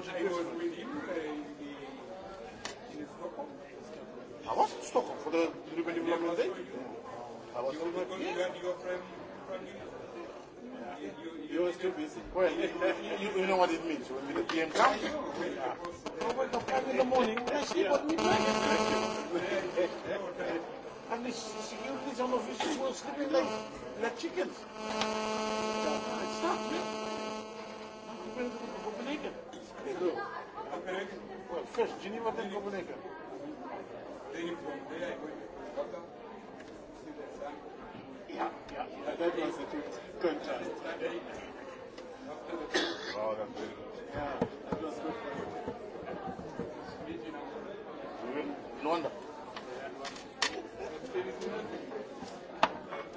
I was with him in, in Stockholm. I was in Stockholm for the Ruben Development Day. I was you, you, yeah. you your friend, friend yeah. you, you, You're still busy. Well, you, you know what it means when the PM comes. Yeah. I wake up five in the morning and she got me pregnant. And the securities and officials were sleeping like, like chickens. It's not real. Munich? Well, first Geneva, then Copenhagen. Then you from there you Rotterdam. Yeah, yeah, yeah, that was a good contrast. wow, oh, that's really good. Yeah, that was good for you. We will London.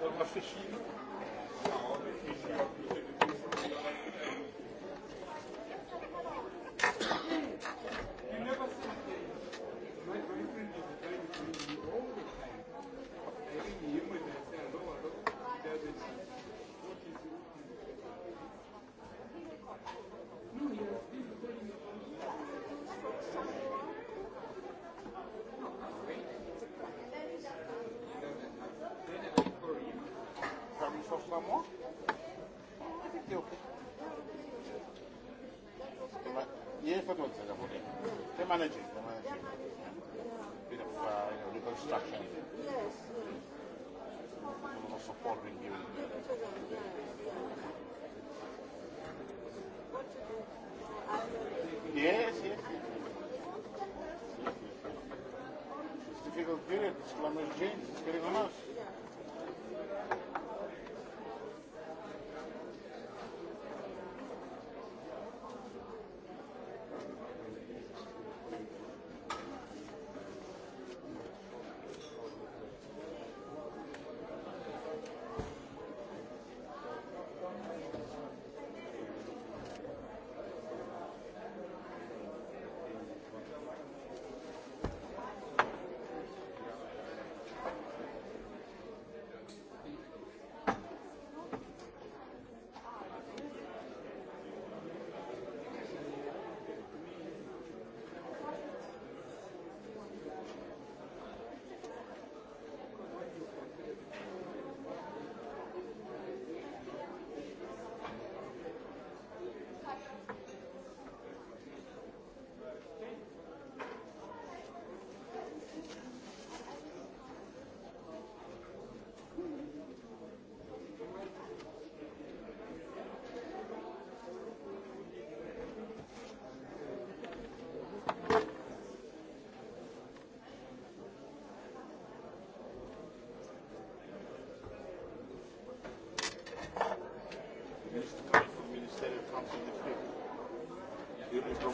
On m'a fait chier.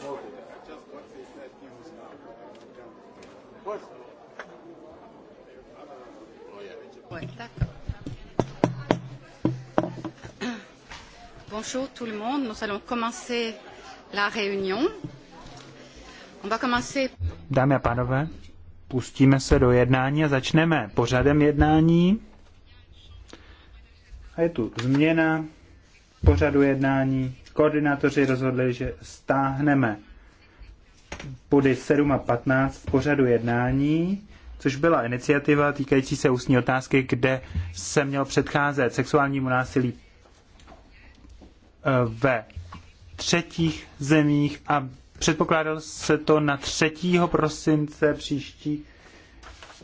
promoted. I just got this that Bonjour tout le monde. Nous allons commencer la réunion. On va commencer... Dámy a pánové, pustíme se do jednání a začneme pořadem jednání. A je tu změna pořadu jednání koordinátoři rozhodli, že stáhneme body 7 a 15 v pořadu jednání, což byla iniciativa týkající se ústní otázky, kde se měl předcházet sexuálnímu násilí eh, ve třetích zemích a předpokládal se to na 3. prosince příští,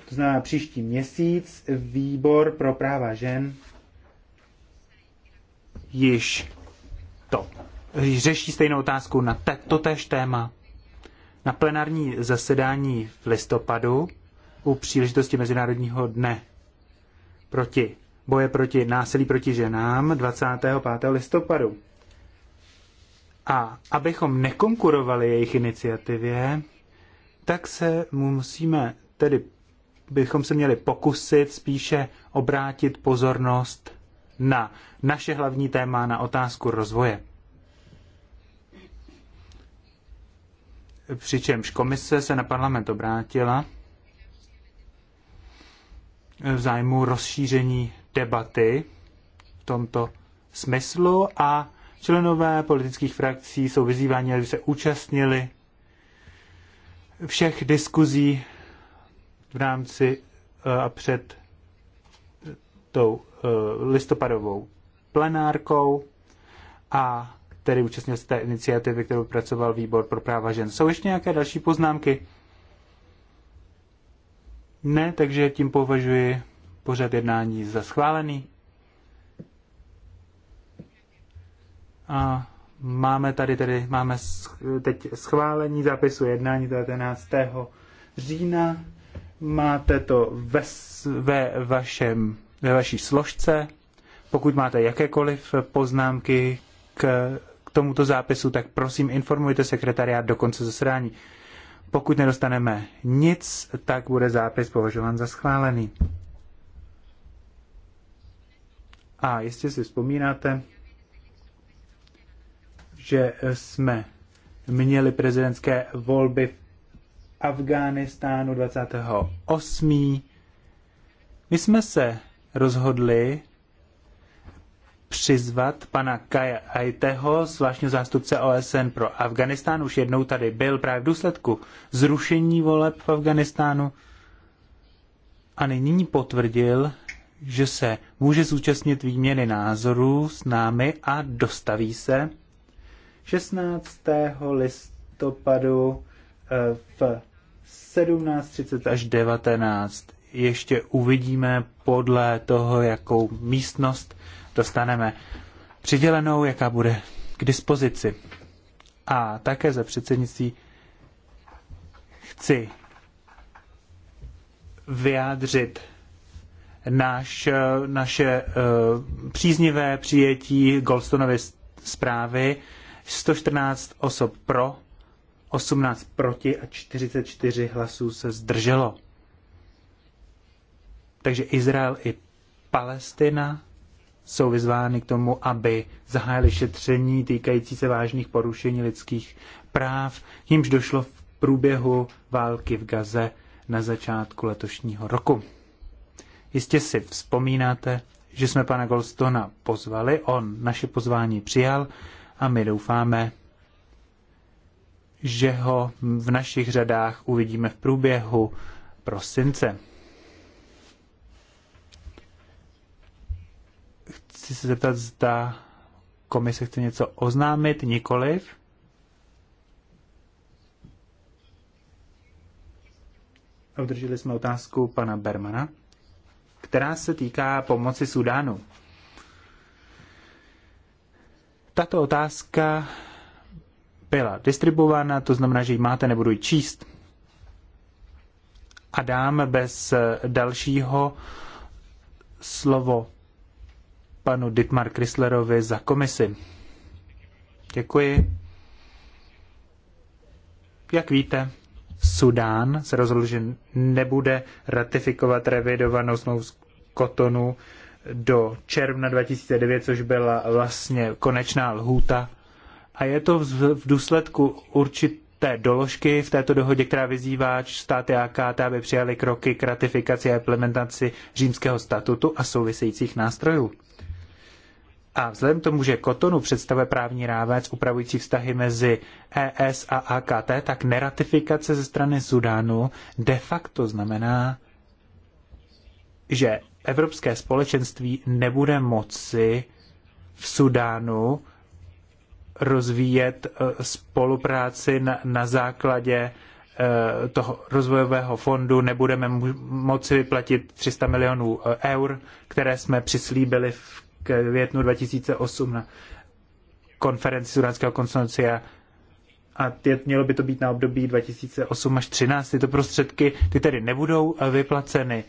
to znamená příští měsíc, výbor pro práva žen již to řeší stejnou otázku na te, to též téma. Na plenární zasedání v listopadu u příležitosti Mezinárodního dne proti boje proti násilí proti ženám 25. listopadu. A abychom nekonkurovali jejich iniciativě, tak se mu musíme, tedy bychom se měli pokusit spíše obrátit pozornost na naše hlavní téma, na otázku rozvoje. Přičemž komise se na parlament obrátila v zájmu rozšíření debaty v tomto smyslu a členové politických frakcí jsou vyzýváni, aby se účastnili všech diskuzí v rámci eh, a před tou Eh, listopadovou plenárkou a tedy účastnil se té iniciativy, kterou pracoval výbor pro práva žen. Jsou ještě nějaké další poznámky? Ne, takže tím považuji pořad jednání za schválený. A máme tady tedy, máme teď schválení zápisu jednání 19. října. Máte to ve, ve vašem ve vaší složce. Pokud máte jakékoliv poznámky k, k tomuto zápisu, tak prosím informujte sekretariát do konce zasedání. Pokud nedostaneme nic, tak bude zápis považován za schválený. A jestli si vzpomínáte, že jsme měli prezidentské volby v Afghánistánu 28. My jsme se rozhodli přizvat pana Kaja Aiteho, zvláštního zástupce OSN pro Afganistán. Už jednou tady byl právě v důsledku zrušení voleb v Afganistánu a nyní potvrdil, že se může zúčastnit výměny názorů s námi a dostaví se 16. listopadu eh, v 17.30 až 19 ještě uvidíme podle toho, jakou místnost dostaneme přidělenou, jaká bude k dispozici. A také za předsednictví chci vyjádřit naš, naše uh, příznivé přijetí Goldstoneovy zprávy. 114 osob pro, 18 proti a 44 hlasů se zdrželo. Takže Izrael i Palestina jsou vyzvány k tomu, aby zahájili šetření týkající se vážných porušení lidských práv, jimž došlo v průběhu války v Gaze na začátku letošního roku. Jistě si vzpomínáte, že jsme pana Goldstona pozvali, on naše pozvání přijal a my doufáme, že ho v našich řadách uvidíme v průběhu prosince. chci se zeptat, zda komise chce něco oznámit, nikoliv. Obdrželi jsme otázku pana Bermana, která se týká pomoci Sudánu. Tato otázka byla distribuována, to znamená, že ji máte, nebudu ji číst. A dám bez dalšího slovo panu Dietmar Chryslerovi za komisi. Děkuji. Jak víte, Sudán se rozhodl, že nebude ratifikovat revidovanou smlouvu z Kotonu do června 2009, což byla vlastně konečná lhůta. A je to v důsledku určité doložky v této dohodě, která vyzývá státy AKT, aby přijali kroky k ratifikaci a implementaci římského statutu a souvisejících nástrojů. A vzhledem k tomu, že Kotonu představuje právní rámec upravující vztahy mezi ES a AKT, tak neratifikace ze strany Sudánu de facto znamená, že Evropské společenství nebude moci v Sudánu rozvíjet eh, spolupráci na, na základě eh, toho rozvojového fondu nebudeme moci vyplatit 300 milionů eh, eur, které jsme přislíbili v květnu 2008 na konferenci Sudánského konsorcia a tě, mělo by to být na období 2008 až 2013. Tyto prostředky ty tedy nebudou vyplaceny,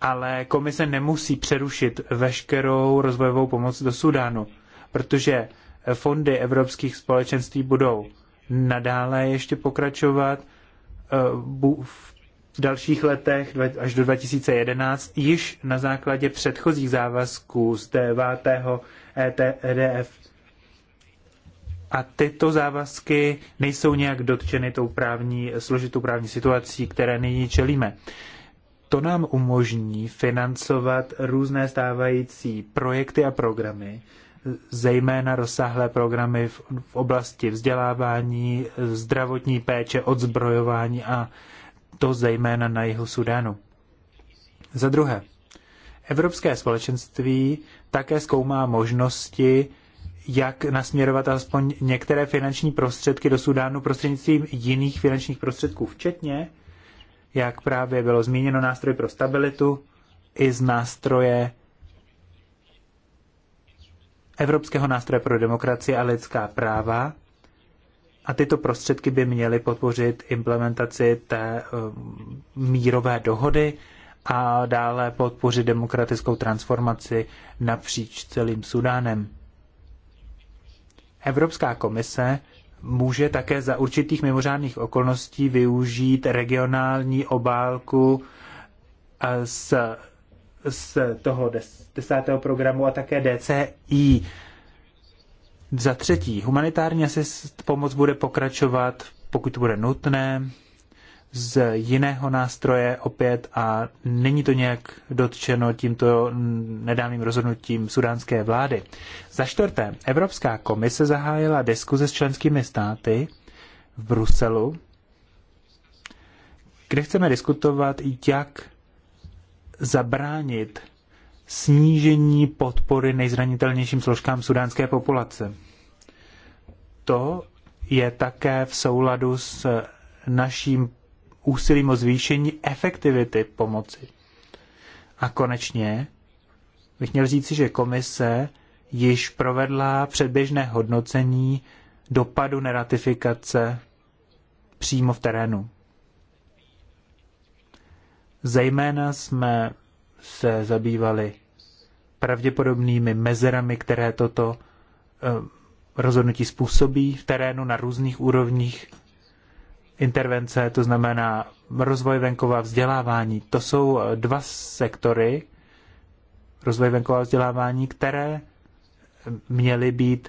ale komise nemusí přerušit veškerou rozvojovou pomoc do Sudánu, protože fondy evropských společenství budou nadále ještě pokračovat eh, v v dalších letech až do 2011 již na základě předchozích závazků z 9. ETDF. E a tyto závazky nejsou nějak dotčeny tou právní, složitou právní situací, které nyní čelíme. To nám umožní financovat různé stávající projekty a programy, zejména rozsáhlé programy v, v oblasti vzdělávání, zdravotní péče, odzbrojování a to zejména na jihu Sudánu. Za druhé, Evropské společenství také zkoumá možnosti, jak nasměrovat alespoň některé finanční prostředky do Sudánu prostřednictvím jiných finančních prostředků, včetně, jak právě bylo zmíněno, nástroj pro stabilitu i z nástroje Evropského nástroje pro demokracii a lidská práva, a tyto prostředky by měly podpořit implementaci té um, mírové dohody a dále podpořit demokratickou transformaci napříč celým Sudánem. Evropská komise může také za určitých mimořádných okolností využít regionální obálku z, eh, z toho desátého programu a také DCI za třetí, humanitární asist pomoc bude pokračovat, pokud to bude nutné, z jiného nástroje opět a není to nějak dotčeno tímto nedávným rozhodnutím sudánské vlády. Za čtvrté, Evropská komise zahájila diskuze s členskými státy v Bruselu, kde chceme diskutovat, jak zabránit snížení podpory nejzranitelnějším složkám sudánské populace. To je také v souladu s naším úsilím o zvýšení efektivity pomoci. A konečně bych měl říci, že komise již provedla předběžné hodnocení dopadu neratifikace přímo v terénu. Zejména jsme se zabývali pravděpodobnými mezerami, které toto eh, rozhodnutí způsobí v terénu na různých úrovních intervence, to znamená rozvoj venkova, vzdělávání. To jsou eh, dva sektory rozvoj venkova vzdělávání, které eh, měly být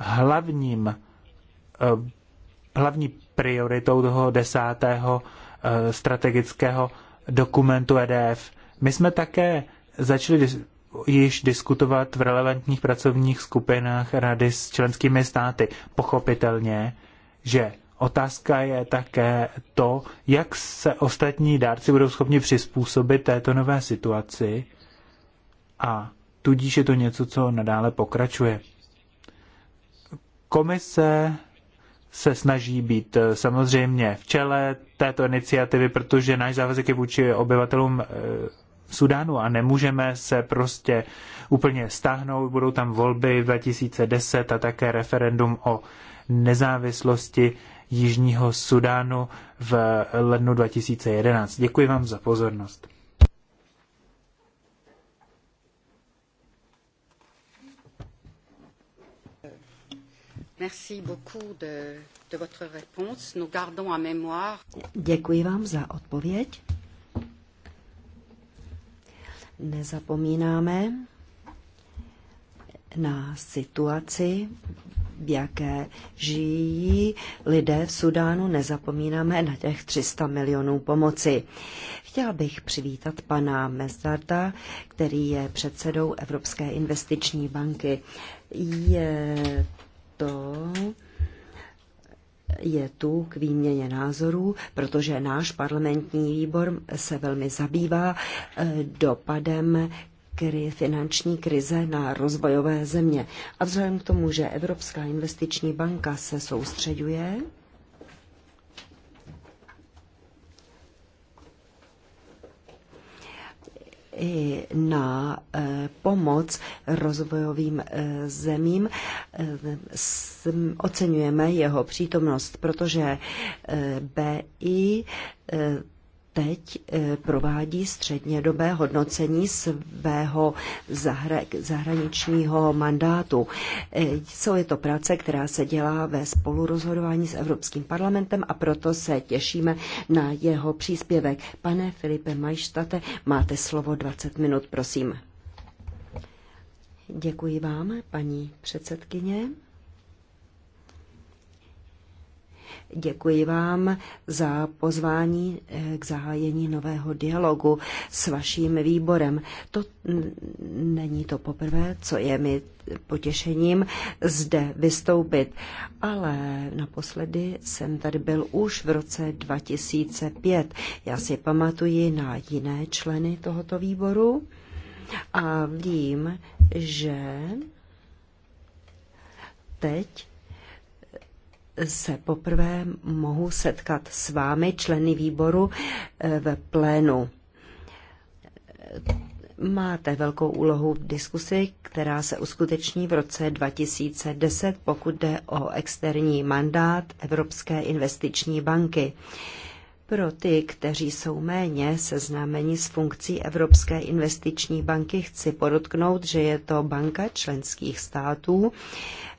hlavním, hlavní prioritou toho desátého strategického dokumentu EDF my jsme také začali již diskutovat v relevantních pracovních skupinách rady s členskými státy. Pochopitelně, že otázka je také to, jak se ostatní dárci budou schopni přizpůsobit této nové situaci a tudíž je to něco, co nadále pokračuje. Komise se snaží být eh, samozřejmě v čele této iniciativy, protože náš závazek je vůči obyvatelům eh, Sudánu a nemůžeme se prostě úplně stáhnout. Budou tam volby 2010 a také referendum o nezávislosti Jižního Sudánu v lednu 2011. Děkuji vám za pozornost. Děkuji vám za odpověď nezapomínáme na situaci, v jaké žijí lidé v Sudánu, nezapomínáme na těch 300 milionů pomoci. Chtěla bych přivítat pana Mezdarta, který je předsedou Evropské investiční banky. Je to je tu k výměně názorů, protože náš parlamentní výbor se velmi zabývá eh, dopadem kri, finanční krize na rozvojové země. A vzhledem k tomu, že Evropská investiční banka se soustředuje i na eh, pomoc rozvojovým eh, zemím. Eh, oceňujeme jeho přítomnost, protože BI teď eh, provádí střednědobé hodnocení svého zahra- zahraničního mandátu. Eh, jsou je to práce, která se dělá ve spolurozhodování s Evropským parlamentem a proto se těšíme na jeho příspěvek. Pane Filipe Majštate, máte slovo 20 minut, prosím. Děkuji vám, paní předsedkyně. Děkuji vám za pozvání eh, k zahájení nového dialogu s vaším výborem. To není to poprvé, co je mi potěšením zde vystoupit, ale naposledy jsem tady byl už v roce 2005. Já si pamatuji na jiné členy tohoto výboru a vím, že teď se poprvé mohu setkat s vámi, členy výboru, eh, v plénu. Máte velkou úlohu v diskusi, která se uskuteční v roce 2010, pokud jde o externí mandát Evropské investiční banky. Pro ty, kteří jsou méně seznámeni s funkcí Evropské investiční banky, chci podotknout, že je to banka členských států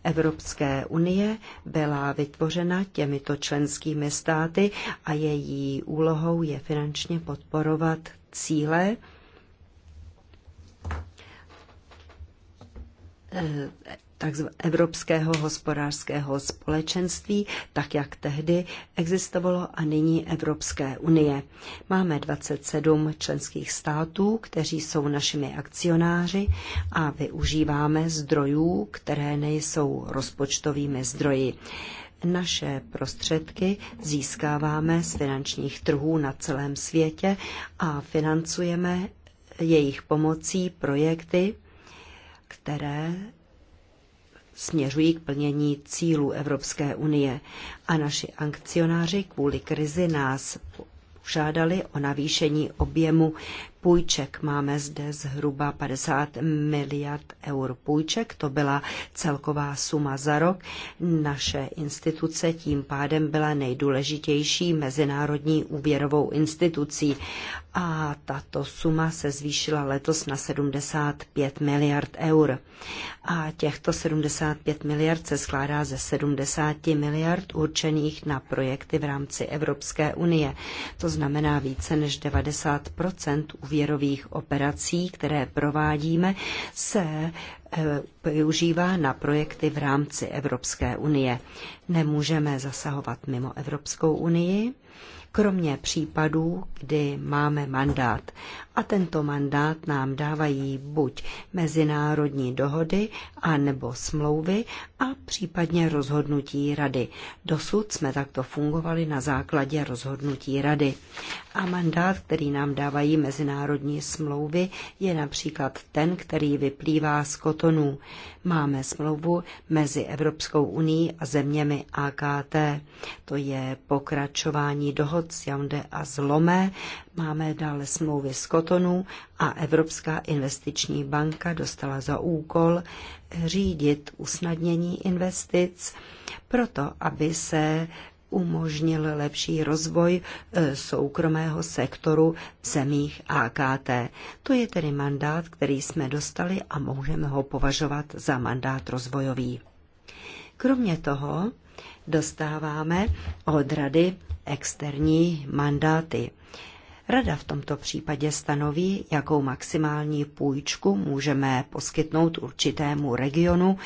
Evropské unie, byla vytvořena těmito členskými státy a její úlohou je finančně podporovat cíle eh, Evropského hospodářského společenství, tak jak tehdy existovalo a nyní Evropské unie. Máme 27 členských států, kteří jsou našimi akcionáři a využíváme zdrojů, které nejsou rozpočtovými zdroji. Naše prostředky získáváme z finančních trhů na celém světě a financujeme jejich pomocí projekty, které směřují k plnění cílů Evropské unie a naši akcionáři kvůli krizi nás žádali o navýšení objemu půjček. Máme zde zhruba 50 miliard eur půjček, to byla celková suma za rok. Naše instituce tím pádem byla nejdůležitější mezinárodní úvěrovou institucí a tato suma se zvýšila letos na 75 miliard eur. A těchto 75 miliard se skládá ze 70 miliard určených na projekty v rámci Evropské unie. To znamená více než 90 úvěrů úvěrových operací, které provádíme, se eh, využívá na projekty v rámci Evropské unie. Nemůžeme zasahovat mimo Evropskou unii, kromě případů, kdy máme mandát a tento mandát nám dávají buď mezinárodní dohody a nebo smlouvy a případně rozhodnutí rady. Dosud jsme takto fungovali na základě rozhodnutí rady. A mandát, který nám dávají mezinárodní smlouvy, je například ten, který vyplývá z kotonů. Máme smlouvu mezi Evropskou unii a zeměmi AKT. To je pokračování dohod s Jaunde a Zlomé Máme dále smlouvy s Kotonu a Evropská investiční banka dostala za úkol řídit usnadnění investic, proto aby se umožnil lepší rozvoj e, soukromého sektoru v zemích AKT. To je tedy mandát, který jsme dostali a můžeme ho považovat za mandát rozvojový. Kromě toho dostáváme od Rady externí mandáty. Rada v tomto případě stanoví, jakou maximální půjčku můžeme poskytnout určitému regionu,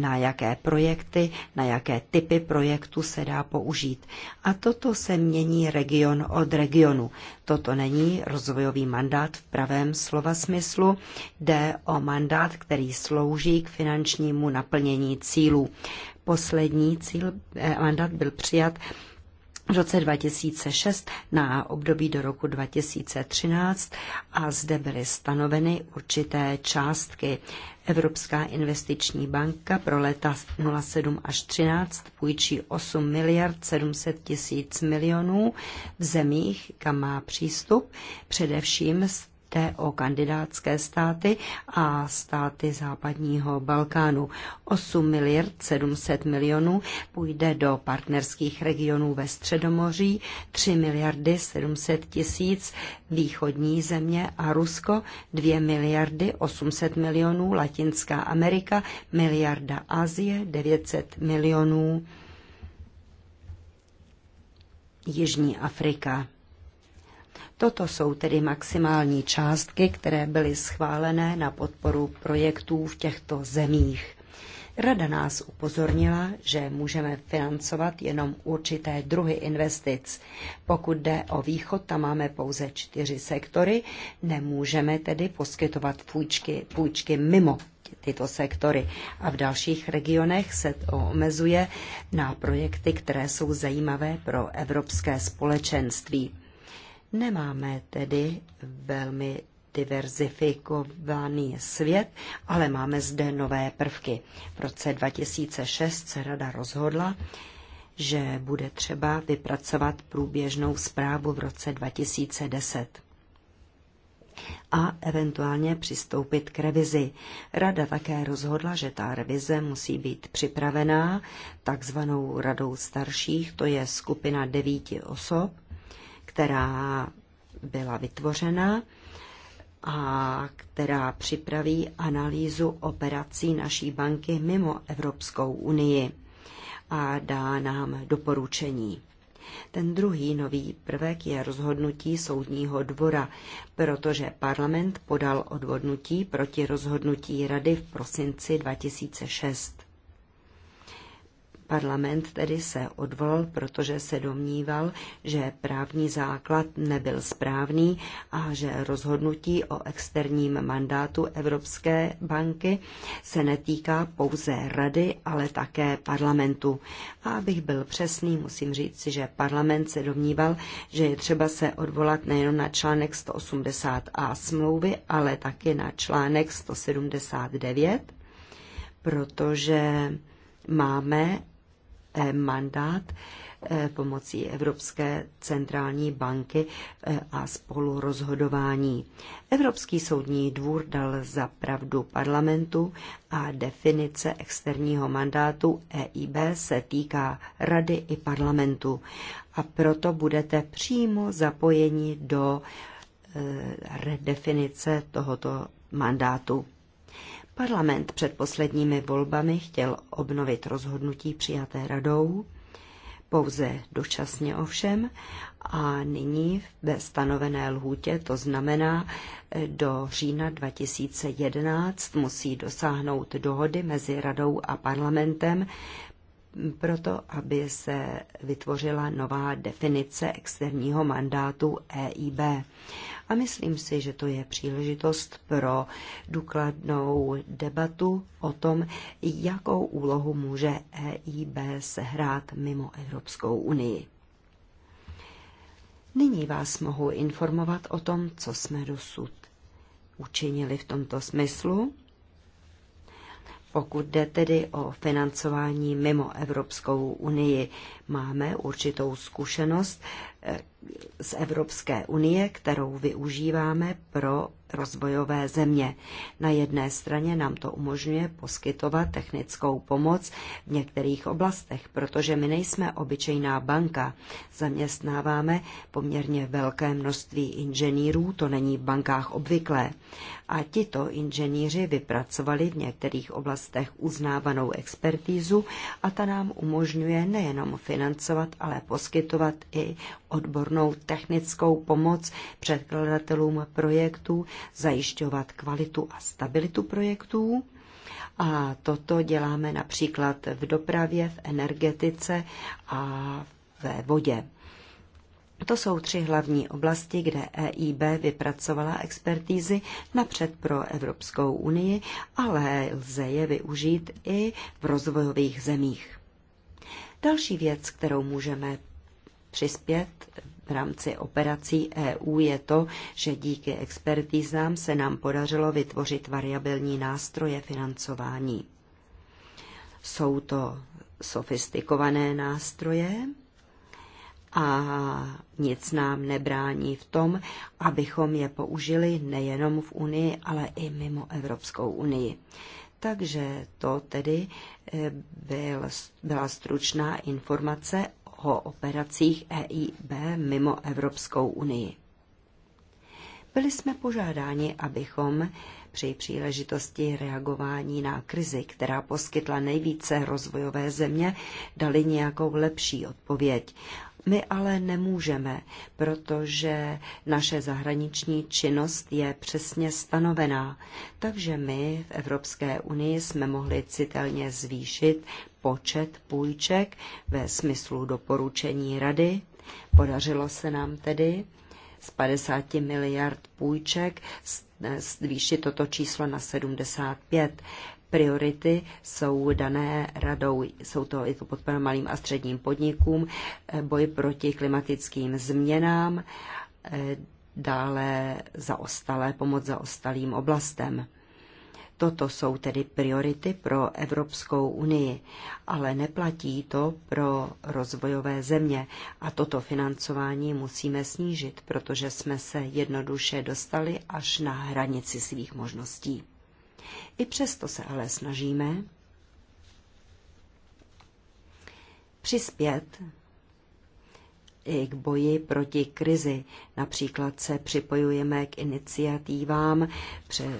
na jaké projekty, na jaké typy projektu se dá použít. A toto se mění region od regionu. Toto není rozvojový mandát v pravém slova smyslu, jde o mandát, který slouží k finančnímu naplnění cílů. Poslední cíl, eh, mandát byl přijat v roce 2006 na období do roku 2013 a zde byly stanoveny určité částky. Evropská investiční banka pro leta 07 až 13 půjčí 8 miliard 700 tisíc milionů v zemích, kam má přístup, především z jde o kandidátské státy a státy západního Balkánu. 8 miliard 700 milionů půjde do partnerských regionů ve Středomoří, 3 miliardy 700 tisíc východní země a Rusko, 2 miliardy 800 milionů Latinská Amerika, miliarda Asie, 900 milionů Jižní Afrika. Toto jsou tedy maximální částky, které byly schválené na podporu projektů v těchto zemích. Rada nás upozornila, že můžeme financovat jenom určité druhy investic. Pokud jde o východ, tam máme pouze čtyři sektory, nemůžeme tedy poskytovat půjčky, půjčky mimo tyto sektory. A v dalších regionech se to omezuje na projekty, které jsou zajímavé pro evropské společenství. Nemáme tedy velmi diverzifikovaný svět, ale máme zde nové prvky. V roce 2006 se rada rozhodla, že bude třeba vypracovat průběžnou zprávu v roce 2010 a eventuálně přistoupit k revizi. Rada také rozhodla, že ta revize musí být připravená takzvanou radou starších, to je skupina devíti osob, která byla vytvořena a která připraví analýzu operací naší banky mimo Evropskou unii a dá nám doporučení. Ten druhý nový prvek je rozhodnutí soudního dvora, protože parlament podal odvodnutí proti rozhodnutí rady v prosinci 2006. Parlament tedy se odvolal, protože se domníval, že právní základ nebyl správný a že rozhodnutí o externím mandátu Evropské banky se netýká pouze rady, ale také parlamentu. A abych byl přesný, musím říct, že parlament se domníval, že je třeba se odvolat nejen na článek 180a smlouvy, ale taky na článek 179, protože máme Eh, mandát eh, pomocí Evropské centrální banky eh, a spolurozhodování. Evropský soudní dvůr dal za pravdu parlamentu a definice externího mandátu EIB se týká rady i parlamentu a proto budete přímo zapojeni do redefinice tohoto mandátu. Parlament před posledními volbami chtěl obnovit rozhodnutí přijaté radou, pouze dočasně ovšem, a nyní ve stanovené lhůtě, to znamená eh, do října 2011, musí dosáhnout dohody mezi radou a parlamentem, proto, aby se vytvořila nová definice externího mandátu EIB. A myslím si, že to je příležitost pro důkladnou debatu o tom, jakou úlohu může EIB sehrát mimo Evropskou unii. Nyní vás mohu informovat o tom, co jsme dosud učinili v tomto smyslu. Pokud jde tedy o financování mimo Evropskou unii, máme určitou zkušenost eh, z Evropské unie, kterou využíváme pro rozvojové země. Na jedné straně nám to umožňuje poskytovat technickou pomoc v některých oblastech, protože my nejsme obyčejná banka. Zaměstnáváme poměrně velké množství inženýrů, to není v bankách obvyklé a tito inženýři vypracovali v některých oblastech uznávanou expertízu a ta nám umožňuje nejenom financovat, ale poskytovat i odbornou technickou pomoc předkladatelům projektů, zajišťovat kvalitu a stabilitu projektů. A toto děláme například v dopravě, v energetice a ve vodě. To jsou tři hlavní oblasti, kde EIB vypracovala expertízy napřed pro Evropskou unii, ale lze je využít i v rozvojových zemích. Další věc, kterou můžeme přispět v rámci operací EU je to, že díky expertízám se nám podařilo vytvořit variabilní nástroje financování. Jsou to sofistikované nástroje, a nic nám nebrání v tom, abychom je použili nejenom v Unii, ale i mimo Evropskou unii. Takže to tedy eh, byl, byla stručná informace o operacích EIB mimo Evropskou unii. Byli jsme požádáni, abychom při příležitosti reagování na krizi, která poskytla nejvíce rozvojové země, dali nějakou lepší odpověď. My ale nemůžeme, protože naše zahraniční činnost je přesně stanovená. Takže my v Evropské unii jsme mohli citelně zvýšit počet půjček ve smyslu doporučení rady. Podařilo se nám tedy z 50 miliard půjček zvýšit toto číslo na 75 priority jsou dané radou. Jsou to, jako to podpora malým a středním podnikům, eh, boj proti klimatickým změnám, eh, dále zaostalé, pomoc zaostalým oblastem. Toto jsou tedy priority pro Evropskou unii, ale neplatí to pro rozvojové země a toto financování musíme snížit, protože jsme se jednoduše dostali až na hranici svých možností. I přesto se ale snažíme přispět i k boji proti krizi. Například se připojujeme k iniciativám pře-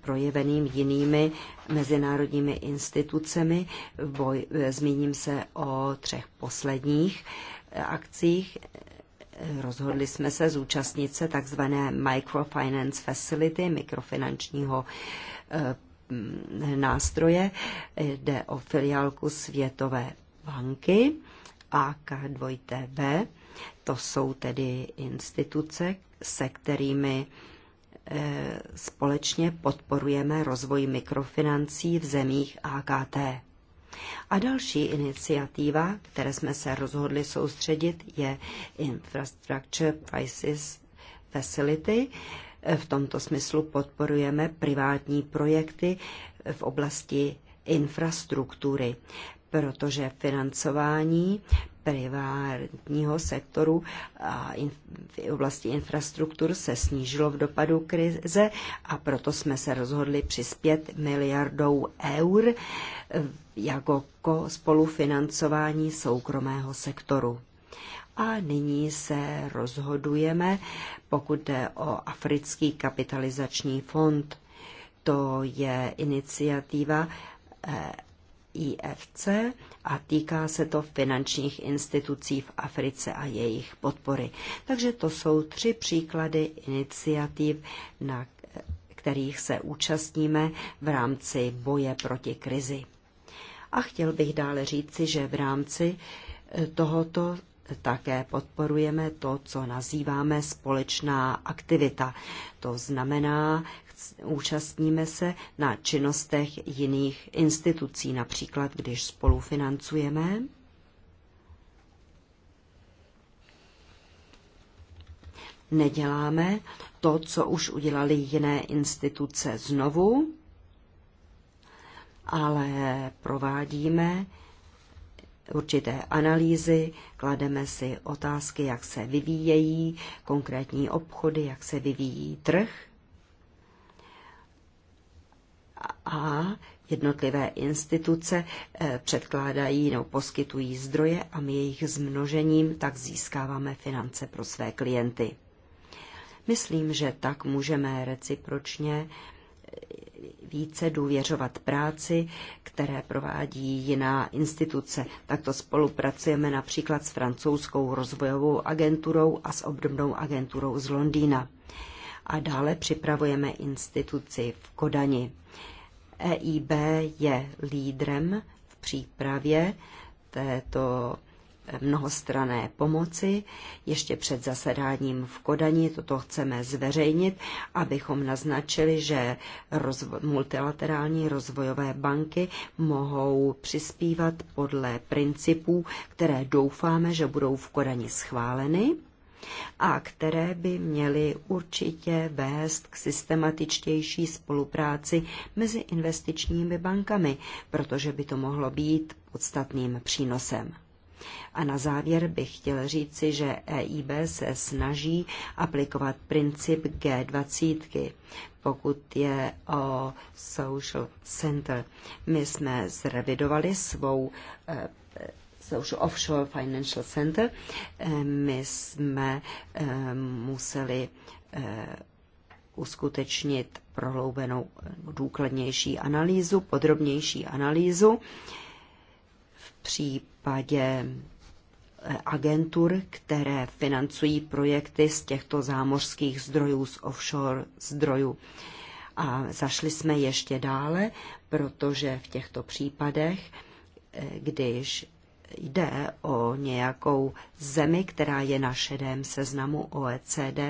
projeveným jinými mezinárodními institucemi. Boj, zmíním se o třech posledních akcích. Rozhodli jsme se zúčastnit se takzvané Microfinance Facility, mikrofinančního eh, Eh, nástroje. Jde o filiálku Světové banky ak 2 To jsou tedy instituce, se kterými eh, společně podporujeme rozvoj mikrofinancí v zemích AKT. A další iniciativa, které jsme se rozhodli soustředit, je Infrastructure Crisis Facility, v tomto smyslu podporujeme privátní projekty v oblasti infrastruktury, protože financování privátního sektoru a in, v oblasti infrastruktur se snížilo v dopadu krize a proto jsme se rozhodli přispět miliardou eur jako spolufinancování soukromého sektoru. A nyní se rozhodujeme, pokud jde o Africký kapitalizační fond. To je iniciativa eh, IFC a týká se to finančních institucí v Africe a jejich podpory. Takže to jsou tři příklady iniciativ, na kterých se účastníme v rámci boje proti krizi. A chtěl bych dále říci, že v rámci eh, tohoto také podporujeme to, co nazýváme společná aktivita. To znamená, účastníme se na činnostech jiných institucí, například když spolufinancujeme. Neděláme to, co už udělali jiné instituce znovu, ale provádíme určité analýzy, klademe si otázky, jak se vyvíjejí konkrétní obchody, jak se vyvíjí trh a jednotlivé instituce eh, předkládají nebo poskytují zdroje a my jejich zmnožením tak získáváme finance pro své klienty. Myslím, že tak můžeme recipročně více důvěřovat práci, které provádí jiná instituce. Takto spolupracujeme například s francouzskou rozvojovou agenturou a s obdobnou agenturou z Londýna. A dále připravujeme instituci v Kodani. EIB je lídrem v přípravě této mnohostrané pomoci. Ještě před zasedáním v Kodani toto chceme zveřejnit, abychom naznačili, že rozvo- multilaterální rozvojové banky mohou přispívat podle principů, které doufáme, že budou v Kodani schváleny a které by měly určitě vést k systematičtější spolupráci mezi investičními bankami, protože by to mohlo být podstatným přínosem. A na závěr bych chtěl říci, že EIB se snaží aplikovat princip G20, pokud je o Social Center. My jsme zrevidovali svou eh, Social Offshore Financial Center. Eh, my jsme eh, museli uskutečnit prohloubenou důkladnější analýzu, podrobnější analýzu případě eh, agentur, které financují projekty z těchto zámořských zdrojů, z offshore zdrojů. A zašli jsme ještě dále, protože v těchto případech, eh, když jde o nějakou zemi, která je na šedém seznamu OECD,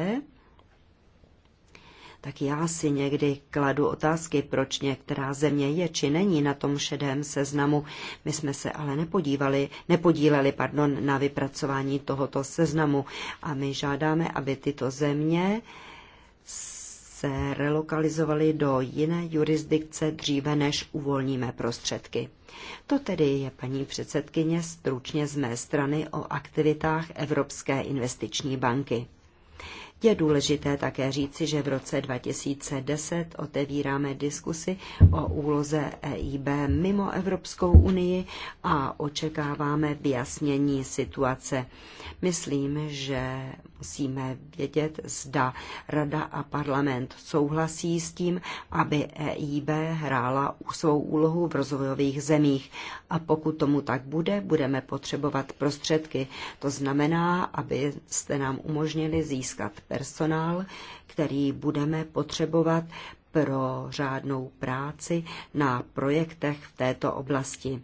tak já si někdy kladu otázky, proč některá země je či není na tom šedém seznamu. My jsme se ale nepodívali, nepodíleli pardon, na vypracování tohoto seznamu a my žádáme, aby tyto země se relokalizovaly do jiné jurisdikce dříve, než uvolníme prostředky. To tedy je, paní předsedkyně, stručně z mé strany o aktivitách Evropské investiční banky. Je důležité také říci, že v roce 2010 otevíráme diskusy o úloze EIB mimo Evropskou unii a očekáváme vyjasnění situace. Myslím, že musíme vědět, zda Rada a parlament souhlasí s tím, aby EIB hrála svou úlohu v rozvojových zemích. A pokud tomu tak bude, budeme potřebovat prostředky. To znamená, abyste nám umožnili získat personál, který budeme potřebovat pro řádnou práci na projektech v této oblasti.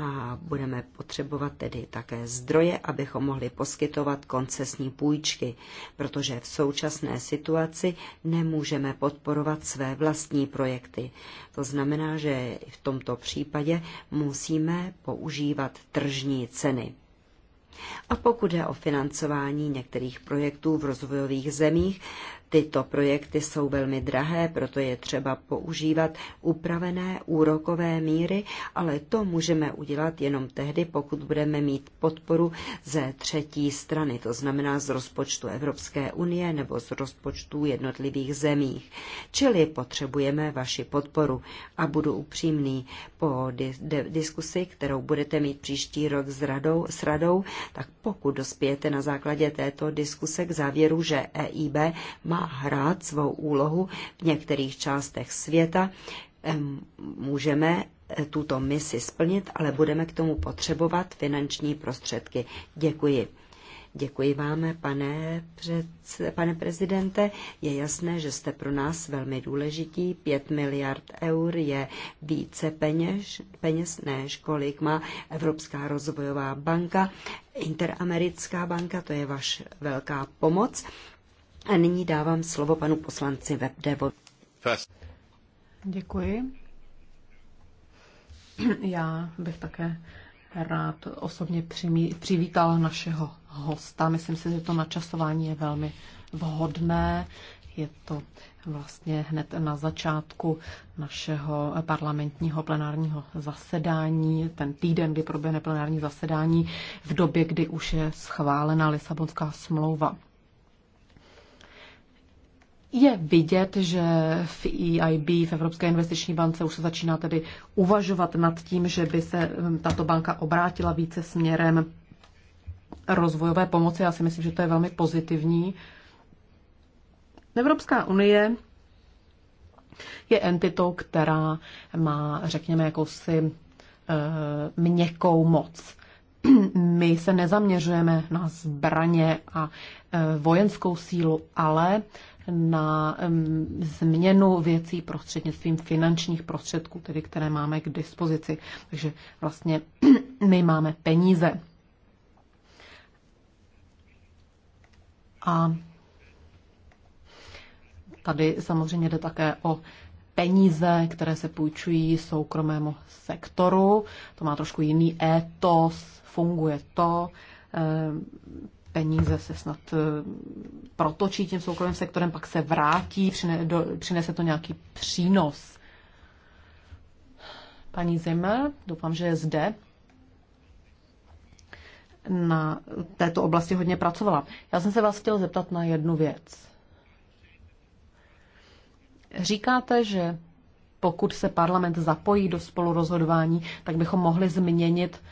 A budeme potřebovat tedy také zdroje, abychom mohli poskytovat koncesní půjčky, protože v současné situaci nemůžeme podporovat své vlastní projekty. To znamená, že v tomto případě musíme používat tržní ceny. A pokud je o financování některých projektů v rozvojových zemích, Tyto projekty jsou velmi drahé, proto je třeba používat upravené úrokové míry, ale to můžeme udělat jenom tehdy, pokud budeme mít podporu ze třetí strany, to znamená z rozpočtu Evropské unie nebo z rozpočtu jednotlivých zemích. Čili potřebujeme vaši podporu a budu upřímný po diskusi, kterou budete mít příští rok s radou, s radou tak pokud dospějete na základě této diskuse k závěru, že EIB má hrát svou úlohu v některých částech světa. Můžeme eh, tuto misi splnit, ale budeme k tomu potřebovat finanční prostředky. Děkuji. Děkuji vám, pane, před, pane prezidente. Je jasné, že jste pro nás velmi důležití. Pět miliard eur je více peněž, peněz, než kolik má Evropská rozvojová banka. Interamerická banka, to je vaš velká pomoc. A nyní dávám slovo panu poslanci Webdevo. Děkuji. Já bych také rád osobně přivítal našeho hosta. Myslím si, že to načasování je velmi vhodné. Je to vlastně hned na začátku našeho parlamentního plenárního zasedání, ten týden, kdy proběhne plenární zasedání, v době, kdy už je schválena Lisabonská smlouva je vidět, že v EIB, v Evropské investiční bance, už se začíná tedy uvažovat nad tím, že by se hm, tato banka obrátila více směrem rozvojové pomoci. Já si myslím, že to je velmi pozitivní. Evropská unie je entitou, která má, řekněme, jakousi eh, měkkou moc. My se nezaměřujeme na zbraně a eh, vojenskou sílu, ale na změnu věcí prostřednictvím finančních prostředků, tedy které máme k dispozici. Takže vlastně my máme peníze. A tady samozřejmě jde také o peníze, které se půjčují soukromému sektoru. To má trošku jiný étos, funguje to peníze se snad eh, protočí tím soukromým sektorem, pak se vrátí, přinese to nějaký přínos. Paní Zimmer, doufám, že je zde, na této oblasti hodně pracovala. Já jsem se vás chtěl zeptat na jednu věc. Říkáte, že pokud se parlament zapojí do spolurozhodování, tak bychom mohli změnit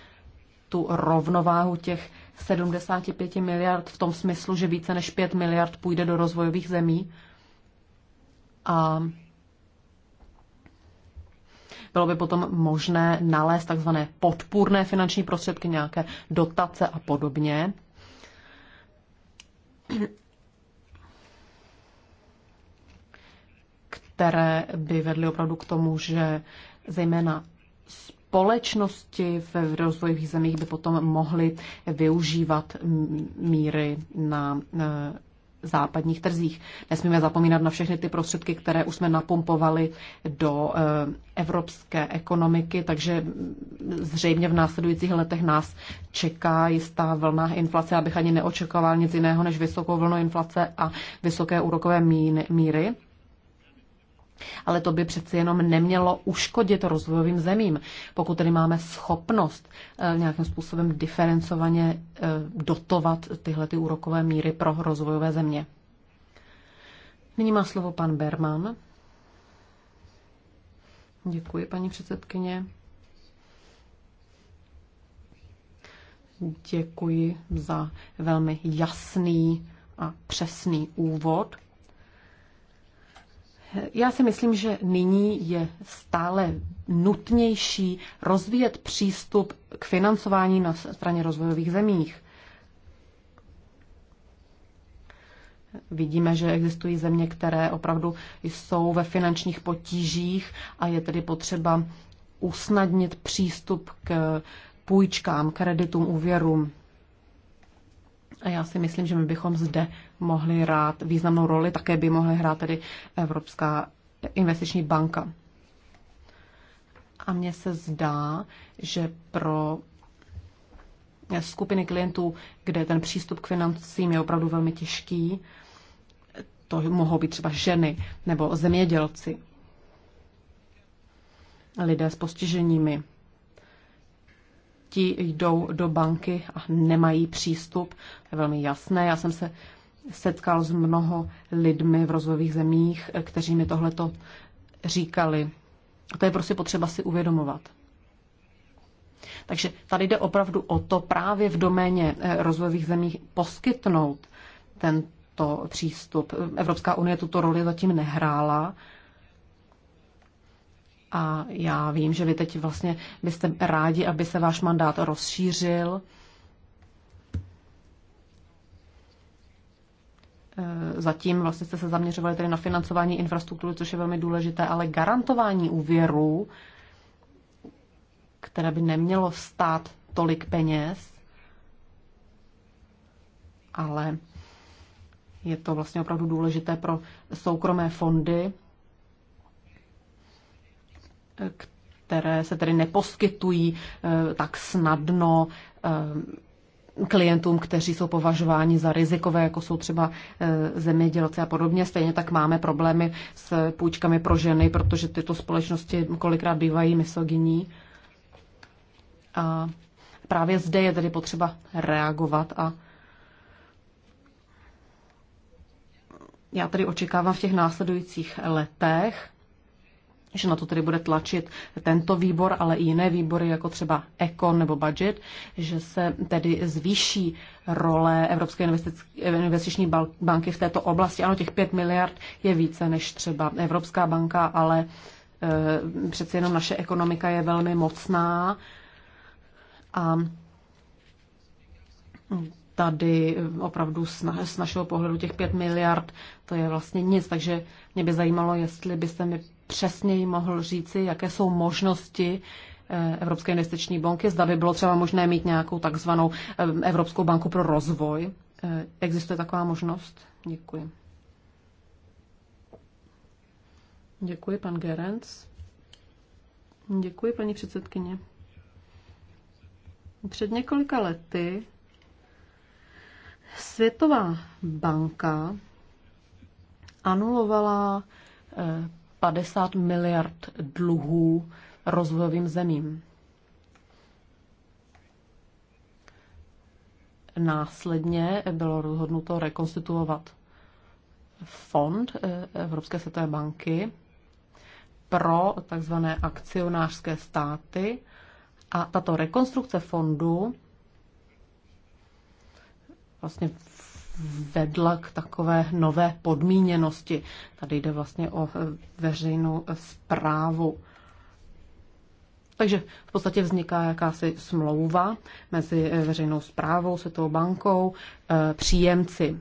tu rovnováhu těch 75 miliard v tom smyslu, že více než 5 miliard půjde do rozvojových zemí. A bylo by potom možné nalézt takzvané podpůrné finanční prostředky, nějaké dotace a podobně. které by vedly opravdu k tomu, že zejména společnosti v rozvojových zemích by potom mohly využívat míry na e, západních trzích. Nesmíme zapomínat na všechny ty prostředky, které už jsme napumpovali do e, evropské ekonomiky, takže zřejmě v následujících letech nás čeká jistá vlna inflace. Abych ani neočekoval nic jiného než vysokou vlnu inflace a vysoké úrokové míny, míry. Ale to by přeci jenom nemělo uškodit rozvojovým zemím, pokud tedy máme schopnost eh, nějakým způsobem diferencovaně eh, dotovat tyhle ty úrokové míry pro rozvojové země. Nyní má slovo pan Berman. Děkuji, paní předsedkyně. Děkuji za velmi jasný a přesný úvod já si myslím, že nyní je stále nutnější rozvíjet přístup k financování na straně rozvojových zemích. Vidíme, že existují země, které opravdu jsou ve finančních potížích a je tedy potřeba usnadnit přístup k půjčkám, kreditům, úvěrům. A já si myslím, že my bychom zde mohli hrát významnou roli, také by mohla hrát tedy Evropská investiční banka. A mně se zdá, že pro skupiny klientů, kde ten přístup k financím je opravdu velmi těžký, to mohou být třeba ženy nebo zemědělci, lidé s postiženími, ti jdou do banky a nemají přístup. To je velmi jasné. Já jsem se setkal s mnoho lidmi v rozvojových zemích, kteří mi tohleto říkali. To je prostě potřeba si uvědomovat. Takže tady jde opravdu o to právě v doméně eh, rozvojových zemí poskytnout tento přístup. Evropská unie tuto roli zatím nehrála a já vím, že vy teď vlastně byste rádi, aby se váš mandát rozšířil. E, zatím vlastně jste se zaměřovali tedy na financování infrastruktury, což je velmi důležité, ale garantování úvěru, které by nemělo stát tolik peněz, ale je to vlastně opravdu důležité pro soukromé fondy, které se tedy neposkytují eh, tak snadno eh, klientům, kteří jsou považováni za rizikové, jako jsou třeba eh, zemědělci a podobně. Stejně tak máme problémy s půjčkami pro ženy, protože tyto společnosti kolikrát bývají misogyní. A právě zde je tedy potřeba reagovat a já tedy očekávám v těch následujících letech, že na to tedy bude tlačit tento výbor, ale i jiné výbory, jako třeba ECON nebo Budget, že se tedy zvýší role Evropské investiční banky v této oblasti. Ano, těch 5 miliard je více než třeba Evropská banka, ale e, přeci jenom naše ekonomika je velmi mocná a tady opravdu z, na, z našeho pohledu těch 5 miliard, to je vlastně nic, takže mě by zajímalo, jestli byste mi přesněji mohl říci, jaké jsou možnosti eh, Evropské investiční banky, zda by bylo třeba možné mít nějakou takzvanou eh, Evropskou banku pro rozvoj. Eh, existuje taková možnost? Děkuji. Děkuji, pan Gerenc. Děkuji, paní předsedkyně. Před několika lety Světová banka anulovala 50 miliard dluhů rozvojovým zemím. Následně bylo rozhodnuto rekonstituovat fond eh, Evropské světové banky pro tzv. akcionářské státy a tato rekonstrukce fondu vlastně vedla k takové nové podmíněnosti. Tady jde vlastně o eh, veřejnou zprávu. Eh, Takže v podstatě vzniká jakási smlouva mezi eh, veřejnou zprávou, Světovou bankou, příjemci.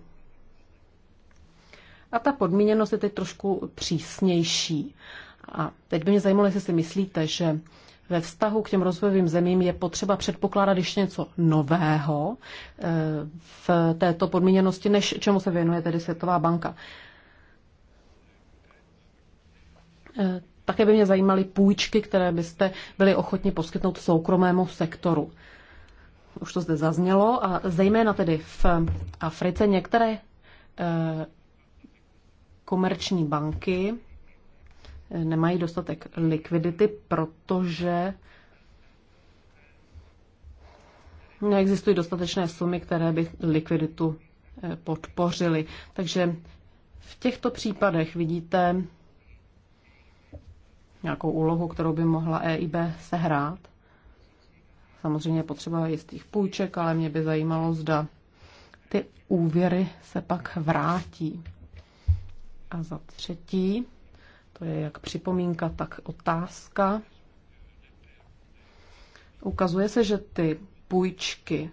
A ta podmíněnost je teď trošku přísnější. A teď by mě zajímalo, jestli si myslíte, že ve vztahu k těm rozvojovým zemím je potřeba předpokládat ještě něco nového eh, v této podmíněnosti, než čemu se věnuje tedy Světová banka. Eh, také by mě zajímaly půjčky, které byste byli ochotni poskytnout soukromému sektoru. Už to zde zaznělo a zejména tedy v Africe některé eh, komerční banky nemají dostatek likvidity, protože neexistují dostatečné sumy, které by likviditu eh, podpořily. Takže v těchto případech vidíte nějakou úlohu, kterou by mohla EIB sehrát. Samozřejmě potřeba jistých půjček, ale mě by zajímalo, zda ty úvěry se pak vrátí. A za třetí, to je jak připomínka, tak otázka. Ukazuje se, že ty půjčky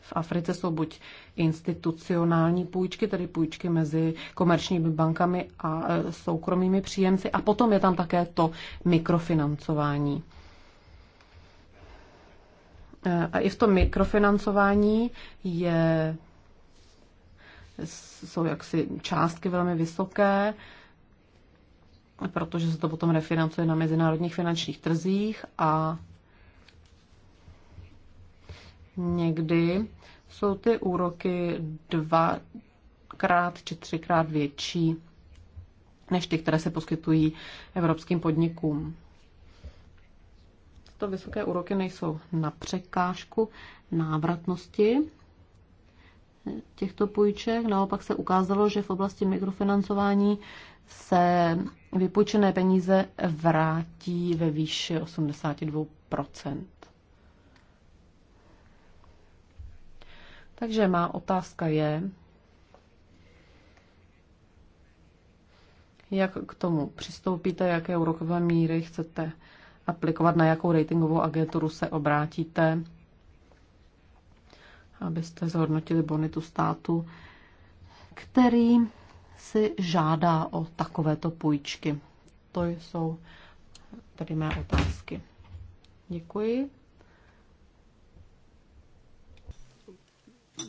v Africe jsou buď institucionální půjčky, tedy půjčky mezi komerčními bankami a e, soukromými příjemci, a potom je tam také to mikrofinancování. E, a i v tom mikrofinancování je, jsou jaksi částky velmi vysoké, protože se to potom refinancuje na mezinárodních finančních trzích a někdy jsou ty úroky dvakrát či třikrát větší než ty, které se poskytují evropským podnikům. To vysoké úroky nejsou na překážku návratnosti těchto půjček. Naopak se ukázalo, že v oblasti mikrofinancování se vypůjčené peníze vrátí ve výši 82 Takže má otázka je, jak k tomu přistoupíte, jaké úrokové míry chcete aplikovat, na jakou ratingovou agenturu se obrátíte, abyste zhodnotili bonitu státu, který si žádá o takovéto půjčky? To jsou tady mé otázky. Děkuji.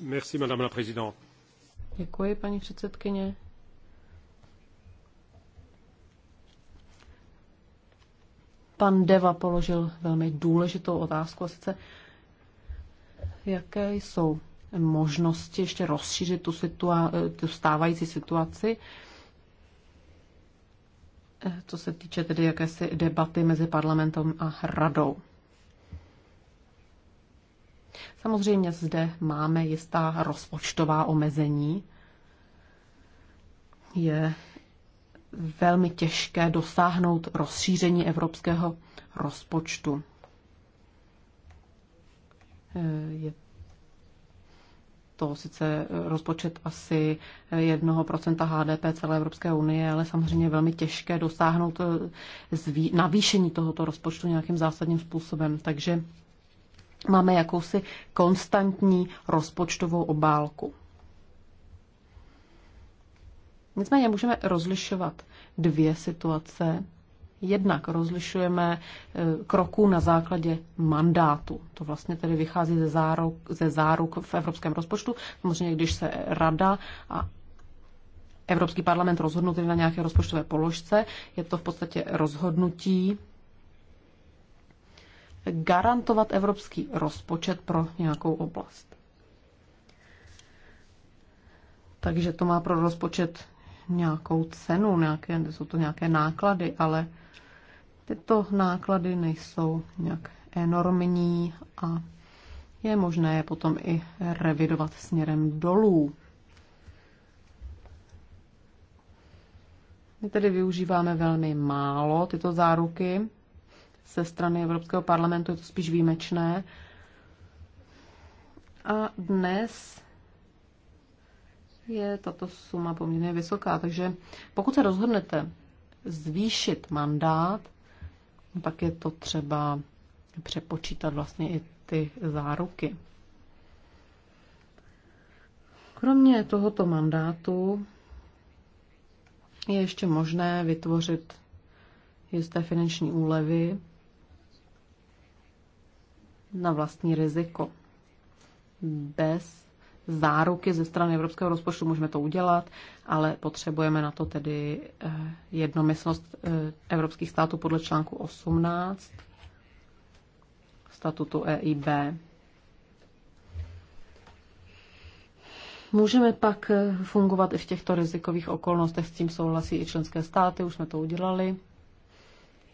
Merci, madame la présidente. Děkuji, paní předsedkyně. Pan Deva položil velmi důležitou otázku, a sice jaké jsou možnosti ještě rozšířit tu, situa- tu stávající situaci. Co se týče tedy jakési debaty mezi parlamentem a radou. Samozřejmě zde máme jistá rozpočtová omezení. Je velmi těžké dosáhnout rozšíření evropského rozpočtu. Je to sice rozpočet asi 1% HDP celé Evropské unie, ale samozřejmě velmi těžké dosáhnout eh, navýšení tohoto rozpočtu nějakým zásadním způsobem. Takže máme jakousi konstantní rozpočtovou obálku. Nicméně můžeme rozlišovat dvě situace, Jednak rozlišujeme e, kroků na základě mandátu. To vlastně tedy vychází ze záruk, ze záruk v evropském rozpočtu. Samozřejmě, když se rada a Evropský parlament rozhodnou tedy na nějaké rozpočtové položce, je to v podstatě rozhodnutí garantovat evropský rozpočet pro nějakou oblast. Takže to má pro rozpočet nějakou cenu, nějaké, jsou to nějaké náklady, ale tyto náklady nejsou nějak enormní a je možné je potom i revidovat směrem dolů. My tedy využíváme velmi málo tyto záruky. Ze strany Evropského parlamentu je to spíš výjimečné. A dnes je tato suma poměrně vysoká. Takže pokud se rozhodnete zvýšit mandát, pak no je to třeba přepočítat vlastně i ty záruky. Kromě tohoto mandátu je ještě možné vytvořit jisté finanční úlevy na vlastní riziko bez záruky ze strany evropského rozpočtu, můžeme to udělat, ale potřebujeme na to tedy eh, jednomyslnost eh, evropských států podle článku 18 statutu EIB. Můžeme pak eh, fungovat i v těchto rizikových okolnostech, s tím souhlasí i členské státy, už jsme to udělali.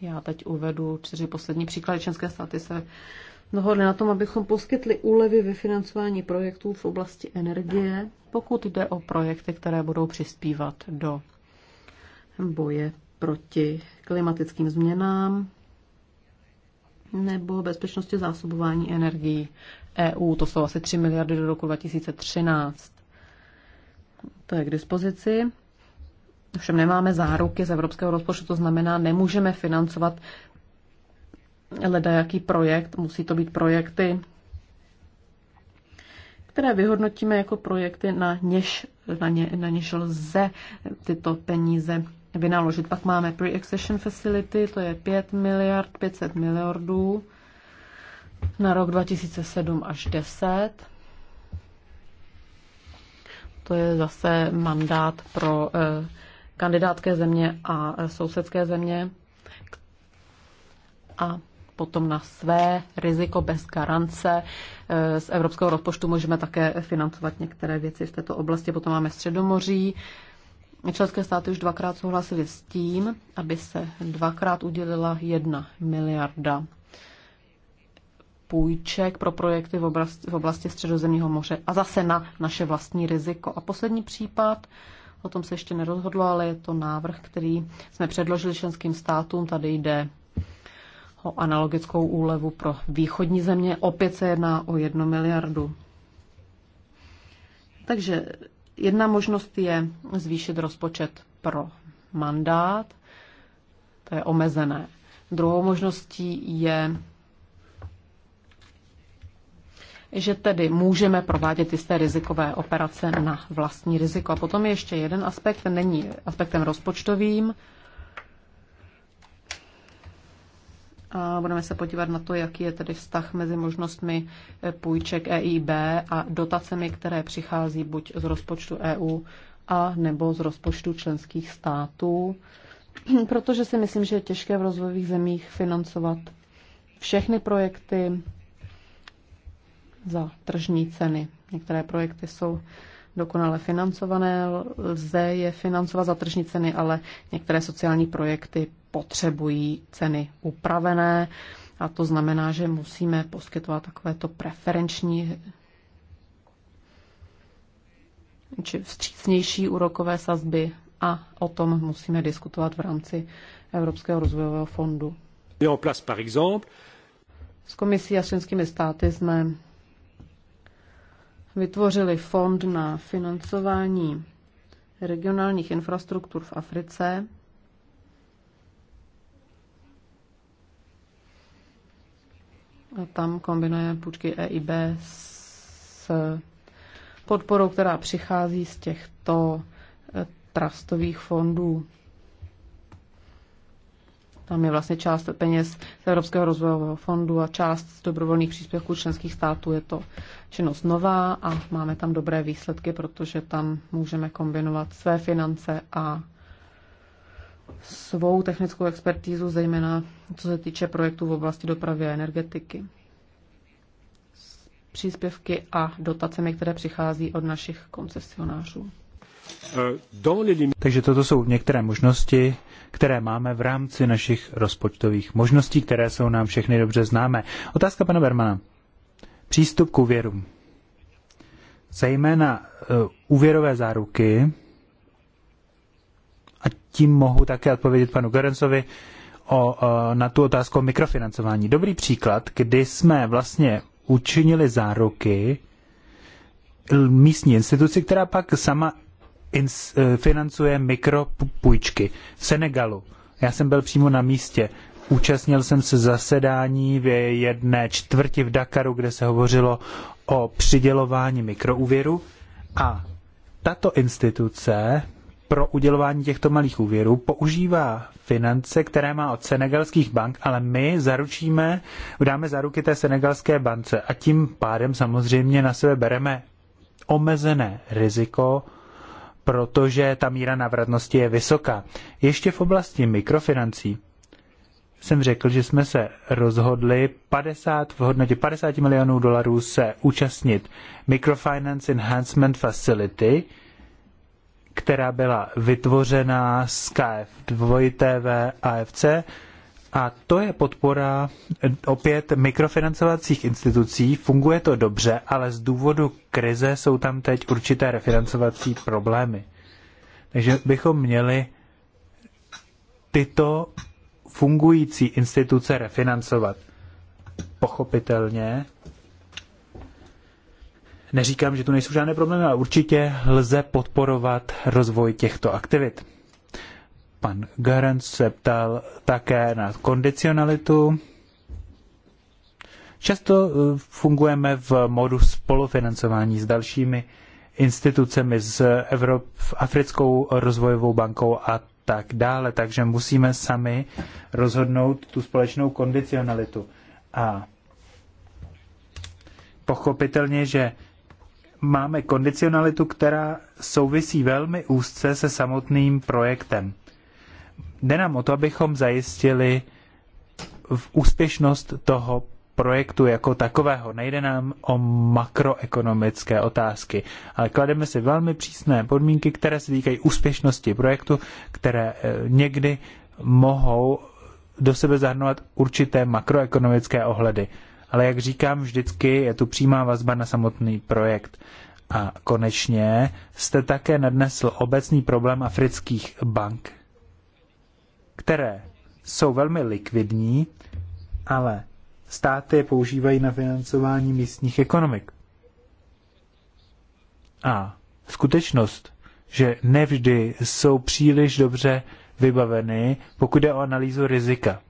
Já teď uvedu čtyři poslední příklady. Členské státy se dohodli na tom, abychom poskytli úlevy ve financování projektů v oblasti energie, pokud jde o projekty, které budou přispívat do boje proti klimatickým změnám nebo bezpečnosti zásobování energií EU. To jsou asi 3 miliardy do roku 2013. To je k dispozici. Všem nemáme záruky z evropského rozpočtu, to znamená, nemůžeme financovat jaký projekt, musí to být projekty, které vyhodnotíme jako projekty, na něž, na, ně, na něž lze tyto peníze vynaložit. Pak máme pre-accession facility, to je 5 miliard 500 miliardů na rok 2007 až 10. To je zase mandát pro eh, kandidátské země a eh, sousedské země. A potom na své riziko bez garance. E, z evropského rozpočtu můžeme také financovat některé věci v této oblasti. Potom máme Středomoří. Členské státy už dvakrát souhlasily s tím, aby se dvakrát udělila jedna miliarda půjček pro projekty v oblasti, v oblasti Středozemního moře a zase na naše vlastní riziko. A poslední případ, o tom se ještě nerozhodlo, ale je to návrh, který jsme předložili členským státům. Tady jde o analogickou úlevu pro východní země. Opět se jedná o jednu miliardu. Takže jedna možnost je zvýšit rozpočet pro mandát, to je omezené. Druhou možností je, že tedy můžeme provádět jisté rizikové operace na vlastní riziko. A potom ještě jeden aspekt, ten není aspektem rozpočtovým, A budeme se podívat na to, jaký je tedy vztah mezi možnostmi eh, půjček EIB a dotacemi, které přichází buď z rozpočtu EU a nebo z rozpočtu členských států, protože si myslím, že je těžké v rozvojových zemích financovat všechny projekty za tržní ceny. Některé projekty jsou dokonale financované, lze je financovat za tržní ceny, ale některé sociální projekty potřebují ceny upravené a to znamená, že musíme poskytovat takovéto preferenční či vstřícnější úrokové sazby a o tom musíme diskutovat v rámci Evropského rozvojového fondu. S komisí a členskými státy jsme vytvořili fond na financování regionálních infrastruktur v Africe tam kombinuje půjčky EIB s podporou, která přichází z těchto eh, trastových fondů. Tam je vlastně část peněz z Evropského rozvojového fondu a část z dobrovolných příspěvků členských států. Je to činnost nová a máme tam dobré výsledky, protože tam můžeme kombinovat své finance a svou technickou expertízu, zejména co se týče projektů v oblasti dopravy a energetiky. S příspěvky a dotacemi, které přichází od našich koncesionářů. Takže toto jsou některé možnosti, které máme v rámci našich rozpočtových možností, které jsou nám všechny dobře známé. Otázka pana Bermana. Přístup k úvěrům. Zejména uh, úvěrové záruky a tím mohu také odpovědět panu Garencovi o, o, na tu otázku o mikrofinancování. Dobrý příklad, kdy jsme vlastně učinili záruky místní instituci, která pak sama ins, e, financuje mikropůjčky v Senegalu. Já jsem byl přímo na místě. Účastnil jsem se zasedání v jedné čtvrti v Dakaru, kde se hovořilo o přidělování mikroúvěru a tato instituce pro udělování těchto malých úvěrů používá finance, které má od senegalských bank, ale my zaručíme, dáme záruky té senegalské bance a tím pádem samozřejmě na sebe bereme omezené riziko, protože ta míra navratnosti je vysoká. Ještě v oblasti mikrofinancí jsem řekl, že jsme se rozhodli 50, v hodnotě 50 milionů dolarů se účastnit Microfinance Enhancement Facility, která byla vytvořena z KF2 TV AFC a to je podpora opět mikrofinancovacích institucí. Funguje to dobře, ale z důvodu krize jsou tam teď určité refinancovací problémy. Takže bychom měli tyto fungující instituce refinancovat. Pochopitelně Neříkám, že tu nejsou žádné problémy, ale určitě lze podporovat rozvoj těchto aktivit. Pan Garant se ptal také na kondicionalitu. Často eh, fungujeme v modu spolufinancování s dalšími institucemi, s Evrop, Africkou rozvojovou bankou a tak dále, takže musíme sami rozhodnout tu společnou kondicionalitu. A pochopitelně, že máme kondicionalitu, která souvisí velmi úzce se samotným projektem. Jde nám o to, abychom zajistili úspěšnost toho projektu jako takového. Nejde nám o makroekonomické otázky, ale klademe si velmi přísné podmínky, které se týkají úspěšnosti projektu, které eh, někdy mohou do sebe zahrnovat určité makroekonomické ohledy. Ale jak říkám, vždycky je tu přímá vazba na samotný projekt. A konečně jste také nadnesl obecný problém afrických bank, které jsou velmi likvidní, ale státy je používají na financování místních ekonomik. A skutečnost, že nevždy jsou příliš dobře vybaveny, pokud jde o analýzu rizika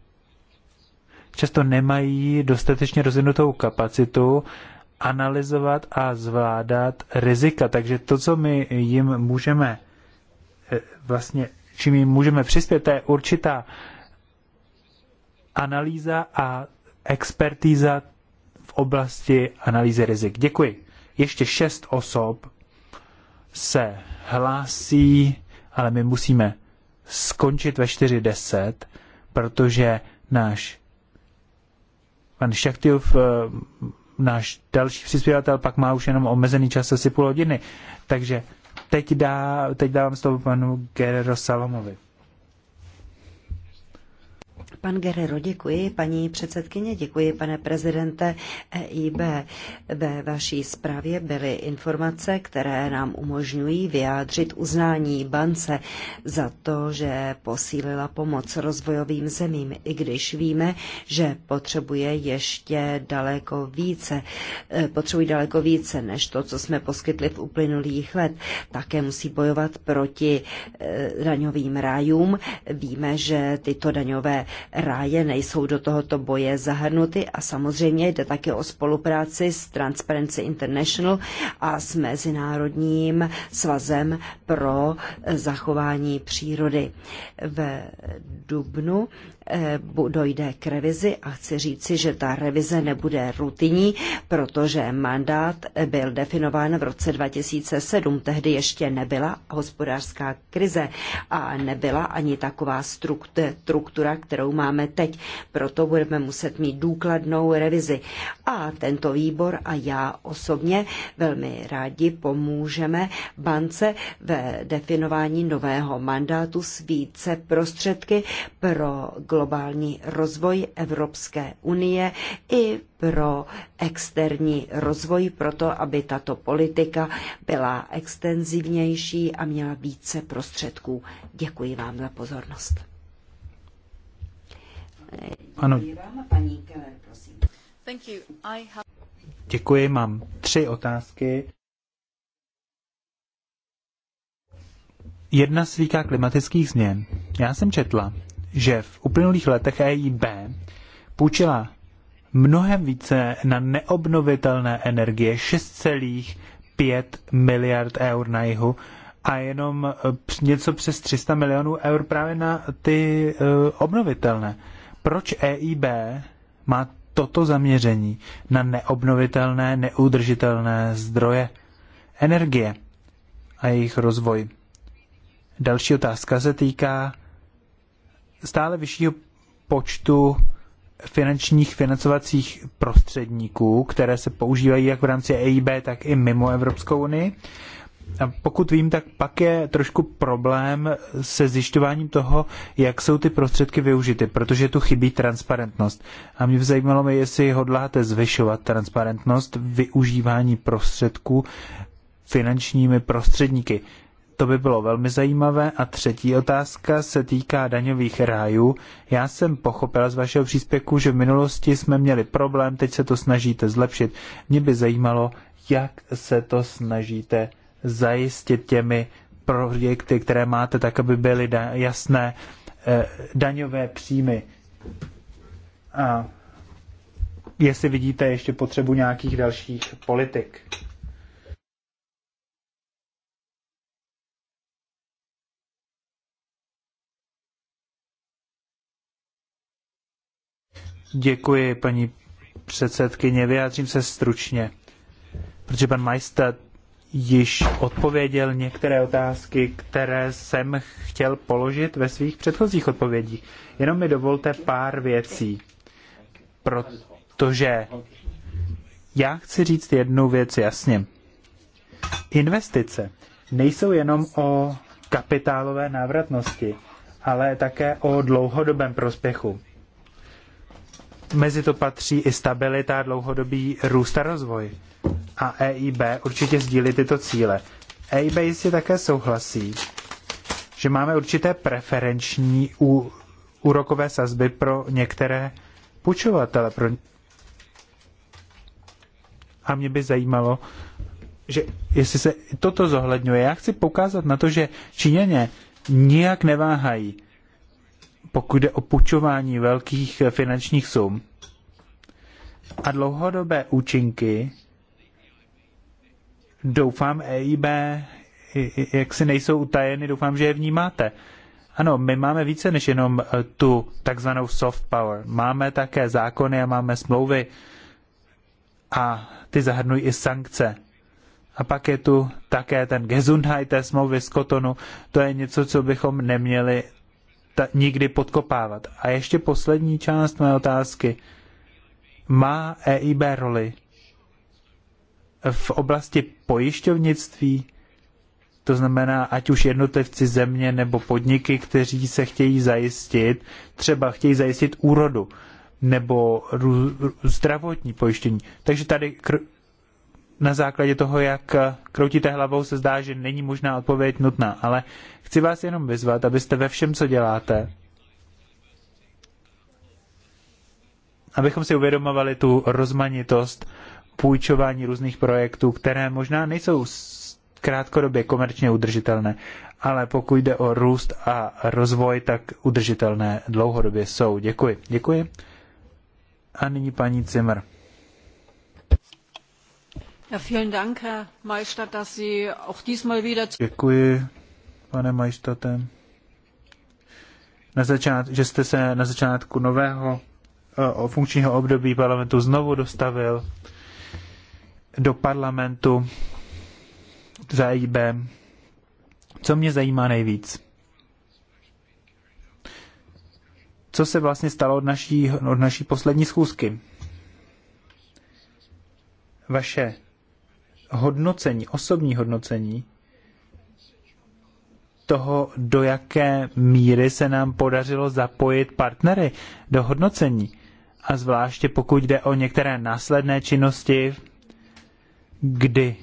často nemají dostatečně rozvinutou kapacitu analyzovat a zvládat rizika. Takže to, co my jim můžeme eh, vlastně, čím jim můžeme přispět, to je určitá analýza a expertíza v oblasti analýzy rizik. Děkuji. Ještě šest osob se hlásí, ale my musíme skončit ve 4.10, protože náš pan Šachtiv, eh, náš další přispěvatel, pak má už jenom omezený čas asi půl hodiny. Takže teď, dá, teď dávám slovo panu Gerero Salomovi. Pan Guerrero, děkuji. Paní předsedkyně, děkuji, pane prezidente EIB. Ve vaší zprávě byly informace, které nám umožňují vyjádřit uznání bance za to, že posílila pomoc rozvojovým zemím, i když víme, že potřebuje ještě daleko více. E, potřebují daleko více než to, co jsme poskytli v uplynulých let. Také musí bojovat proti e, daňovým rájům. Víme, že tyto daňové ráje nejsou do tohoto boje zahrnuty a samozřejmě jde také o spolupráci s Transparency International a s Mezinárodním svazem pro zachování přírody. V Dubnu dojde k revizi a chci říci, že ta revize nebude rutinní, protože mandát byl definován v roce 2007. Tehdy ještě nebyla hospodářská krize a nebyla ani taková struktura, kterou máme teď. Proto budeme muset mít důkladnou revizi. A tento výbor a já osobně velmi rádi pomůžeme bance ve definování nového mandátu s více prostředky pro globální rozvoj Evropské unie i pro externí rozvoj, proto aby tato politika byla extenzivnější a měla více prostředků. Děkuji vám za pozornost. Ano. Děkuji, mám tři otázky. Jedna se týká klimatických změn. Já jsem četla, že v uplynulých letech EIB půjčila mnohem více na neobnovitelné energie 6,5 miliard eur na jihu a jenom eh, něco přes 300 milionů eur právě na ty eh, obnovitelné. Proč EIB má toto zaměření na neobnovitelné, neudržitelné zdroje energie a jejich rozvoj? Další otázka se týká stále vyššího počtu finančních financovacích prostředníků, které se používají jak v rámci EIB, tak i mimo Evropskou unii. A pokud vím, tak pak je trošku problém se zjišťováním toho, jak jsou ty prostředky využity, protože tu chybí transparentnost. A mě zajímalo jestli hodláte zvyšovat transparentnost využívání prostředků finančními prostředníky to by bylo velmi zajímavé. A třetí otázka se týká daňových rájů. Já jsem pochopila z vašeho příspěvku, že v minulosti jsme měli problém, teď se to snažíte zlepšit. Mě by zajímalo, jak se to snažíte zajistit těmi projekty, které máte, tak aby byly jasné eh, daňové příjmy. A jestli vidíte ještě potřebu nějakých dalších politik. Děkuji, paní předsedkyně. Vyjádřím se stručně, protože pan Majstad již odpověděl některé otázky, které jsem chtěl položit ve svých předchozích odpovědích. Jenom mi dovolte pár věcí, protože já chci říct jednu věc jasně. Investice nejsou jenom o kapitálové návratnosti, ale také o dlouhodobém prospěchu mezi to patří i stabilita, dlouhodobý růst a rozvoj. A EIB určitě sdílí tyto cíle. EIB jistě také souhlasí, že máme určité preferenční úrokové sazby pro některé půjčovatele. Pro... A mě by zajímalo, že jestli se toto zohledňuje. Já chci poukázat na to, že Číňané nijak neváhají pokud jde o půjčování velkých finančních sum a dlouhodobé účinky, doufám EIB, jak si nejsou utajeny, doufám, že je vnímáte. Ano, my máme více než jenom eh, tu takzvanou soft power. Máme také zákony a máme smlouvy a ty zahrnují i sankce. A pak je tu také ten Gesundheit té smlouvy z Kotonu. To je něco, co bychom neměli ta, nikdy podkopávat. A ještě poslední část mé otázky. Má EIB roli v oblasti pojišťovnictví? To znamená, ať už jednotlivci země nebo podniky, kteří se chtějí zajistit, třeba chtějí zajistit úrodu nebo zdravotní pojištění. Takže tady na základě toho, jak kroutíte hlavou, se zdá, že není možná odpověď nutná, ale chci vás jenom vyzvat, abyste ve všem, co děláte, abychom si uvědomovali tu rozmanitost půjčování různých projektů, které možná nejsou krátkodobě komerčně udržitelné, ale pokud jde o růst a rozvoj, tak udržitelné dlouhodobě jsou. Děkuji. Děkuji. A nyní paní Cimr. Děkuji, pane Majštate, na že jste se na začátku nového eh, funkčního období parlamentu znovu dostavil do parlamentu za IB. Co mě zajímá nejvíc? Co se vlastně stalo od naší, od naší poslední schůzky? Vaše hodnocení, osobní hodnocení toho, do jaké míry se nám podařilo zapojit partnery do hodnocení. A zvláště pokud jde o některé následné činnosti, kdy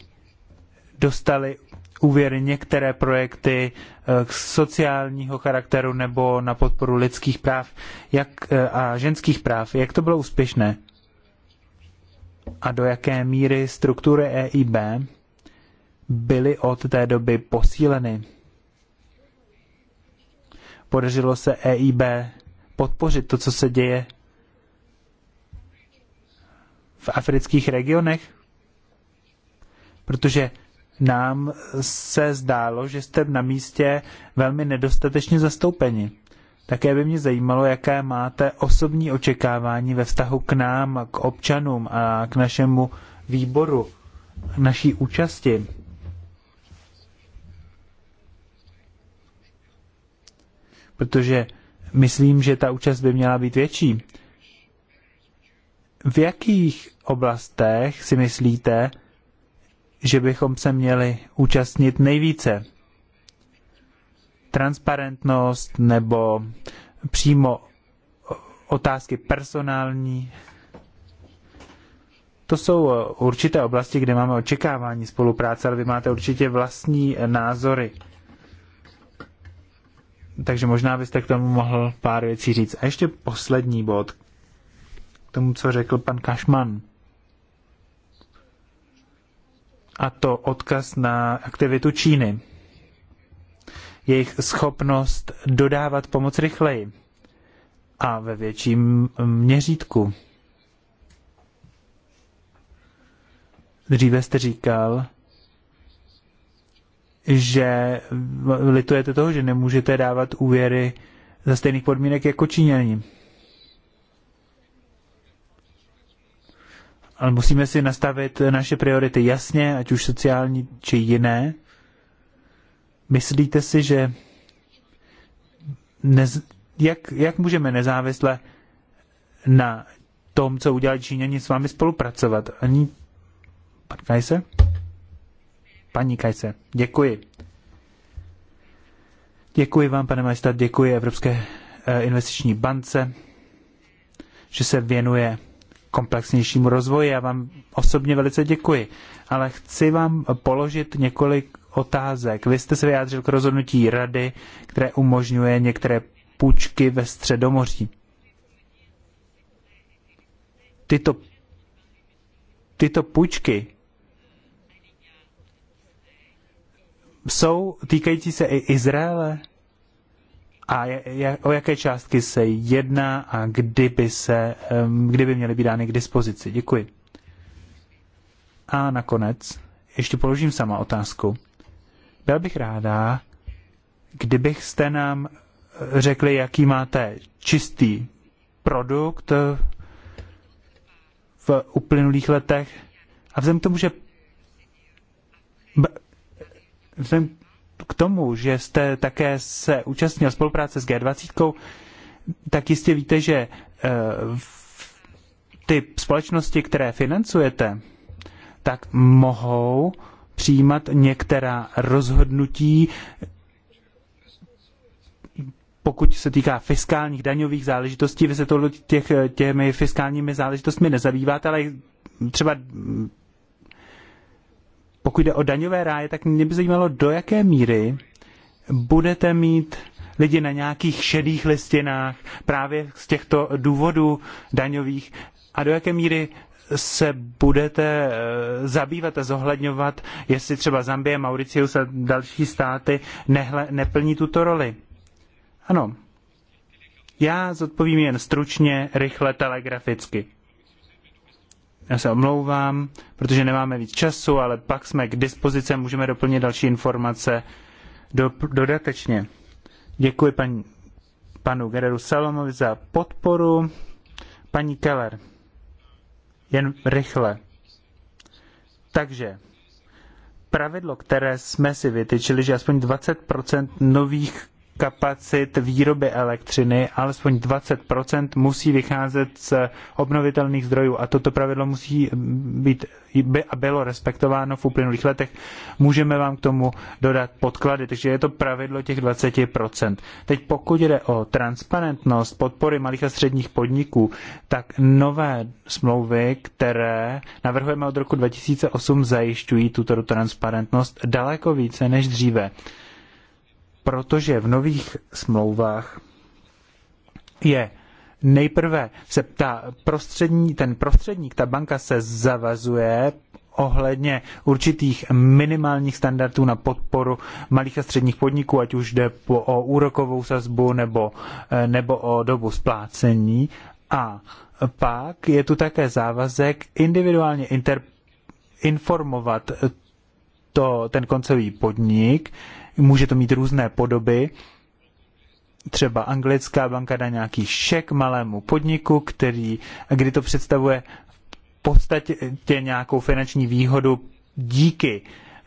dostali úvěry některé projekty k eh, sociálního charakteru nebo na podporu lidských práv jak, eh, a ženských práv. Jak to bylo úspěšné? a do jaké míry struktury EIB byly od té doby posíleny. Podařilo se EIB podpořit to, co se děje v afrických regionech? Protože nám se zdálo, že jste na místě velmi nedostatečně zastoupeni. Také by mě zajímalo, jaké máte osobní očekávání ve vztahu k nám, k občanům a k našemu výboru, naší účasti. Protože myslím, že ta účast by měla být větší. V jakých oblastech si myslíte, že bychom se měli účastnit nejvíce? transparentnost nebo přímo otázky personální. To jsou eh, určité oblasti, kde máme očekávání spolupráce, ale vy máte určitě vlastní eh, názory. Takže možná byste k tomu mohl pár věcí říct. A ještě poslední bod k tomu, co řekl pan Kašman. A to odkaz na aktivitu Číny jejich schopnost dodávat pomoc rychleji a ve větším měřítku. Dříve jste říkal, že litujete toho, že nemůžete dávat úvěry za stejných podmínek jako Číňaní. Ale musíme si nastavit naše priority jasně, ať už sociální či jiné. Myslíte si, že nez, jak, jak můžeme nezávisle na tom, co udělali Číňani, s vámi spolupracovat? Ani pan Kajse? Paní Kajse, děkuji. Děkuji vám, pane majestát, děkuji Evropské eh, investiční bance, že se věnuje komplexnějšímu rozvoji. Já vám osobně velice děkuji, ale chci vám položit několik otázek. Vy jste se vyjádřil k rozhodnutí rady, které umožňuje některé půjčky ve Středomoří. Tyto, tyto půjčky jsou týkající se i Izraele? A je, o jaké částky se jedná a kdyby, se, kdyby měly být dány k dispozici? Děkuji. A nakonec ještě položím sama otázku. Byl bych ráda, kdybyste nám eh, řekli, jaký máte čistý produkt eh, v uplynulých letech a vzhledem k tomu, že vzhledem k tomu, že jste také se účastnil spolupráce s G20, tak jistě víte, že eh, ty společnosti, které financujete, tak mohou uh, přijímat některá rozhodnutí, pokud se týká fiskálních daňových záležitostí, vy se to těch, těmi fiskálními záležitostmi nezabýváte, ale třeba pokud jde o daňové ráje, tak mě by zajímalo, do jaké míry budete mít lidi na nějakých šedých listinách právě z těchto důvodů daňových a do jaké míry se budete eh, zabývat a zohledňovat, jestli třeba Zambie, Mauricius a další státy nehle, neplní tuto roli? Ano. Já zodpovím jen stručně, rychle, telegraficky. Já se omlouvám, protože nemáme víc času, ale pak jsme k dispozici a můžeme doplnit další informace do, dodatečně. Děkuji paní, panu Gereru Salomovi za podporu. Paní Keller jen rychle. Takže pravidlo, které jsme si vytyčili, že aspoň 20 nových kapacit výroby elektřiny, alespoň 20%, musí vycházet z obnovitelných zdrojů a toto pravidlo musí být by a bylo respektováno v uplynulých letech. Můžeme vám k tomu dodat podklady, takže je to pravidlo těch 20%. Teď pokud jde o transparentnost podpory malých a středních podniků, tak nové smlouvy, které navrhujeme od roku 2008, zajišťují tuto transparentnost daleko více než dříve protože v nových smlouvách je nejprve se ta prostřední, ten prostředník, ta banka se zavazuje ohledně určitých minimálních standardů na podporu malých a středních podniků, ať už jde po, o úrokovou sazbu nebo, eh, nebo o dobu splácení. A pak je tu také závazek individuálně inter, informovat to, ten koncový podnik, Může to mít různé podoby. Třeba anglická banka dá nějaký šek malému podniku, který, kdy to představuje v podstatě nějakou finanční výhodu díky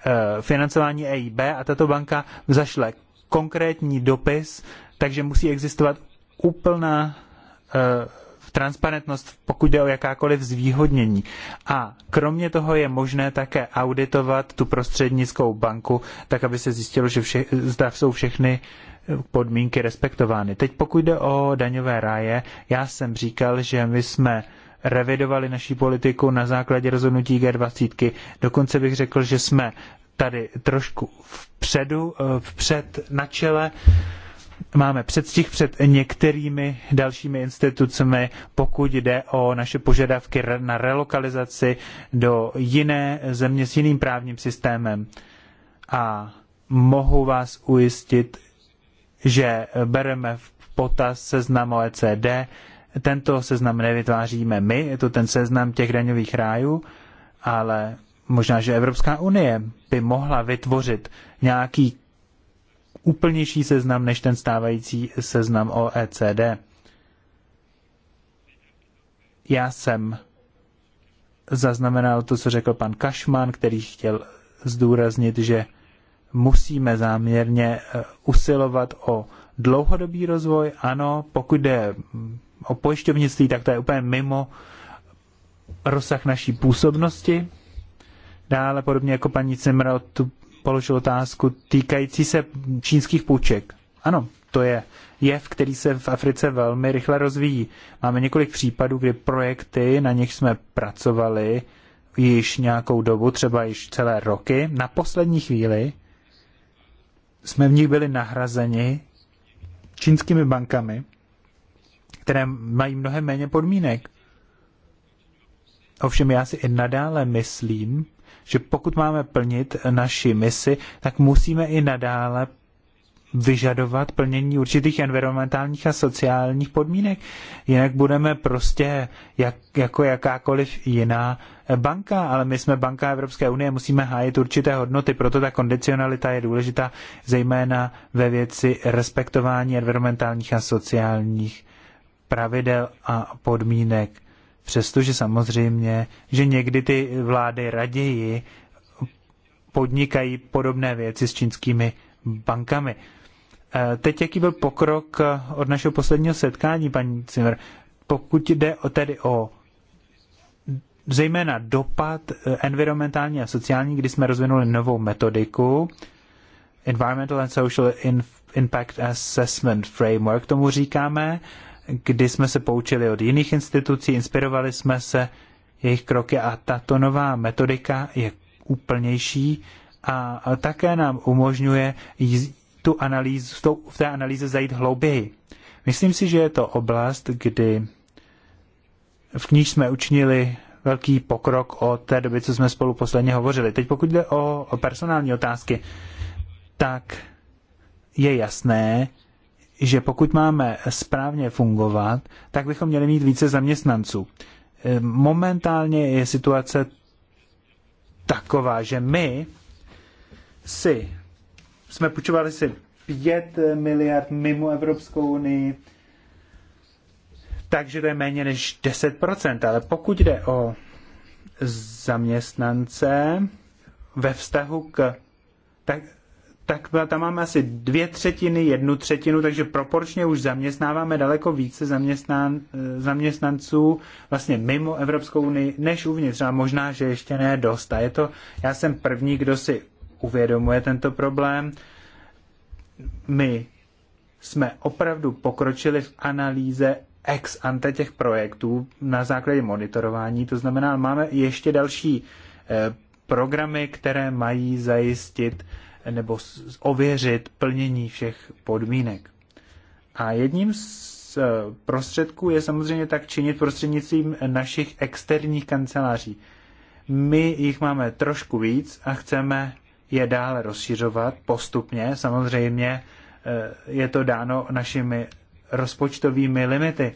eh, financování EIB a tato banka zašle konkrétní dopis, takže musí existovat úplná eh, transparentnost, pokud jde o jakákoliv zvýhodnění. A kromě toho je možné také auditovat tu prostřednickou banku, tak aby se zjistilo, že vše, zda jsou všechny podmínky respektovány. Teď pokud jde o daňové ráje, já jsem říkal, že my jsme revidovali naší politiku na základě rozhodnutí G20. Dokonce bych řekl, že jsme tady trošku vpředu, eh, vpřed na čele máme předstih před některými dalšími institucemi, pokud jde o naše požadavky na relokalizaci do jiné země s jiným právním systémem. A mohu vás ujistit, že bereme v potaz seznam OECD. Tento seznam nevytváříme my, je to ten seznam těch daňových rájů, ale možná, že Evropská unie by mohla vytvořit nějaký úplnější seznam než ten stávající seznam OECD. Já jsem zaznamenal to, co řekl pan Kašman, který chtěl zdůraznit, že musíme záměrně eh, usilovat o dlouhodobý rozvoj. Ano, pokud jde mm, o pojišťovnictví, tak to je úplně mimo rozsah naší působnosti. Dále, podobně jako paní Cimral, tu položil otázku týkající se čínských půjček. Ano, to je jev, který se v Africe velmi rychle rozvíjí. Máme několik případů, kdy projekty, na nich jsme pracovali již nějakou dobu, třeba již celé roky, na poslední chvíli jsme v nich byli nahrazeni čínskými bankami, které mají mnohem méně podmínek. Ovšem já si i nadále myslím, že pokud máme plnit naši misi, tak musíme i nadále vyžadovat plnění určitých environmentálních a sociálních podmínek. Jinak budeme prostě jak, jako jakákoliv jiná banka, ale my jsme banka Evropské unie, musíme hájit určité hodnoty, proto ta kondicionalita je důležitá, zejména ve věci respektování environmentálních a sociálních pravidel a podmínek. Přestože samozřejmě, že někdy ty vlády raději podnikají podobné věci s čínskými bankami. E, teď jaký byl pokrok od našeho posledního setkání, paní Cimr? Pokud jde o tedy o zejména dopad e, environmentální a sociální, kdy jsme rozvinuli novou metodiku, Environmental and Social Impact Assessment Framework, tomu říkáme, kdy jsme se poučili od jiných institucí, inspirovali jsme se jejich kroky a tato nová metodika je úplnější a také nám umožňuje tu analýzu, v té analýze zajít hlouběji. Myslím si, že je to oblast, kdy v níž jsme učinili velký pokrok od té doby, co jsme spolu posledně hovořili. Teď pokud jde o, o personální otázky, tak je jasné, že pokud máme správně fungovat, tak bychom měli mít více zaměstnanců. Ehm, momentálně je situace taková, že my si jsme půjčovali si 5 miliard mimo Evropskou unii, takže to je méně než 10%, ale pokud jde o zaměstnance ve vztahu k tak tak tam máme asi dvě třetiny, jednu třetinu, takže proporčně už zaměstnáváme daleko více zaměstnan, eh, zaměstnanců vlastně mimo Evropskou unii než uvnitř a možná, že ještě ne dost. A je to, já jsem první, kdo si uvědomuje tento problém. My jsme opravdu pokročili v analýze ex ante těch projektů na základě monitorování, to znamená, máme ještě další eh, programy, které mají zajistit nebo ověřit plnění všech podmínek. A jedním z eh, prostředků je samozřejmě tak činit prostřednictvím našich externích kanceláří. My jich máme trošku víc a chceme je dále rozšiřovat postupně. Samozřejmě eh, je to dáno našimi rozpočtovými limity,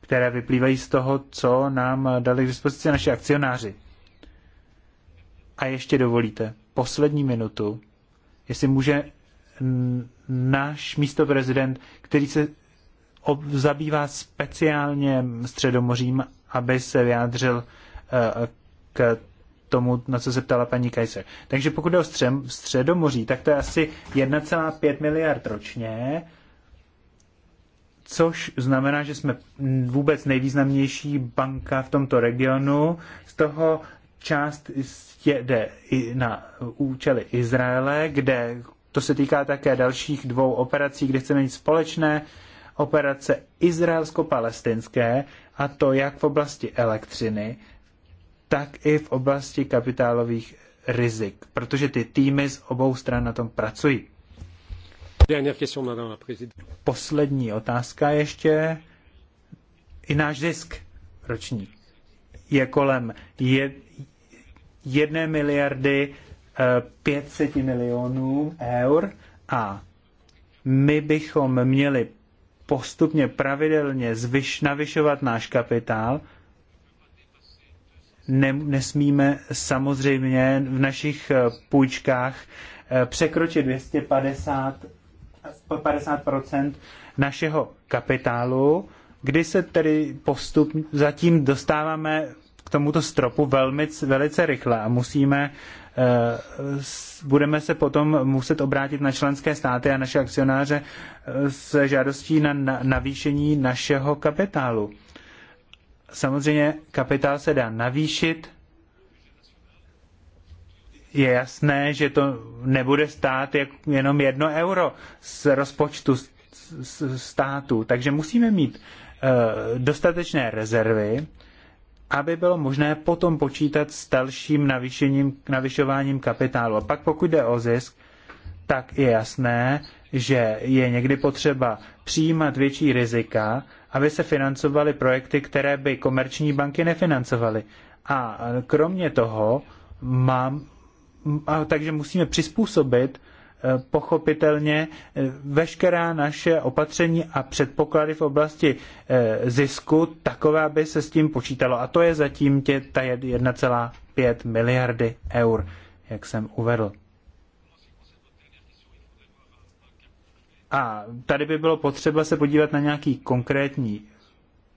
které vyplývají z toho, co nám dali k dispozici naši akcionáři. A ještě dovolíte poslední minutu jestli může náš prezident, který se zabývá speciálně středomořím, aby se vyjádřil eh, k tomu, na co se ptala paní Kaiser. Takže pokud jde o střem, středomoří, tak to je asi 1,5 miliard ročně, což znamená, že jsme vůbec nejvýznamnější banka v tomto regionu. Z toho část jde i na účely Izraele, kde to se týká také dalších dvou operací, kde chceme mít společné operace izraelsko-palestinské, a to jak v oblasti elektřiny, tak i v oblasti kapitálových rizik, protože ty týmy z obou stran na tom pracují. Poslední otázka ještě. I náš zisk roční je kolem 1 miliardy 500 eh, milionů eur a my bychom měli postupně pravidelně zvyš, navyšovat náš kapitál. Ne, nesmíme samozřejmě v našich eh, půjčkách eh, překročit 250 50% našeho kapitálu, kdy se tedy postupně zatím dostáváme k tomuto stropu velmi, velice rychle a musíme eh, budeme se potom muset obrátit na členské státy a naše akcionáře eh, s žádostí na navýšení našeho kapitálu. Samozřejmě kapitál se dá navýšit, je jasné, že to nebude stát jak jenom jedno euro z rozpočtu státu, takže musíme mít eh, dostatečné rezervy aby bylo možné potom počítat s dalším navýšením, navyšováním kapitálu. A pak pokud jde o zisk, tak je jasné, že je někdy potřeba přijímat větší rizika, aby se financovaly projekty, které by komerční banky nefinancovaly. A kromě toho mám, a takže musíme přizpůsobit pochopitelně eh, veškerá naše opatření a předpoklady v oblasti eh, zisku, taková by se s tím počítalo. A to je zatím tě ta 1,5 miliardy eur, jak jsem uvedl. A tady by bylo potřeba se podívat na nějaký konkrétní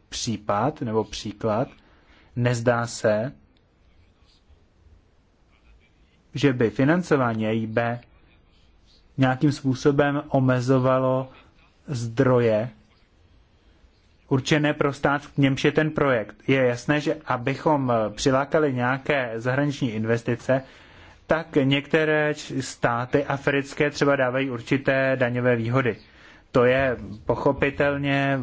případ nebo příklad. Nezdá se, že by financování EIB nějakým způsobem omezovalo zdroje určené pro stát, v němž je ten projekt. Je jasné, že abychom přilákali nějaké zahraniční investice, tak některé státy africké třeba dávají určité daňové výhody. To je pochopitelně,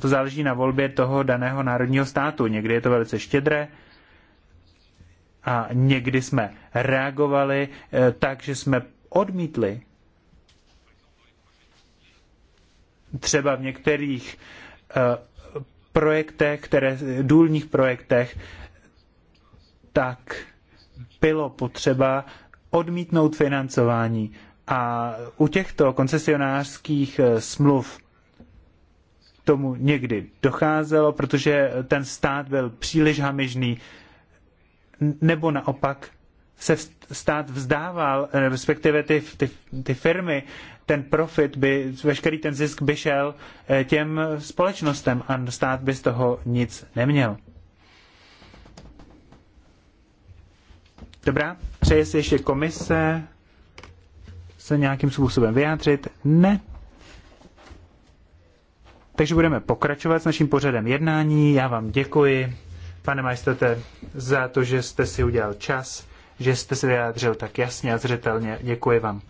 to záleží na volbě toho daného národního státu. Někdy je to velice štědré a někdy jsme reagovali eh, tak, že jsme odmítli třeba v některých eh, projektech, které, důlních projektech, tak bylo potřeba odmítnout financování. A u těchto koncesionářských eh, smluv tomu někdy docházelo, protože ten stát byl příliš hamižný, nebo naopak se stát vzdával, eh, respektive ty, ty, ty firmy ten profit by, veškerý ten zisk by šel eh, těm společnostem a stát by z toho nic neměl. Dobrá, přeje si ještě komise se nějakým způsobem vyjádřit? Ne. Takže budeme pokračovat s naším pořadem jednání. Já vám děkuji, pane majstrote, za to, že jste si udělal čas, že jste se vyjádřil tak jasně a zřetelně. Děkuji vám.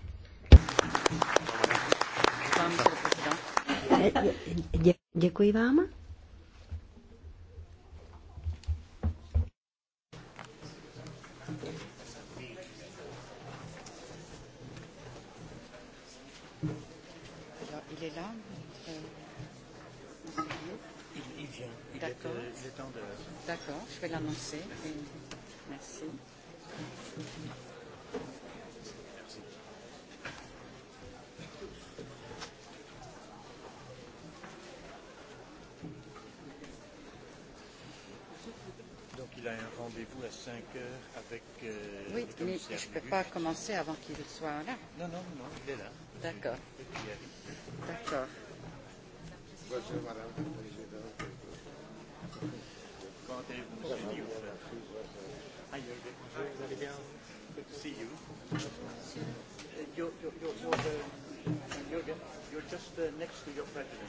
děkuji vám. il est là. Euh, il, il vient. Il D'accord. Est, il est temps de... D'accord, je vais l'annoncer. Et... Merci. il a un rendez-vous à 5 heures avec euh, Oui, mais je ne peux pas commencer avant qu'il soit là. Non, non, non, il est là. D'accord. D'accord. Comment allez-vous, monsieur Diouf vous allez bien Good to see you. You're, you're, you're, you're, the, you're, you're just uh, next to your president.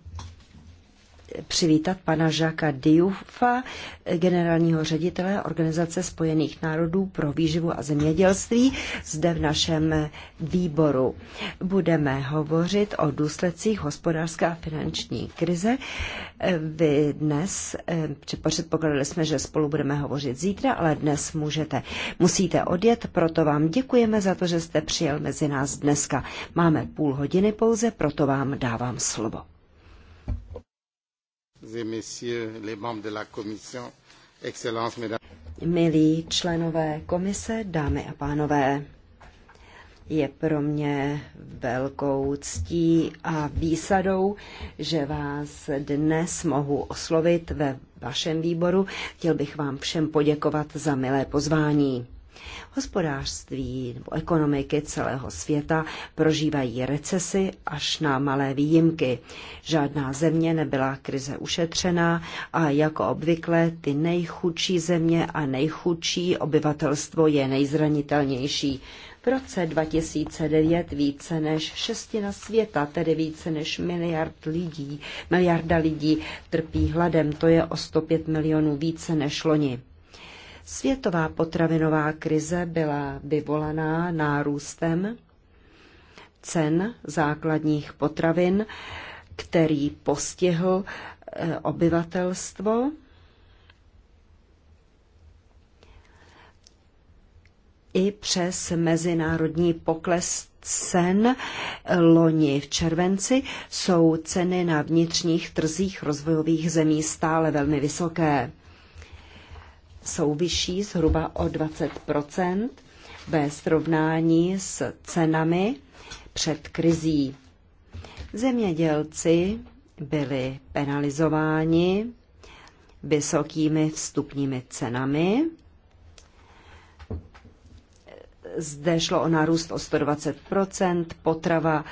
přivítat pana Žáka Diufa, generálního ředitele Organizace spojených národů pro výživu a zemědělství, zde v našem výboru. Budeme hovořit o důsledcích hospodářské a finanční krize. Vy dnes, eh, předpokládali jsme, že spolu budeme hovořit zítra, ale dnes můžete, musíte odjet, proto vám děkujeme za to, že jste přijel mezi nás dneska. Máme půl hodiny pouze, proto vám dávám slovo et messieurs les membres de la commission, excellences, mesdames. Milí členové komise, dámy a pánové, je pro mě velkou ctí a výsadou, že vás dnes mohu oslovit ve vašem výboru. Chtěl bych vám všem poděkovat za milé pozvání. Hospodářství nebo ekonomiky celého světa prožívají recesy až na malé výjimky. Žádná země nebyla krize ušetřená a jako obvykle ty nejchudší země a nejchudší obyvatelstvo je nejzranitelnější. V roce 2009 více než šestina světa, tedy více než miliard lidí, miliarda lidí trpí hladem, to je o 105 milionů více než loni. Světová potravinová krize byla vyvolaná nárůstem cen základních potravin, který postihl eh, obyvatelstvo i přes mezinárodní pokles cen loni v červenci jsou ceny na vnitřních trzích rozvojových zemí stále velmi vysoké jsou vyšší zhruba o 20 ve srovnání s cenami před krizí. Zemědělci byli penalizováni vysokými vstupními cenami. Zde šlo o nárůst o 120 potrava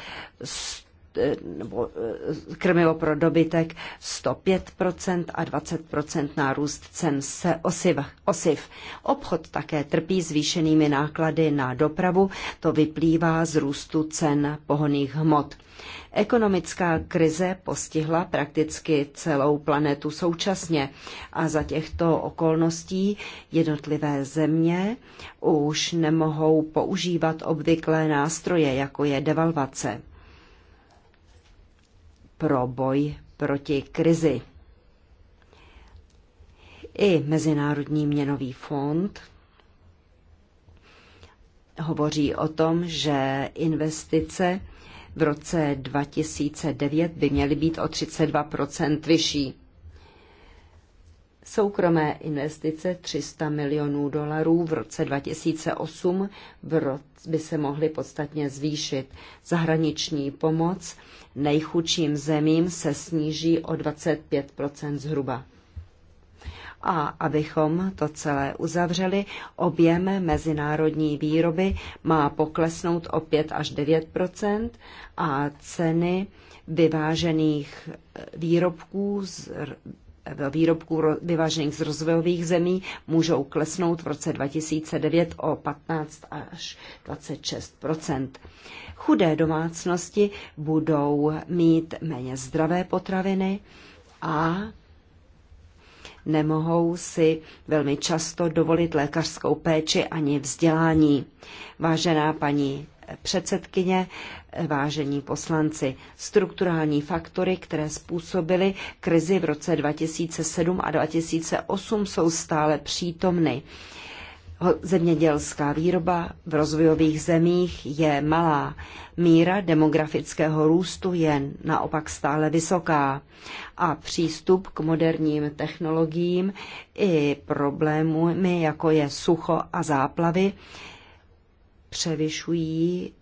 100 E, nebo e, krmivo pro dobytek 105% a 20% nárůst cen se osiv, osiv. Obchod také trpí zvýšenými náklady na dopravu, to vyplývá z růstu cen pohoných hmot. Ekonomická krize postihla prakticky celou planetu současně a za těchto okolností jednotlivé země už nemohou používat obvyklé nástroje, jako je devalvace pro boj proti krizi. I Mezinárodní měnový fond hovoří o tom, že investice v roce 2009 by měly být o 32 vyšší soukromé investice 300 milionů dolarů v roce 2008 v roce by se mohly podstatně zvýšit. Zahraniční pomoc nejchudším zemím se sníží o 25 zhruba. A abychom to celé uzavřeli, objem mezinárodní výroby má poklesnout o 5 až 9 a ceny vyvážených výrobků z výrobků vyvážených z rozvojových zemí můžou klesnout v roce 2009 o 15 až 26 Chudé domácnosti budou mít méně zdravé potraviny a nemohou si velmi často dovolit lékařskou péči ani vzdělání. Vážená paní předsedkyně, vážení poslanci. Strukturální faktory, které způsobily krizi v roce 2007 a 2008, jsou stále přítomny. Zemědělská výroba v rozvojových zemích je malá, míra demografického růstu je naopak stále vysoká a přístup k moderním technologiím i problémy, jako je sucho a záplavy, převyšují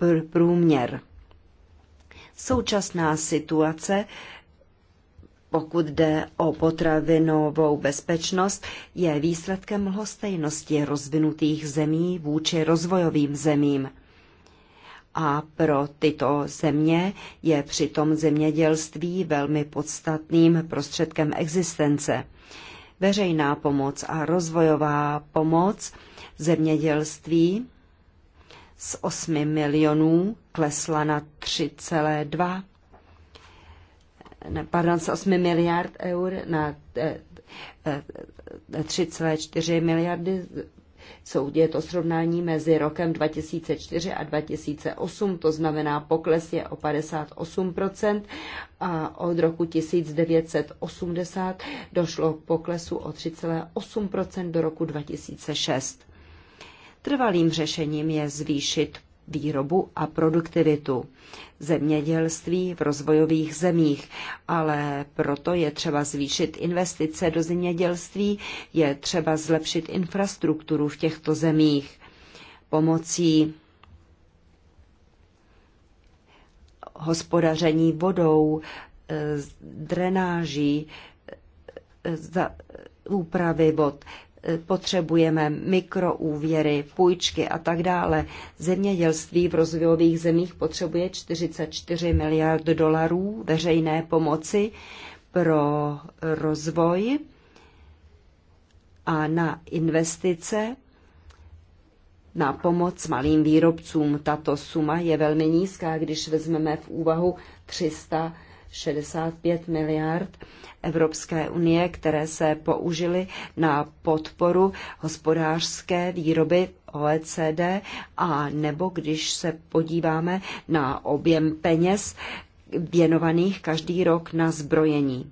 pr- průměr. Současná situace, pokud jde o potravinovou bezpečnost, je výsledkem lhostejnosti rozvinutých zemí vůči rozvojovým zemím. A pro tyto země je přitom zemědělství velmi podstatným prostředkem existence veřejná pomoc a rozvojová pomoc zemědělství z 8 milionů klesla na 3,2 pardon, z 8 miliard eur na 3,4 eh, eh, eh, miliardy soudě. Je to srovnání mezi rokem 2004 a 2008, to znamená pokles je o 58% a od roku 1980 došlo k poklesu o 3,8% do roku 2006. Trvalým řešením je zvýšit výrobu a produktivitu zemědělství v rozvojových zemích, ale proto je třeba zvýšit investice do zemědělství, je třeba zlepšit infrastrukturu v těchto zemích pomocí hospodaření vodou, eh, drenáží, eh, úpravy vod potřebujeme mikroúvěry, půjčky a tak dále. Zemědělství v rozvojových zemích potřebuje 44 miliard dolarů veřejné pomoci pro rozvoj a na investice na pomoc malým výrobcům. Tato suma je velmi nízká, když vezmeme v úvahu 300 65 miliard Evropské unie, které se použily na podporu hospodářské výroby OECD a nebo když se podíváme na objem peněz věnovaných každý rok na zbrojení.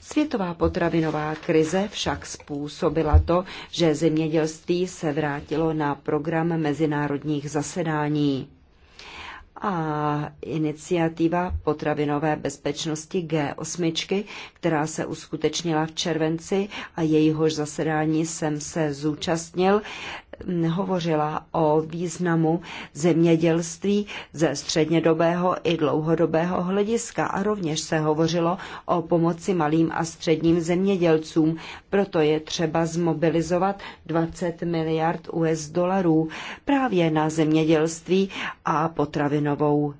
Světová potravinová krize však způsobila to, že zemědělství se vrátilo na program mezinárodních zasedání a iniciativa potravinové bezpečnosti G8, která se uskutečnila v červenci a jejíhož zasedání jsem se zúčastnil, hovořila o významu zemědělství ze střednědobého i dlouhodobého hlediska a rovněž se hovořilo o pomoci malým a středním zemědělcům. Proto je třeba zmobilizovat 20 miliard US dolarů právě na zemědělství a potravinovou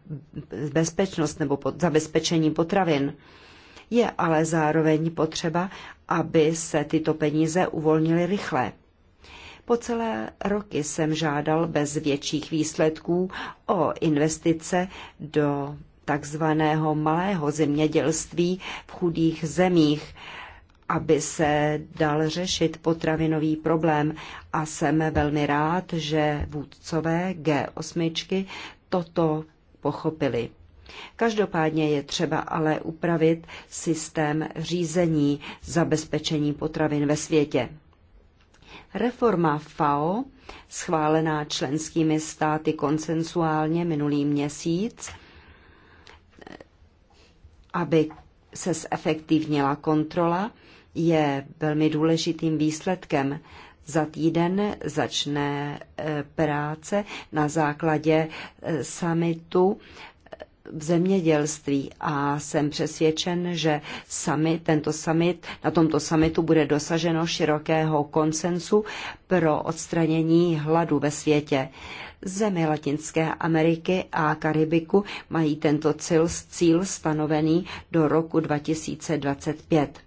bezpečnost nebo pod zabezpečení potravin. Je ale zároveň potřeba, aby se tyto peníze uvolnily rychle po celé roky jsem žádal bez větších výsledků o investice do takzvaného malého zemědělství v chudých zemích, aby se dal řešit potravinový problém a jsem velmi rád, že vůdcové G8 toto pochopili. Každopádně je třeba ale upravit systém řízení zabezpečení potravin ve světě. Reforma FAO, schválená členskými státy konsensuálně minulý měsíc, aby se zefektivnila kontrola, je velmi důležitým výsledkem. Za týden začne eh, práce na základě eh, summitu v zemědělství a jsem přesvědčen, že sami, tento summit, na tomto summitu bude dosaženo širokého konsensu pro odstranění hladu ve světě. Zemi Latinské Ameriky a Karibiku mají tento cíl, cíl stanovený do roku 2025.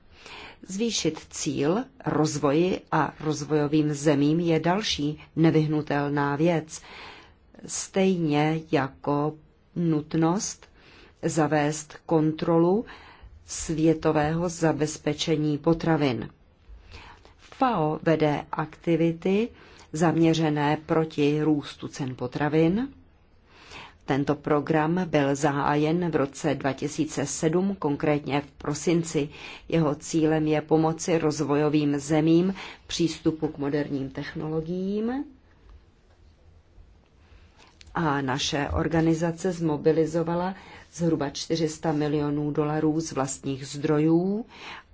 Zvýšit cíl rozvoji a rozvojovým zemím je další nevyhnutelná věc stejně jako nutnost zavést kontrolu světového zabezpečení potravin. FAO vede aktivity zaměřené proti růstu cen potravin. Tento program byl zahájen v roce 2007, konkrétně v prosinci. Jeho cílem je pomoci rozvojovým zemím přístupu k moderním technologiím a naše organizace zmobilizovala zhruba 400 milionů dolarů z vlastních zdrojů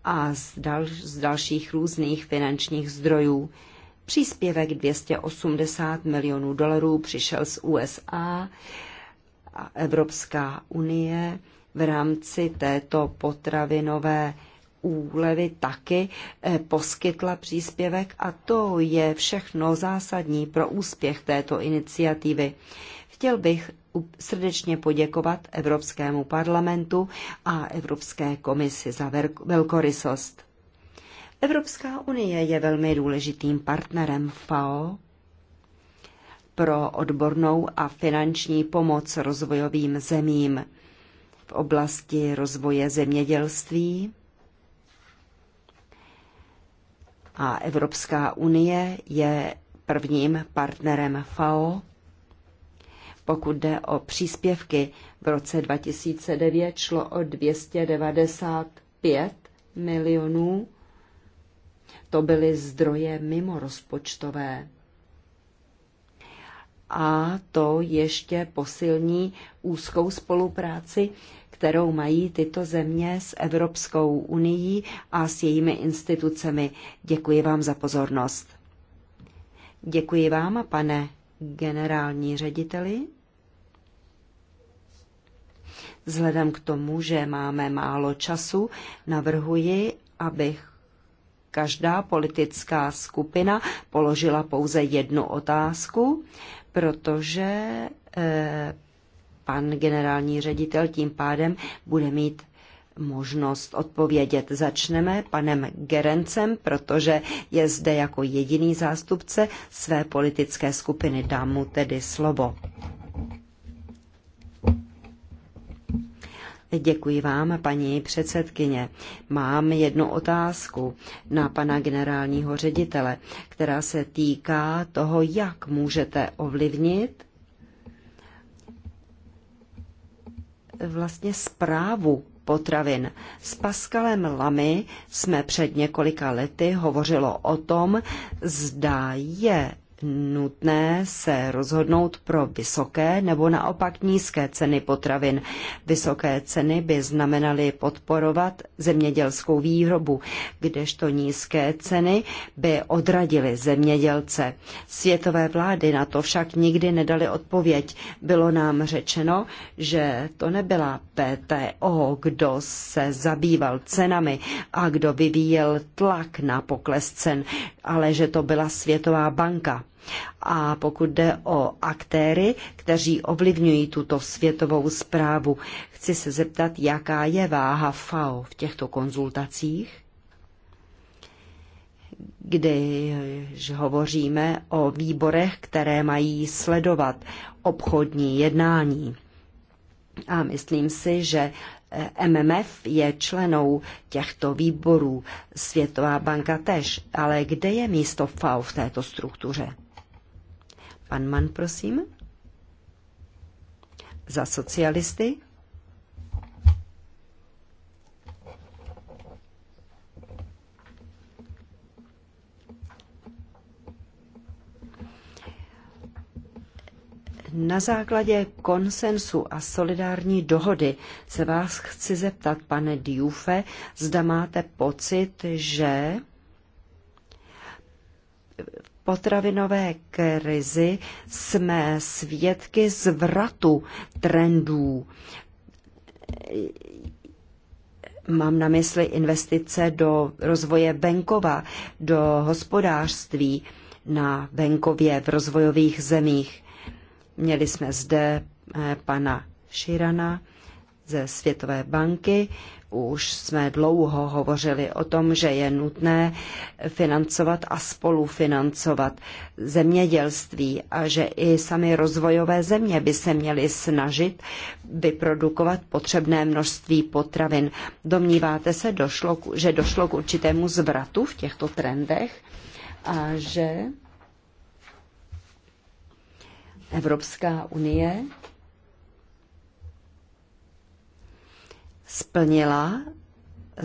a z, dal, z dalších různých finančních zdrojů. Příspěvek 280 milionů dolarů přišel z USA a Evropská unie v rámci této potravinové úlevy taky eh, poskytla příspěvek a to je všechno zásadní pro úspěch této iniciativy. Chtěl bych srdečně poděkovat Evropskému parlamentu a Evropské komisi za velkorysost. Evropská unie je velmi důležitým partnerem FAO pro odbornou a finanční pomoc rozvojovým zemím v oblasti rozvoje zemědělství, A Evropská unie je prvním partnerem FAO, pokud jde o příspěvky. V roce 2009 šlo o 295 milionů. To byly zdroje mimo rozpočtové. A to ještě posilní úzkou spolupráci kterou mají tyto země s Evropskou unii a s jejími institucemi. Děkuji vám za pozornost. Děkuji vám, pane generální řediteli. Vzhledem k tomu, že máme málo času, navrhuji, abych každá politická skupina položila pouze jednu otázku, protože eh, pan generální ředitel tím pádem bude mít možnost odpovědět. Začneme panem Gerencem, protože je zde jako jediný zástupce své politické skupiny. Dám mu tedy slovo. Děkuji vám, paní předsedkyně. Mám jednu otázku na pana generálního ředitele, která se týká toho, jak můžete ovlivnit vlastně zprávu potravin. S Paskalem Lamy jsme před několika lety hovořilo o tom, zda je nutné se rozhodnout pro vysoké nebo naopak nízké ceny potravin. Vysoké ceny by znamenaly podporovat zemědělskou výrobu, kdežto nízké ceny by odradily zemědělce. Světové vlády na to však nikdy nedali odpověď. Bylo nám řečeno, že to nebyla PTO, kdo se zabýval cenami a kdo vyvíjel tlak na pokles cen, ale že to byla Světová banka. A pokud jde o aktéry, kteří ovlivňují tuto světovou zprávu, chci se zeptat, jaká je váha FAO v těchto konzultacích? Když hovoříme o výborech, které mají sledovat obchodní jednání. A myslím si, že eh, MMF je členou těchto výborů, Světová banka tež, ale kde je místo FAO v této struktuře? Pan Mann, prosím. Za socialisty. Na základě konsensu a solidární dohody se vás chci zeptat, pane Diufe, zda máte pocit, že potravinové krizi jsme svědky zvratu trendů. Mám na mysli investice do rozvoje venkova, do hospodářství na venkově v rozvojových zemích. Měli jsme zde eh, pana Širana ze Světové banky, už jsme dlouho hovořili o tom, že je nutné financovat a spolufinancovat zemědělství a že i sami rozvojové země by se měly snažit vyprodukovat potřebné množství potravin. Domníváte se, došlo, že došlo k určitému zvratu v těchto trendech a že Evropská unie splnila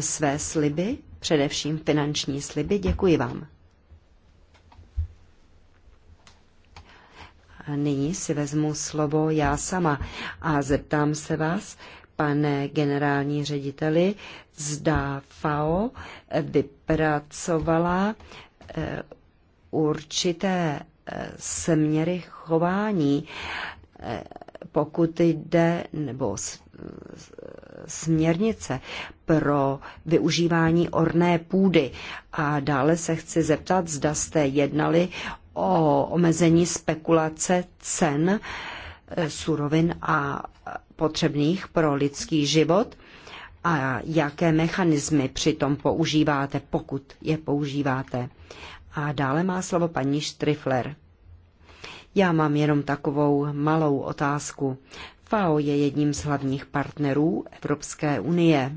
své sliby, především finanční sliby. Děkuji vám. A nyní si vezmu slovo já sama a zeptám se vás, pane generální řediteli, zda FAO vypracovala eh, určité eh, směry chování, eh, pokud jde, nebo směrnice pro využívání orné půdy. A dále se chci zeptat, zda jste jednali o omezení spekulace cen eh, surovin a potřebných pro lidský život a jaké mechanismy přitom používáte, pokud je používáte. A dále má slovo paní Štrifler. Já mám jenom takovou malou otázku. FAO je jedním z hlavních partnerů Evropské unie.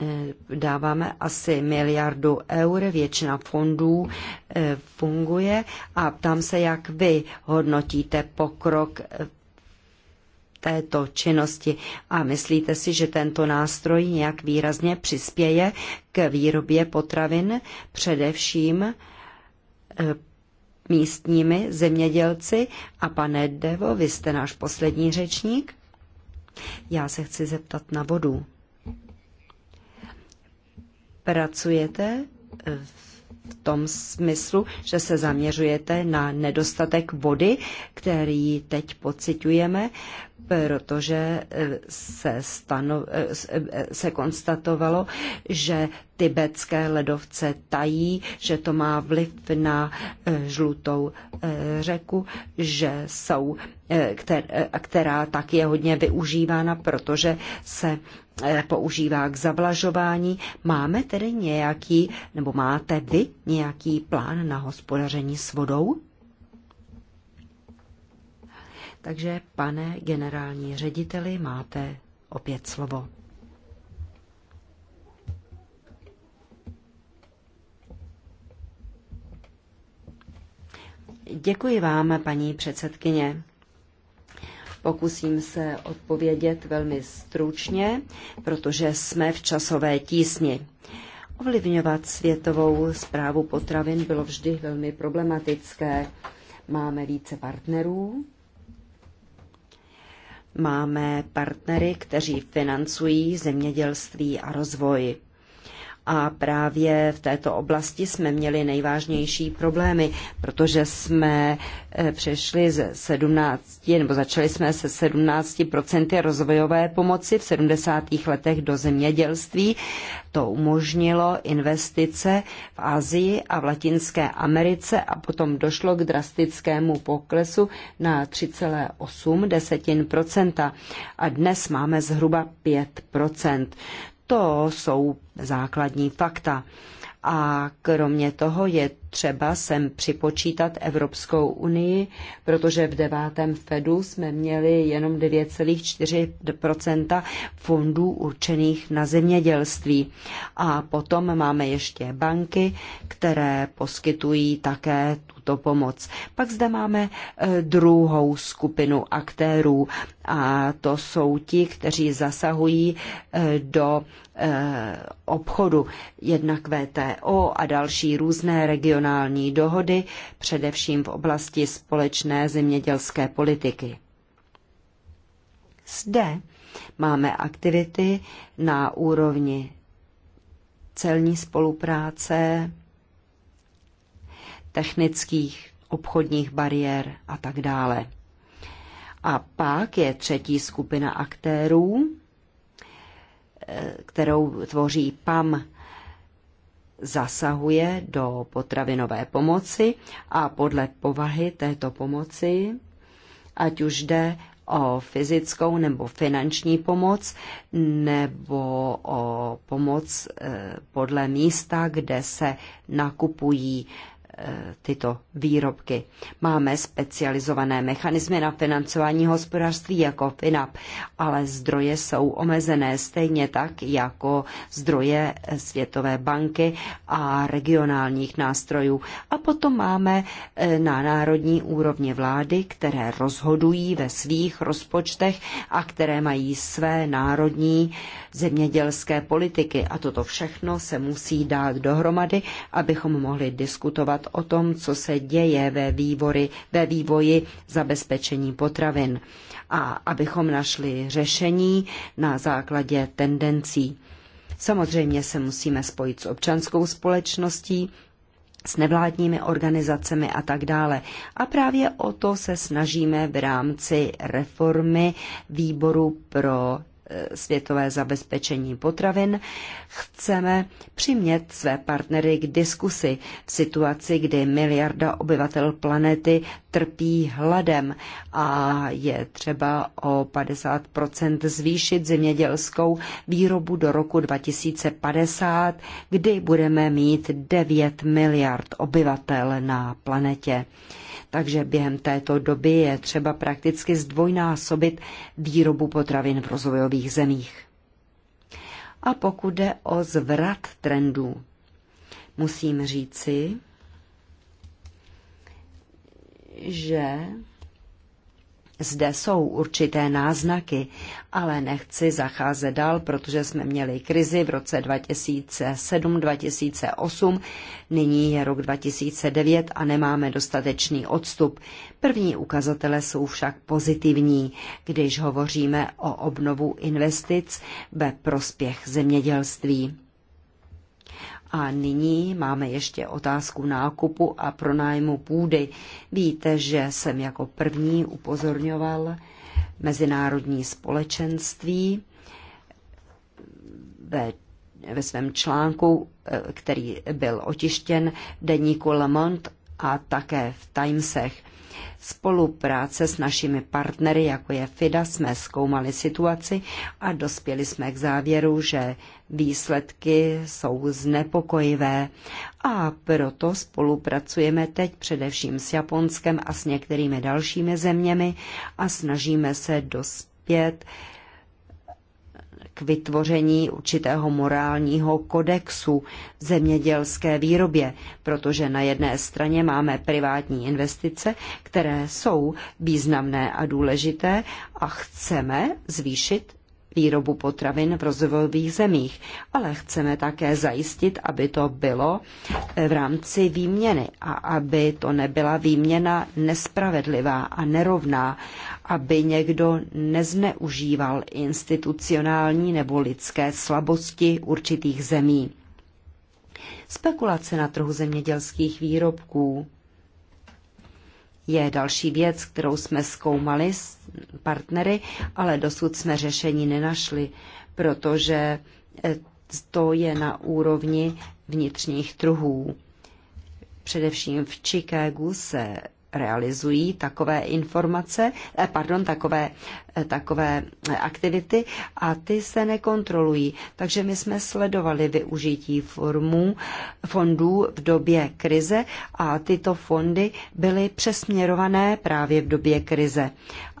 Eh, dáváme asi miliardu eur, většina fondů eh, funguje a ptám se, jak vy hodnotíte pokrok eh, této činnosti a myslíte si, že tento nástroj nějak výrazně přispěje k výrobě potravin, především místními zemědělci. A pane Devo, vy jste náš poslední řečník. Já se chci zeptat na vodu. Pracujete v v tom smyslu, že se zaměřujete na nedostatek vody, který teď pociťujeme, protože eh, se, stano, eh, eh, se konstatovalo, že tibetské ledovce tají, že to má vliv na žlutou řeku, že jsou, která tak je hodně využívána, protože se Eh, používá k zavlažování. Máme tedy nějaký, nebo máte vy nějaký plán na hospodaření s vodou? Takže, pane generální řediteli, máte opět slovo. Děkuji vám, paní předsedkyně. Pokusím se odpovědět velmi stručně, protože jsme v časové tísni. Ovlivňovat světovou zprávu potravin bylo vždy velmi problematické. Máme více partnerů, máme partnery, kteří financují zemědělství a rozvoj. A právě v této oblasti jsme měli nejvážnější problémy, protože jsme eh, přešli ze 17, nebo začali jsme se 17% rozvojové pomoci v 70. letech do zemědělství. To umožnilo investice v Asii a v Latinské Americe a potom došlo k drastickému poklesu na 3,8 desetin procenta a dnes máme zhruba 5 to jsou základní fakta. A kromě toho je třeba sem připočítat Evropskou unii, protože v devátém Fedu jsme měli jenom 9,4 fondů určených na zemědělství. A potom máme ještě banky, které poskytují také tuto pomoc. Pak zde máme e, druhou skupinu aktérů a to jsou ti, kteří zasahují e, do e, obchodu, jednak VTO a další různé regiony regionální dohody, především v oblasti společné zemědělské politiky. Zde máme aktivity na úrovni celní spolupráce, technických obchodních bariér a tak dále. A pak je třetí skupina aktérů, eh, kterou tvoří PAM zasahuje do potravinové pomoci a podle povahy této pomoci, ať už jde o fyzickou nebo finanční pomoc nebo o pomoc eh, podle místa, kde se nakupují tyto výrobky. Máme specializované mechanismy na financování hospodářství jako FINAP, ale zdroje jsou omezené stejně tak jako zdroje Světové banky a regionálních nástrojů. A potom máme e, na národní úrovni vlády, které rozhodují ve svých rozpočtech a které mají své národní zemědělské politiky. A toto všechno se musí dát dohromady, abychom mohli diskutovat informovat o tom, co se děje ve, vývory, ve vývoji zabezpečení potravin a abychom našli řešení na základě tendencí. Samozřejmě se musíme spojit s občanskou společností, s nevládními organizacemi a tak dále. A právě o to se snažíme v rámci reformy výboru pro E, světové zabezpečení potravin, chceme přimět své partnery k diskusi v situaci, kdy miliarda obyvatel planety trpí hladem a je třeba o 50 zvýšit zemědělskou výrobu do roku 2050, kdy budeme mít 9 miliard obyvatel na planetě. Takže během této doby je třeba prakticky zdvojnásobit výrobu potravin v rozvojových zemích. A pokud jde o zvrat trendů, musím říci, že zde jsou určité náznaky, ale nechci zacházet dál, protože jsme měli krizi v roce 2007-2008, nyní je rok 2009 a nemáme dostatečný odstup. První ukazatele jsou však pozitivní, když hovoříme o obnovu investic ve prospěch zemědělství. A nyní máme ještě otázku nákupu a pronájmu půdy. Víte, že jsem jako první upozorňoval mezinárodní společenství ve, ve svém článku, eh, který byl otištěn deníku Le Monde a také v Timesech spolupráce s našimi partnery, jako je FIDA, jsme zkoumali situaci a dospěli jsme k závěru, že výsledky jsou znepokojivé a proto spolupracujeme teď především s Japonskem a s některými dalšími zeměmi a snažíme se dospět k vytvoření určitého morálního kodexu v zemědělské výrobě, protože na jedné straně máme privátní investice, které jsou významné a důležité a chceme zvýšit výrobu potravin v rozvojových zemích, ale chceme také zajistit, aby to bylo eh, v rámci výměny a aby to nebyla výměna nespravedlivá a nerovná, aby někdo nezneužíval institucionální nebo lidské slabosti určitých zemí. Spekulace na trhu zemědělských výrobků je další věc, kterou jsme zkoumali s partnery, ale dosud jsme řešení nenašli, protože eh, to je na úrovni vnitřních trhů. Především v Chicagu se realizují takové informace, eh, pardon, takové, eh, takové eh, aktivity a ty se nekontrolují. Takže my jsme sledovali využití formů, fondů v době krize a tyto fondy byly přesměrované právě v době krize.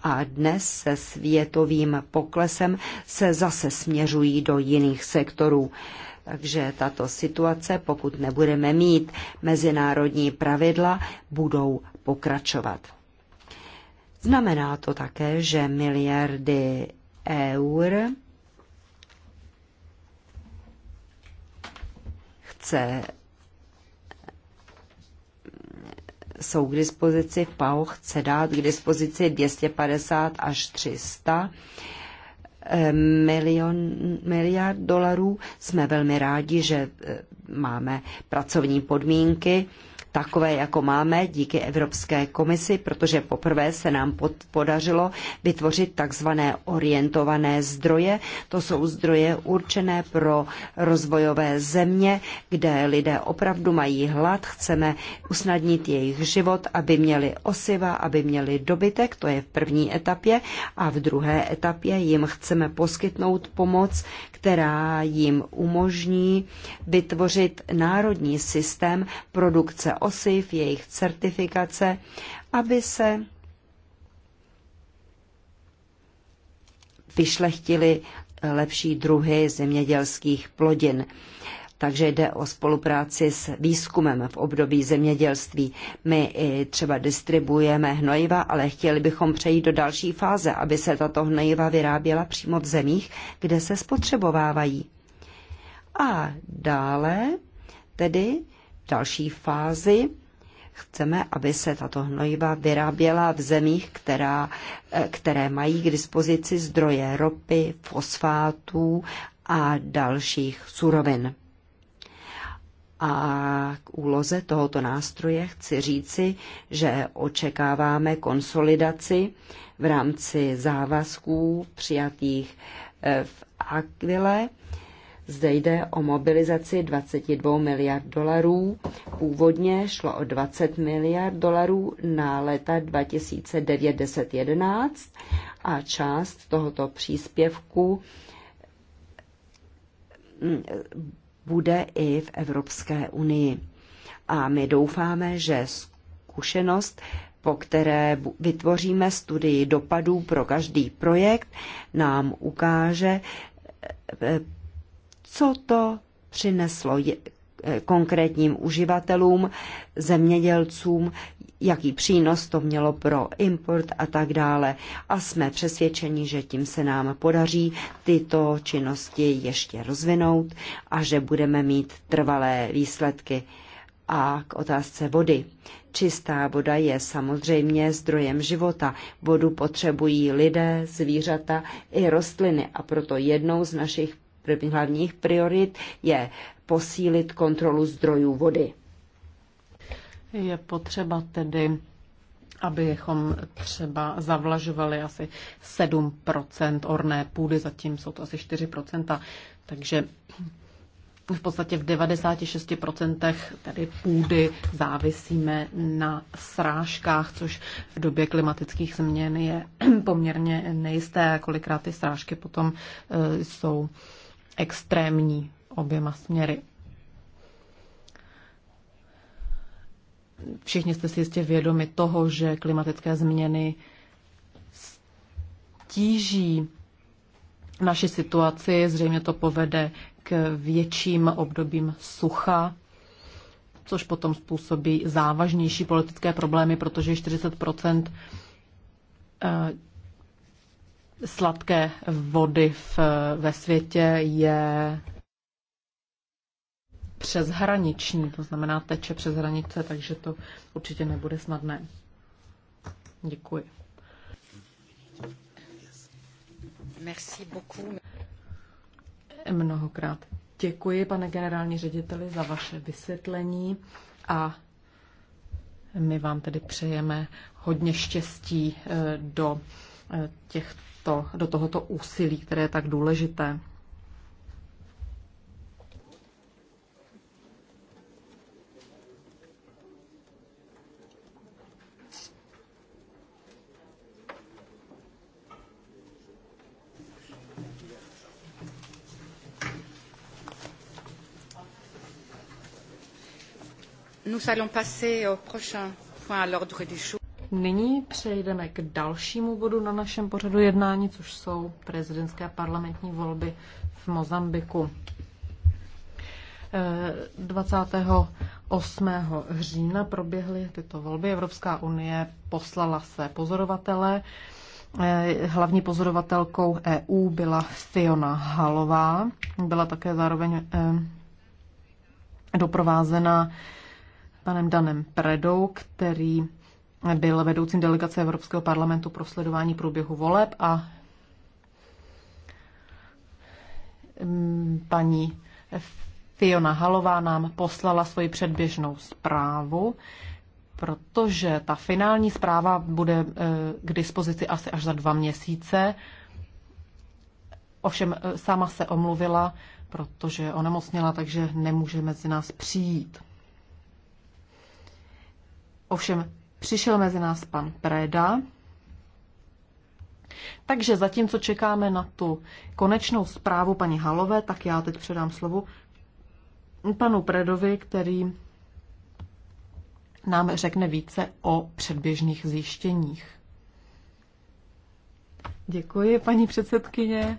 A dnes se světovým poklesem se zase směřují do jiných sektorů. Takže tato situace, pokud nebudeme mít mezinárodní pravidla, budou pokračovat. Znamená to také, že miliardy eur chce jsou k dispozici, FAO chce dát k dispozici 250 až 300 ehm, milion, miliard dolarů. Jsme velmi rádi, že ehm, máme pracovní podmínky, takové, jako máme, díky Evropské komisi, protože poprvé se nám pod, podařilo vytvořit takzvané orientované zdroje. To jsou zdroje určené pro rozvojové země, kde lidé opravdu mají hlad, chceme usnadnit jejich život, aby měli osiva, aby měli dobytek, to je v první etapě, a v druhé etapě jim chceme poskytnout pomoc, která jim umožní vytvořit národní systém produkce osiv, jejich certifikace, aby se vyšlechtili lepší druhy zemědělských plodin takže jde o spolupráci s výzkumem v období zemědělství. My i třeba distribuujeme hnojiva, ale chtěli bychom přejít do další fáze, aby se tato hnojiva vyráběla přímo v zemích, kde se spotřebovávají. A dále tedy v další fázi chceme, aby se tato hnojiva vyráběla v zemích, která, eh, které mají k dispozici zdroje ropy, fosfátů a dalších surovin. A k úloze tohoto nástroje chci říci, že očekáváme konsolidaci v rámci závazků přijatých eh, v Aquile. Zde jde o mobilizaci 22 miliard dolarů. Původně šlo o 20 miliard dolarů na leta 2009-2011 a část tohoto příspěvku mm, bude i v Evropské unii. A my doufáme, že zkušenost, po které vytvoříme studii dopadů pro každý projekt, nám ukáže, eh, co to přineslo eh, konkrétním uživatelům, zemědělcům jaký přínos to mělo pro import a tak dále. A jsme přesvědčeni, že tím se nám podaří tyto činnosti ještě rozvinout a že budeme mít trvalé výsledky. A k otázce vody. Čistá voda je samozřejmě zdrojem života. Vodu potřebují lidé, zvířata i rostliny a proto jednou z našich hlavních priorit je posílit kontrolu zdrojů vody. Je potřeba tedy abychom třeba zavlažovali asi 7% orné půdy, zatím jsou to asi 4%, takže v podstatě v 96% tedy půdy závisíme na srážkách, což v době klimatických změn je poměrně nejisté kolikrát ty srážky potom eh, jsou extrémní oběma směry. Všichni jste si jistě vědomi toho, že klimatické změny stíží naši situaci. Zřejmě to povede k větším obdobím sucha, což potom způsobí závažnější politické problémy, protože 40 eh, sladké vody v, ve světě je přeshraniční, to znamená teče přes hranice, takže to určitě nebude snadné. Děkuji. Merci beaucoup. Mnohokrát děkuji, pane generální řediteli, za vaše vysvětlení a my vám tedy přejeme hodně štěstí eh, do, eh, těchto, do tohoto úsilí, které je tak důležité. Nyní přejdeme k dalšímu bodu na našem pořadu jednání, což jsou prezidentské a parlamentní volby v Mozambiku. 28. Eh, října proběhly tyto volby. Evropská unie poslala své pozorovatele. Eh, hlavní pozorovatelkou EU byla Fiona Halová. Byla také zároveň eh, doprovázena panem Danem Predou, který byl vedoucím delegace Evropského parlamentu pro sledování průběhu voleb a mm, paní Fiona Halová nám poslala svoji předběžnou zprávu, protože ta finální zpráva bude eh, k dispozici asi až za dva měsíce. Ovšem eh, sama se omluvila, protože onemocněla, takže nemůže mezi nás přijít. Ovšem přišel mezi nás pan Preda, takže zatímco čekáme na tu konečnou zprávu paní Halové, tak já teď předám slovo panu Predovi, který nám řekne více o předběžných zjištěních. Děkuji, paní předsedkyně.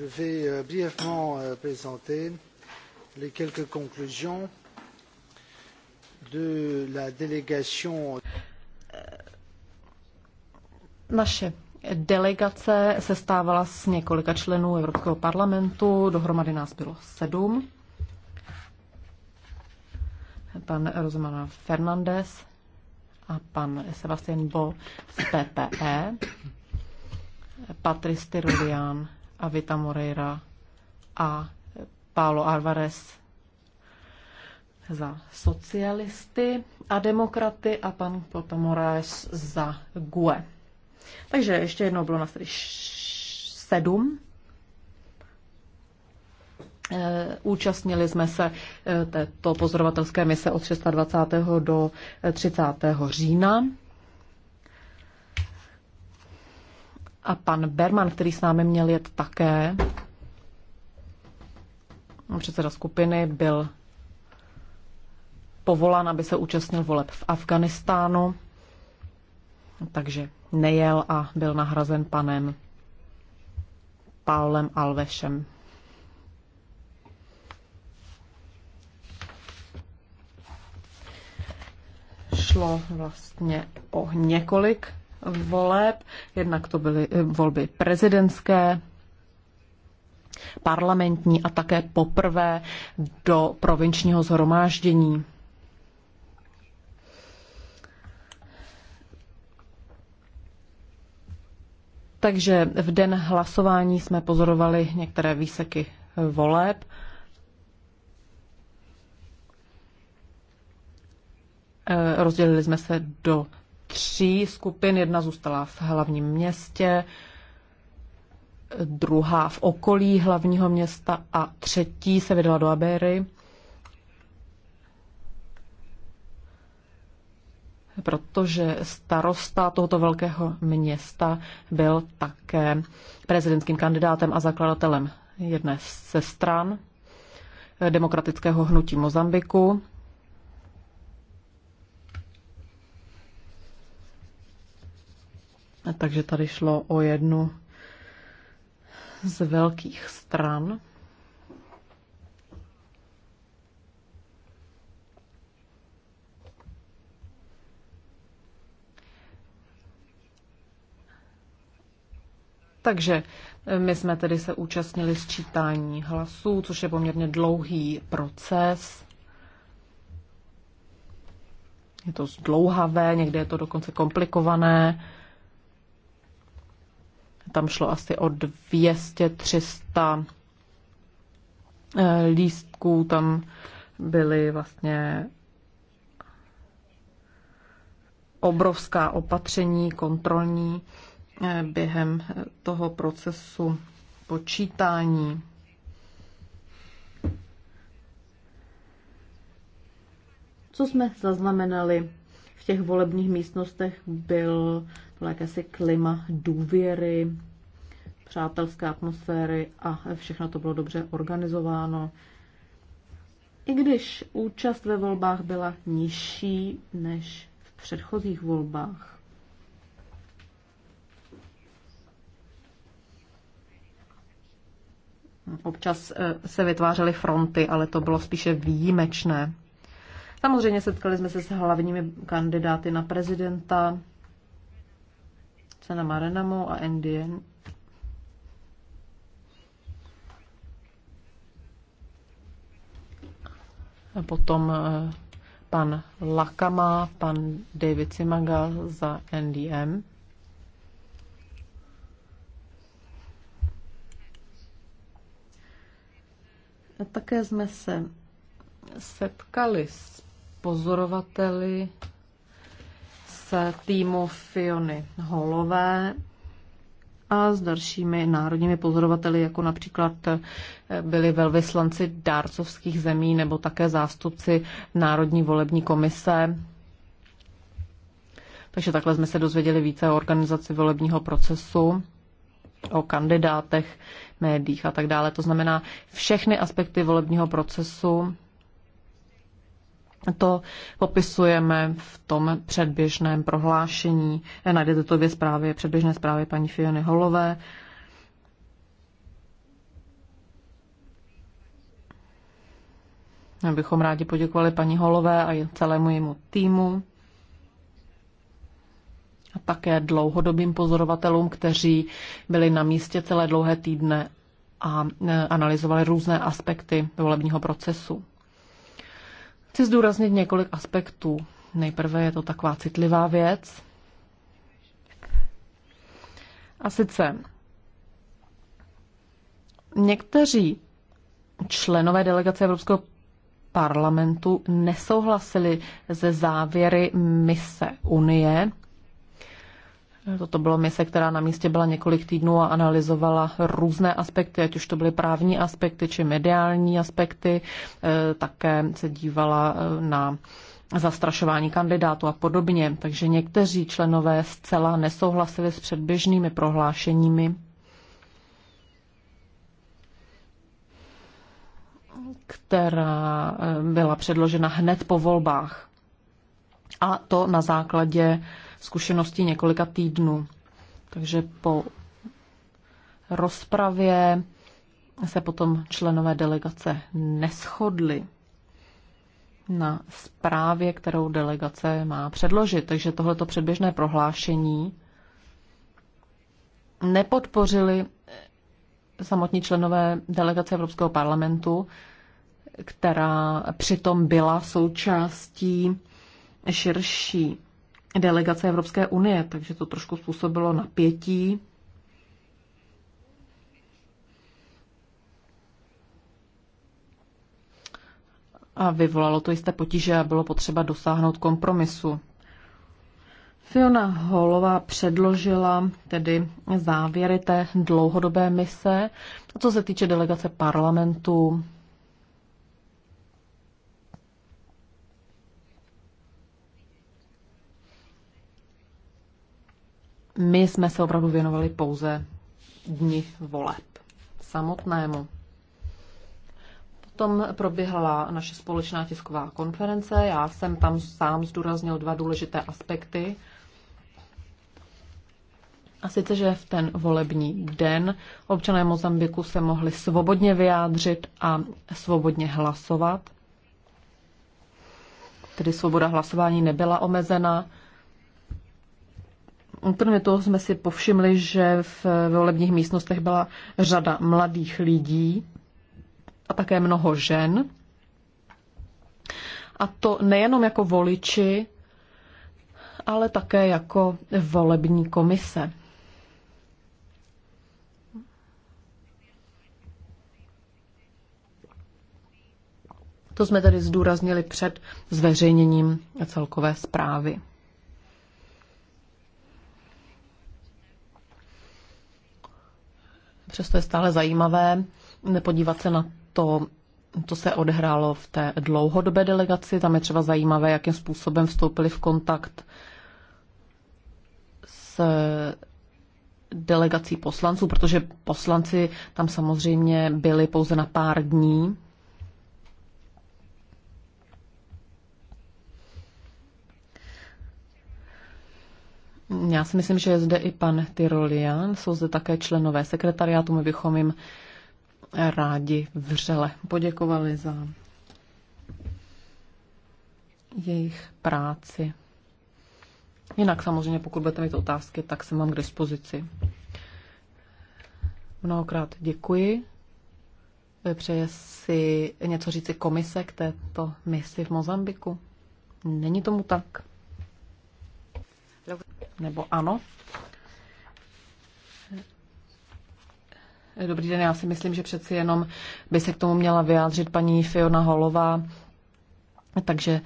Je vais euh, brièvement euh, présenter les quelques conclusions de la délégation. Naše delegace se stávala z několika členů Evropského parlamentu, dohromady nás bylo sedm. Pan Rozmana Fernandez a pan Sebastian Bo z PPE, Patrice Tyrulian, Avita Moreira a Paulo Alvarez za socialisty a demokraty a pan Plota Moraes za GUE. Takže ještě jednou bylo nás tady sedm. Eh, účastnili jsme se eh, této pozorovatelské mise od 26. do 30. Eh, října. A pan Berman, který s námi měl jet také, předseda skupiny, byl povolán, aby se účastnil voleb v Afganistánu, takže nejel a byl nahrazen panem Paulem Alvešem. Šlo vlastně o několik voleb. Jednak to byly eh, volby prezidentské, parlamentní a také poprvé do provinčního zhromáždění. Takže v den hlasování jsme pozorovali některé výseky voleb. Eh, rozdělili jsme se do tří skupin. Jedna zůstala v hlavním městě, druhá v okolí hlavního města a třetí se vydala do Abery. protože starosta tohoto velkého města byl také prezidentským kandidátem a zakladatelem jedné ze stran demokratického hnutí Mozambiku. Takže tady šlo o jednu z velkých stran. Takže eh, my jsme tedy se účastnili sčítání hlasů, což je poměrně dlouhý proces. Je to zdlouhavé, někde je to dokonce komplikované. Tam šlo asi o 200-300 eh, lístků, tam byly vlastně obrovská opatření kontrolní. Eh, během toho procesu počítání. Co jsme zaznamenali v těch volebních místnostech, byl jakési klima důvěry, přátelské atmosféry a všechno to bylo dobře organizováno. I když účast ve volbách byla nižší než v předchozích volbách. Občas eh, se vytvářely fronty, ale to bylo spíše výjimečné. Samozřejmě setkali jsme se s hlavními kandidáty na prezidenta, Sena Marenamo a Endien. A potom eh, pan Lakama, pan David Simaga za NDM. Také jsme se setkali s pozorovateli s týmu Fiony Holové a s dalšími národními pozorovateli, jako například eh, byli velvyslanci dárcovských zemí nebo také zástupci Národní volební komise. Takže takhle jsme se dozvěděli více o organizaci volebního procesu, o kandidátech, médiích a tak dále. To znamená všechny aspekty volebního procesu. To popisujeme v tom předběžném prohlášení. Najdete to dvě zprávy, předběžné zprávy paní Fiony Holové. My bychom rádi poděkovali paní Holové a celému jejímu týmu a také dlouhodobým pozorovatelům, kteří byli na místě celé dlouhé týdne a e, analyzovali různé aspekty volebního procesu. Chci zdůraznit několik aspektů. Nejprve je to taková citlivá věc. A sice někteří členové delegace Evropského parlamentu nesouhlasili ze závěry mise Unie Toto bylo mise, která na místě byla několik týdnů a analyzovala různé aspekty, ať už to byly právní aspekty či mediální aspekty. E, také se dívala e, na zastrašování kandidátů a podobně. Takže někteří členové zcela nesouhlasili s předběžnými prohlášeními, která e, byla předložena hned po volbách. A to na základě zkušenosti několika týdnů. Takže po rozpravě se potom členové delegace neschodli na zprávě, kterou delegace má předložit. Takže tohleto předběžné prohlášení nepodpořili samotní členové delegace Evropského parlamentu, která přitom byla součástí širší delegace Evropské unie, takže to trošku způsobilo napětí. A vyvolalo to jisté potíže a bylo potřeba dosáhnout kompromisu. Fiona Holová předložila tedy závěry té dlouhodobé mise. Co se týče delegace parlamentu, My jsme se opravdu věnovali pouze dni voleb samotnému. Potom proběhla naše společná tisková konference. Já jsem tam sám zdůraznil dva důležité aspekty. A sice, že v ten volební den občané Mozambiku se mohli svobodně vyjádřit a svobodně hlasovat. Tedy svoboda hlasování nebyla omezena. Kromě toho jsme si povšimli, že v volebních místnostech byla řada mladých lidí a také mnoho žen. A to nejenom jako voliči, ale také jako volební komise. To jsme tedy zdůraznili před zveřejněním celkové zprávy. Přesto je stále zajímavé nepodívat se na to, to se odehrálo v té dlouhodobé delegaci. Tam je třeba zajímavé, jakým způsobem vstoupili v kontakt s delegací poslanců, protože poslanci tam samozřejmě byli pouze na pár dní. Já si myslím, že je zde i pan Tyrolian, jsou zde také členové sekretariátu, my bychom jim rádi vřele poděkovali za jejich práci. Jinak samozřejmě, pokud budete mít otázky, tak se mám k dispozici. Mnohokrát děkuji. Přeje si něco říci komise k této misi v Mozambiku? Není tomu tak. Nebo ano? Dobrý den, já si myslím, že přeci jenom by se k tomu měla vyjádřit paní Fiona Holová. Takže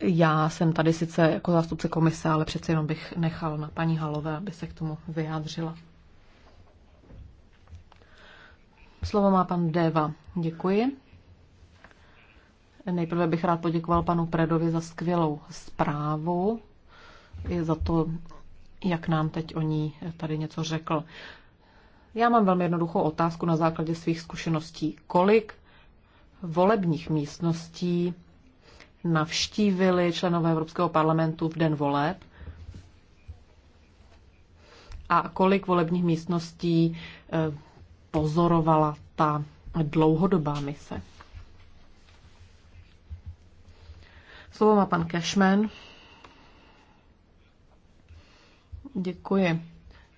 já jsem tady sice jako zástupce komise, ale přeci jenom bych nechal na paní Halové, aby se k tomu vyjádřila. Slovo má pan Deva. Děkuji. Nejprve bych rád poděkoval panu Predovi za skvělou zprávu za to, jak nám teď o ní tady něco řekl. Já mám velmi jednoduchou otázku na základě svých zkušeností. Kolik volebních místností navštívili členové Evropského parlamentu v den voleb a kolik volebních místností eh, pozorovala ta dlouhodobá mise. Slovo má pan Cashman. Děkuji.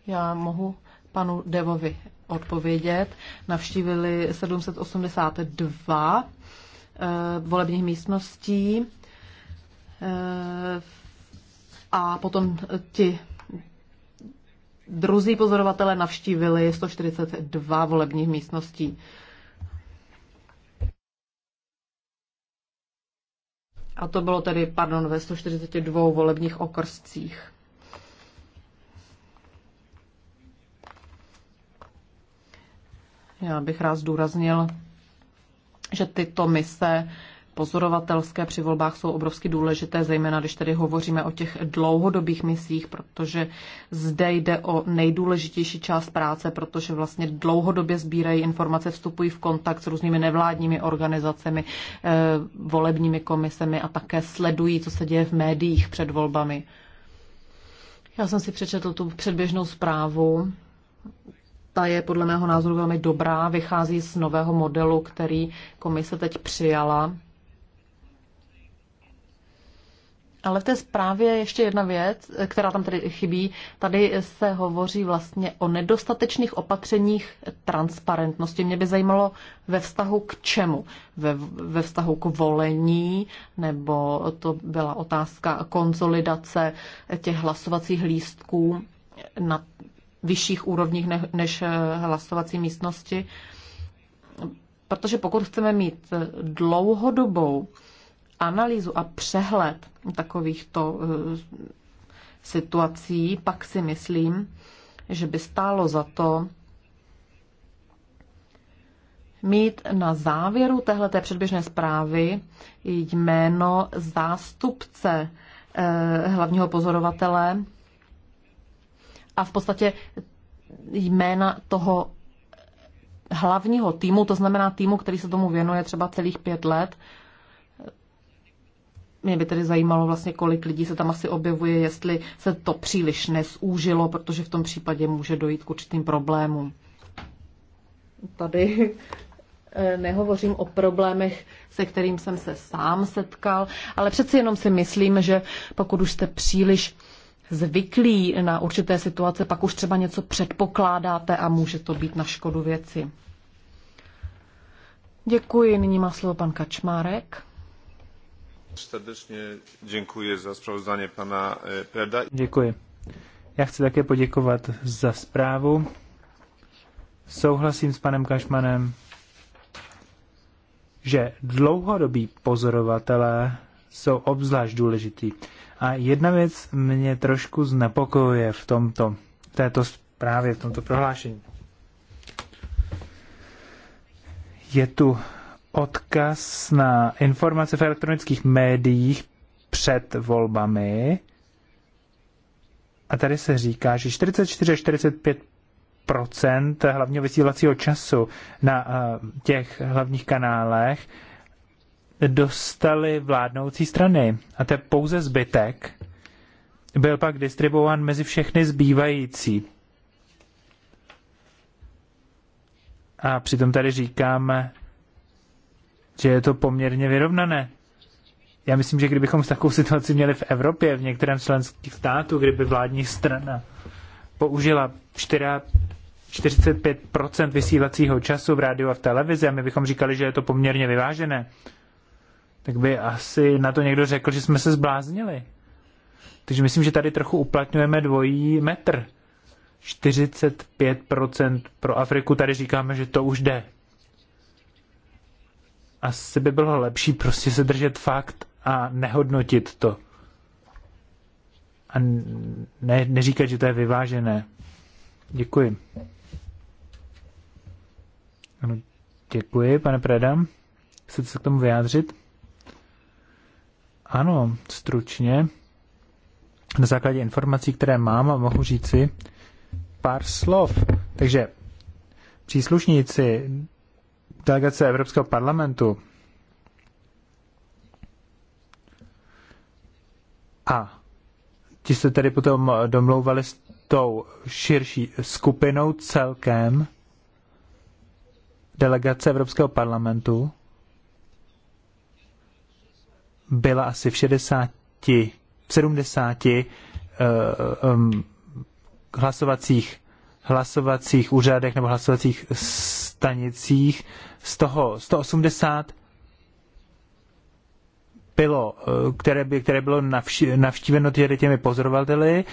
Já mohu panu Devovi odpovědět. Navštívili 782 eh, volebních místností eh, a potom ti druzí pozorovatelé navštívili 142 volebních místností. A to bylo tedy, pardon, ve 142 volebních okrscích. Já bych rád zdůraznil, že tyto mise pozorovatelské při volbách jsou obrovsky důležité, zejména když tedy hovoříme o těch dlouhodobých misích, protože zde jde o nejdůležitější část práce, protože vlastně dlouhodobě sbírají informace, vstupují v kontakt s různými nevládními organizacemi, eh, volebními komisemi a také sledují, co se děje v médiích před volbami. Já jsem si přečetl tu předběžnou zprávu ta je podle mého názoru velmi dobrá, vychází z nového modelu, který komise teď přijala. Ale v té zprávě ještě jedna věc, která tam tedy chybí. Tady se hovoří vlastně o nedostatečných opatřeních transparentnosti. Mě by zajímalo ve vztahu k čemu? Ve, ve vztahu k volení, nebo to byla otázka konsolidace těch hlasovacích lístků na vyšších úrovních než eh, hlasovací místnosti. Protože pokud chceme mít eh, dlouhodobou analýzu a přehled takovýchto eh, situací, pak si myslím, že by stálo za to mít na závěru téhleté předběžné zprávy jméno zástupce hlavního pozorovatele a v podstatě jména toho hlavního týmu, to znamená týmu, který se tomu věnuje třeba celých pět let. Mě by tedy zajímalo vlastně, kolik lidí se tam asi objevuje, jestli se to příliš nezúžilo, protože v tom případě může dojít k určitým problémům. Tady eh, nehovořím o problémech, se kterým jsem se sám setkal, ale přeci jenom si myslím, že pokud už jste příliš zvyklí na určité situace, pak už třeba něco předpokládáte a může to být na škodu věci. Děkuji. Nyní má slovo pan Kačmárek. Srdečně děkuji za zpravodaně pana eh, Preda. Děkuji. Já chci také poděkovat za zprávu. Souhlasím s panem Kašmanem, že dlouhodobí pozorovatelé jsou obzvlášť důležitý. A jedna věc mě trošku znepokojuje v tomto, v této zprávě, v tomto prohlášení. Je tu odkaz na informace v elektronických médiích před volbami. A tady se říká, že 44 až 45 hlavního vysílacího času na eh, těch hlavních kanálech dostali vládnoucí strany. A to je pouze zbytek. Byl pak distribuován mezi všechny zbývající. A přitom tady říkáme, že je to poměrně vyrovnané. Já myslím, že kdybychom takovou situaci měli v Evropě, v některém členských státu, kdyby vládní strana použila 4, 45% vysílacího času v rádiu a v televizi a my bychom říkali, že je to poměrně vyvážené, tak by asi na to někdo řekl, že jsme se zbláznili. Takže myslím, že tady trochu uplatňujeme dvojí metr. 45% pro Afriku, tady říkáme, že to už jde. Asi by bylo lepší prostě se držet fakt a nehodnotit to. A ne, neříkat, že to je vyvážené. Děkuji. Ano, děkuji, pane Predam. Chcete se k tomu vyjádřit? Ano, stručně. Na základě informací, které mám, mohu říci pár slov. Takže příslušníci delegace Evropského parlamentu a ti se tedy potom domlouvali s tou širší skupinou celkem delegace Evropského parlamentu byla asi v 60, v 70 uh, um, hlasovacích hlasovacích úřadech nebo hlasovacích stanicích. Z toho 180 bylo, eh, které, by, které bylo navši, navštíveno tedy těmi pozorovateli.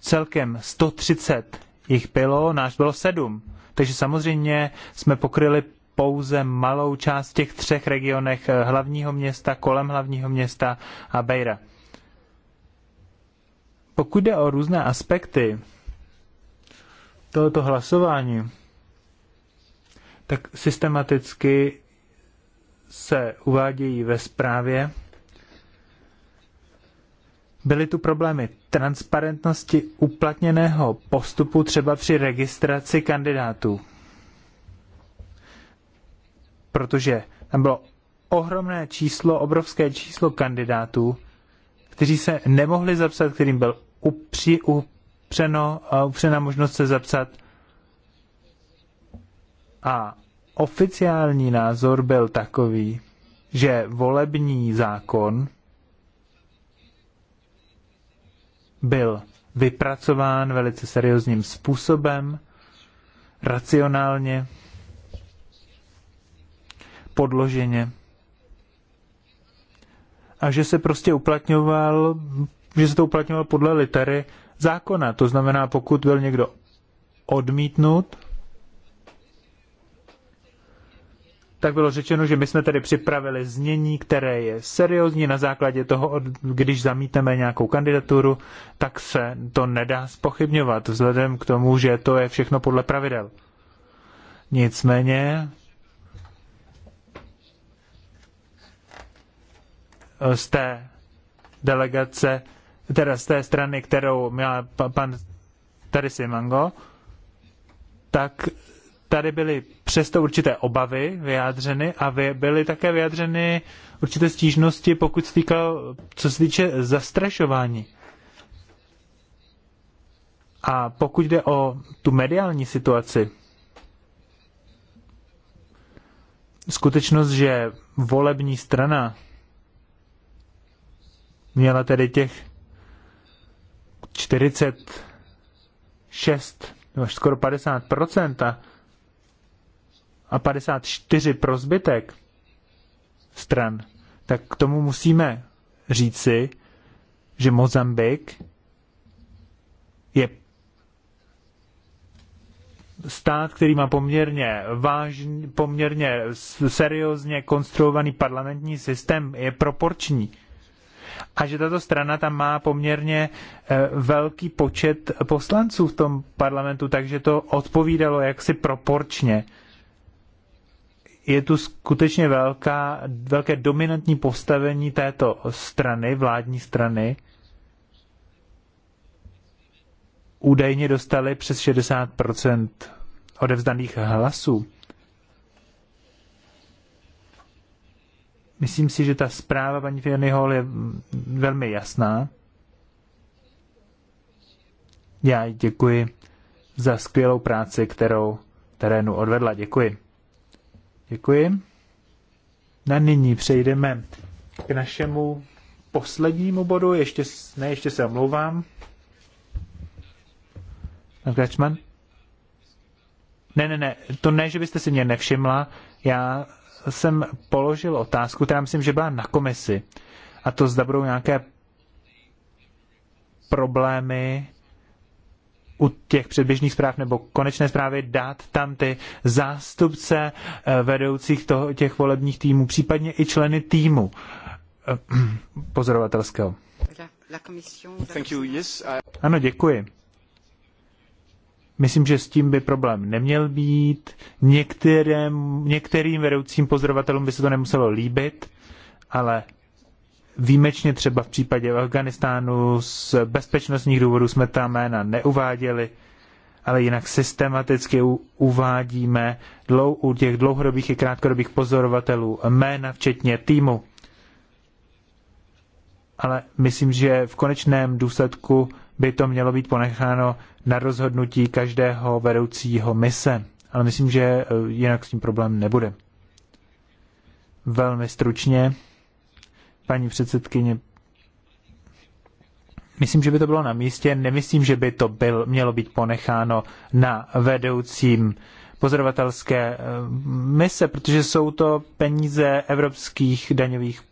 Celkem 130 jich bylo, náš bylo 7. Takže samozřejmě jsme pokryli pouze malou část v těch třech regionech eh, hlavního města, kolem hlavního města a Bejra. Pokud jde o různé aspekty tohoto hlasování, tak systematicky se uvádějí ve zprávě. Byly tu problémy transparentnosti uplatněného postupu třeba při registraci kandidátů protože tam bylo ohromné číslo, obrovské číslo kandidátů, kteří se nemohli zapsat, kterým byl upři, upřeno, upřena možnost se zapsat. A oficiální názor byl takový, že volební zákon byl vypracován velice seriózním způsobem, racionálně, podloženě. A že se prostě uplatňoval, že se to uplatňoval podle litery zákona. To znamená, pokud byl někdo odmítnut, tak bylo řečeno, že my jsme tedy připravili znění, které je seriózní na základě toho, když zamítneme nějakou kandidaturu, tak se to nedá spochybňovat vzhledem k tomu, že to je všechno podle pravidel. Nicméně Eh, z té delegace, teda z té strany, kterou měl pan tady Simango, tak tady byly přesto určité obavy vyjádřeny a byly také vyjádřeny určité stížnosti, pokud se týkalo, co se týče zastrašování. A pokud jde o tu mediální situaci, skutečnost, že volební strana měla tedy těch 46 nebo skoro 50 a, a 54 pro zbytek stran, tak k tomu musíme říci, že Mozambik je stát, který má poměrně vážný, poměrně seriózně konstruovaný parlamentní systém, je proporční a že tato strana tam má poměrně eh, velký počet poslanců v tom parlamentu, takže to odpovídalo jaksi proporčně. Je tu skutečně velká, velké dominantní postavení této strany, vládní strany. Údajně dostali přes 60 odevzdaných hlasů. Myslím si, že ta zpráva paní Fiony Hall je velmi jasná. Já děkuji za skvělou práci, kterou terénu odvedla. Děkuji. Děkuji. Na nyní přejdeme k našemu poslednímu bodu. Ještě, ne, ještě se omlouvám. Pan Ne, ne, ne, to ne, že byste si mě nevšimla. Já jsem položil otázku, která myslím, že byla na komisi, a to zda budou nějaké problémy u těch předběžných zpráv nebo konečné zprávy dát tam ty zástupce eh, vedoucích toho, těch volebních týmů, případně i členy týmu eh, pozorovatelského. Ano, děkuji. Myslím, že s tím by problém neměl být. Některým, některým vedoucím pozorovatelům by se to nemuselo líbit, ale výjimečně třeba v případě Afganistánu z bezpečnostních důvodů jsme ta jména neuváděli, ale jinak systematicky uvádíme dlou, u těch dlouhodobých i krátkodobých pozorovatelů jména, včetně týmu. Ale myslím, že v konečném důsledku by to mělo být ponecháno na rozhodnutí každého vedoucího mise. Ale myslím, že eh, jinak s tím problém nebude. Velmi stručně, paní předsedkyně, myslím, že by to bylo na místě, nemyslím, že by to byl, mělo být ponecháno na vedoucím pozorovatelské eh, mise, protože jsou to peníze evropských daňových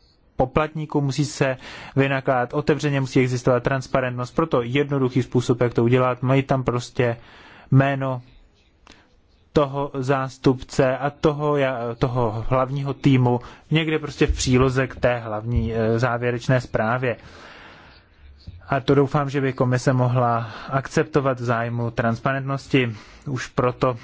poplatníků, musí se vynakládat otevřeně, musí existovat transparentnost, proto jednoduchý způsob, jak to udělat, mají tam prostě jméno toho zástupce a toho, toho hlavního týmu někde prostě v příloze k té hlavní e, závěrečné zprávě. A to doufám, že by komise mohla akceptovat zájmu transparentnosti už proto,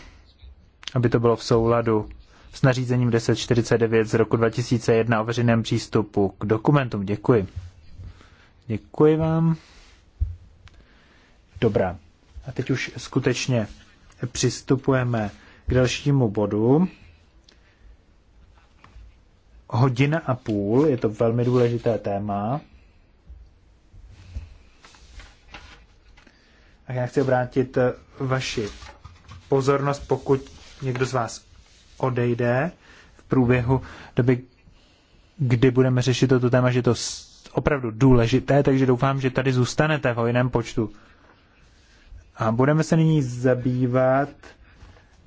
aby to bylo v souladu s nařízením 1049 z roku 2001 o veřejném přístupu k dokumentům. Děkuji. Děkuji vám. Dobrá. A teď už skutečně přistupujeme k dalšímu bodu. Hodina a půl, je to velmi důležité téma. A já chci obrátit vaši pozornost, pokud někdo z vás odejde v průběhu doby, kdy budeme řešit toto téma, že to opravdu důležité, takže doufám, že tady zůstanete v hojném počtu. A budeme se nyní zabývat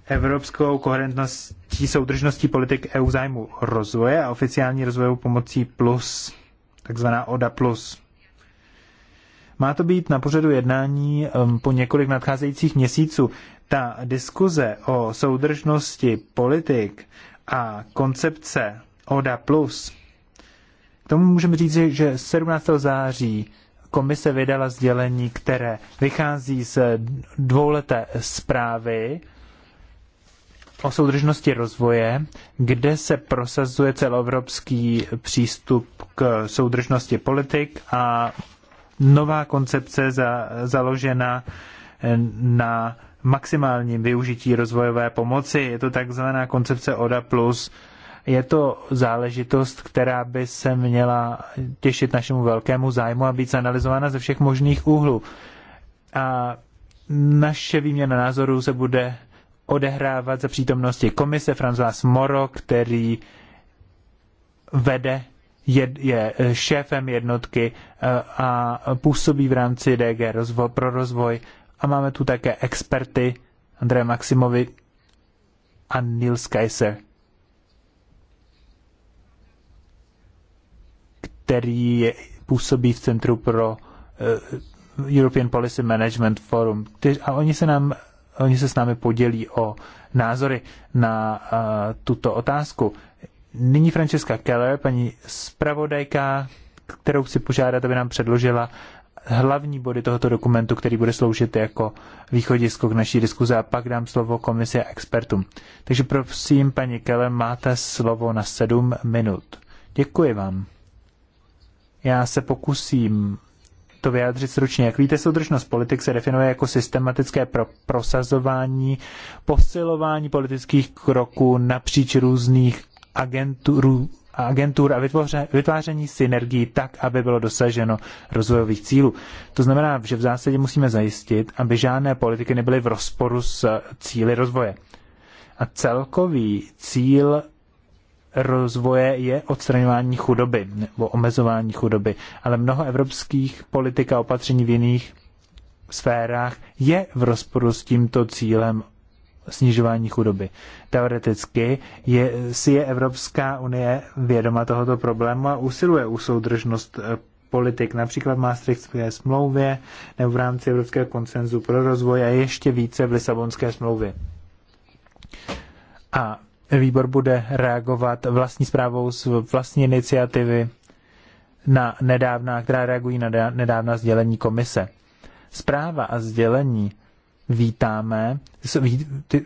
evropskou koherentností soudržností politik EU zájmu rozvoje a oficiální rozvojovou pomocí plus, takzvaná ODA plus. Má to být na pořadu jednání um, po několik nadcházejících měsíců ta diskuze o soudržnosti politik a koncepce ODA+, k tomu můžeme říct, že 17. září komise vydala sdělení, které vychází z dvouleté zprávy o soudržnosti rozvoje, kde se prosazuje celoevropský přístup k soudržnosti politik a nová koncepce za, založena na maximálním využití rozvojové pomoci. Je to takzvaná koncepce ODA+. Je to záležitost, která by se měla těšit našemu velkému zájmu a být analyzována ze všech možných úhlů. A naše výměna názorů se bude odehrávat za přítomnosti komise François Moro, který vede, je, je šéfem jednotky eh, a působí v rámci DG rozvo, pro rozvoj a máme tu také experty Andreje Maximovi a Nils Kaiser, který je působí v Centru pro eh, European Policy Management Forum. A oni se, nám, oni se s námi podělí o názory na uh, tuto otázku. Nyní Francesca Keller, paní zpravodajka, kterou chci požádat, aby nám předložila hlavní body tohoto dokumentu, který bude sloužit jako východisko k naší diskuzi a pak dám slovo komisi a expertům. Takže prosím, paní Kele, máte slovo na sedm minut. Děkuji vám. Já se pokusím to vyjádřit stručně. Jak víte, soudržnost politik se definuje jako systematické pro prosazování, posilování politických kroků napříč různých agentů, a agentur a vytváření synergií tak, aby bylo dosaženo rozvojových cílů. To znamená, že v zásadě musíme zajistit, aby žádné politiky nebyly v rozporu s cíly rozvoje. A celkový cíl rozvoje je odstraňování chudoby nebo omezování chudoby, ale mnoho evropských politik a opatření v jiných sférách je v rozporu s tímto cílem snižování chudoby. Teoreticky je, si je Evropská unie vědoma tohoto problému a usiluje o soudržnost eh, politik, například v Maastrichtské smlouvě nebo v rámci Evropského konsenzu pro rozvoj a ještě více v Lisabonské smlouvě. A výbor bude reagovat vlastní zprávou z vlastní iniciativy na nedávná, která reagují na nedávná sdělení komise. Zpráva a sdělení vítáme,